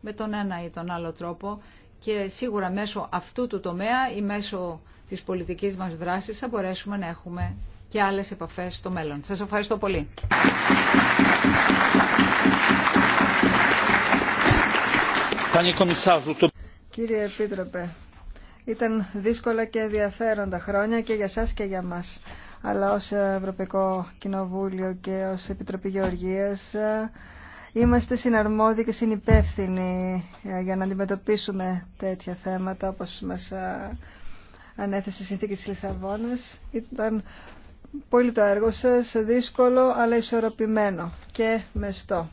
με τον ένα ή τον άλλο τρόπο και σίγουρα μέσω αυτού του τομέα ή μέσω της πολιτικής μας δράσης θα μπορέσουμε να έχουμε και άλλες επαφές στο μέλλον. Σας ευχαριστώ πολύ. Κύριε Επίτροπε, ήταν δύσκολα και ενδιαφέροντα χρόνια και για σας και για μας αλλά ως Ευρωπαϊκό Κοινοβούλιο και ως Επιτροπή Γεωργίας ε, είμαστε συναρμόδιοι και συνυπεύθυνοι ε, για να αντιμετωπίσουμε τέτοια θέματα όπως μας ε, ανέθεσε η συνθήκη της Λισαβόνας. Ήταν πολύ το έργο σας, δύσκολο αλλά ισορροπημένο και μεστό.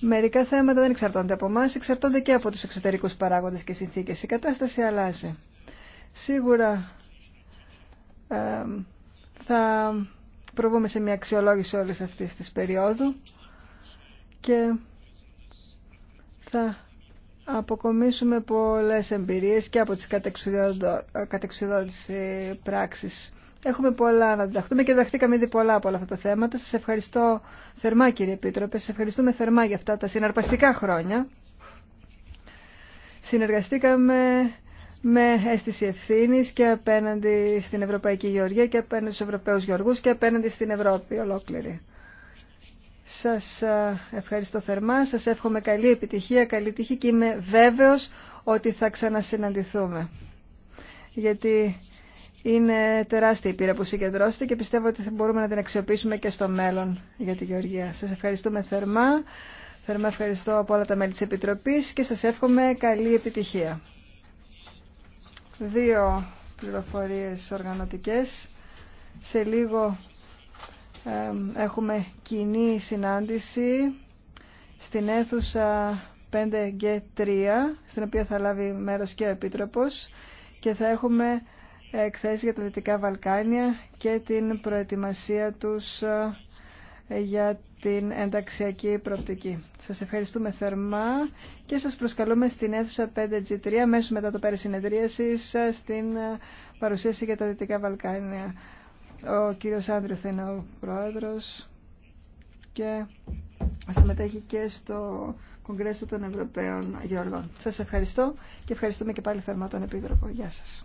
Μερικά θέματα δεν εξαρτώνται από εμά, εξαρτώνται και από τους εξωτερικούς παράγοντες και συνθήκες. Η κατάσταση αλλάζει. Σίγουρα θα προβούμε σε μια αξιολόγηση όλης αυτής της περίοδου και θα αποκομίσουμε πολλές εμπειρίες και από τις κατεξουδόντες πράξεις. Έχουμε πολλά να διδαχτούμε και διδαχτήκαμε ήδη πολλά από όλα αυτά τα θέματα. Σας ευχαριστώ θερμά κύριε Επίτροπε, σας ευχαριστούμε θερμά για αυτά τα συναρπαστικά χρόνια. Συνεργαστήκαμε με αίσθηση ευθύνη και απέναντι στην Ευρωπαϊκή Γεωργία και απέναντι στους Ευρωπαίους Γεωργούς και απέναντι στην Ευρώπη ολόκληρη. Σας ευχαριστώ θερμά, σας εύχομαι καλή επιτυχία, καλή τύχη και είμαι βέβαιος ότι θα ξανασυναντηθούμε. Γιατί είναι τεράστια η πείρα που συγκεντρώσετε και πιστεύω ότι μπορούμε να την αξιοποιήσουμε και στο μέλλον για τη Γεωργία. Σας ευχαριστούμε θερμά, θερμά ευχαριστώ από όλα τα μέλη της Επιτροπής και σας εύχομαι καλή επιτυχία δύο πληροφορίες οργανωτικές. Σε λίγο έχουμε κοινή συνάντηση στην αίθουσα 5G3, στην οποία θα λάβει μέρος και ο Επίτροπος και θα έχουμε εκθέσεις για τα Δυτικά Βαλκάνια και την προετοιμασία τους ε, για την ενταξιακή προοπτική. Σας ευχαριστούμε θερμά και σας προσκαλούμε στην αίθουσα 5G3 μέσω μετά το πέρα συνεδρίαση στην ε, παρουσίαση για τα Δυτικά Βαλκάνια. Ο κύριος Άντριο θα είναι ο πρόεδρος και συμμετέχει και στο Κογκρέσο των Ευρωπαίων Γεωργών. Σας ευχαριστώ και ευχαριστούμε και πάλι θερμά τον Επίτροπο. Γεια σας.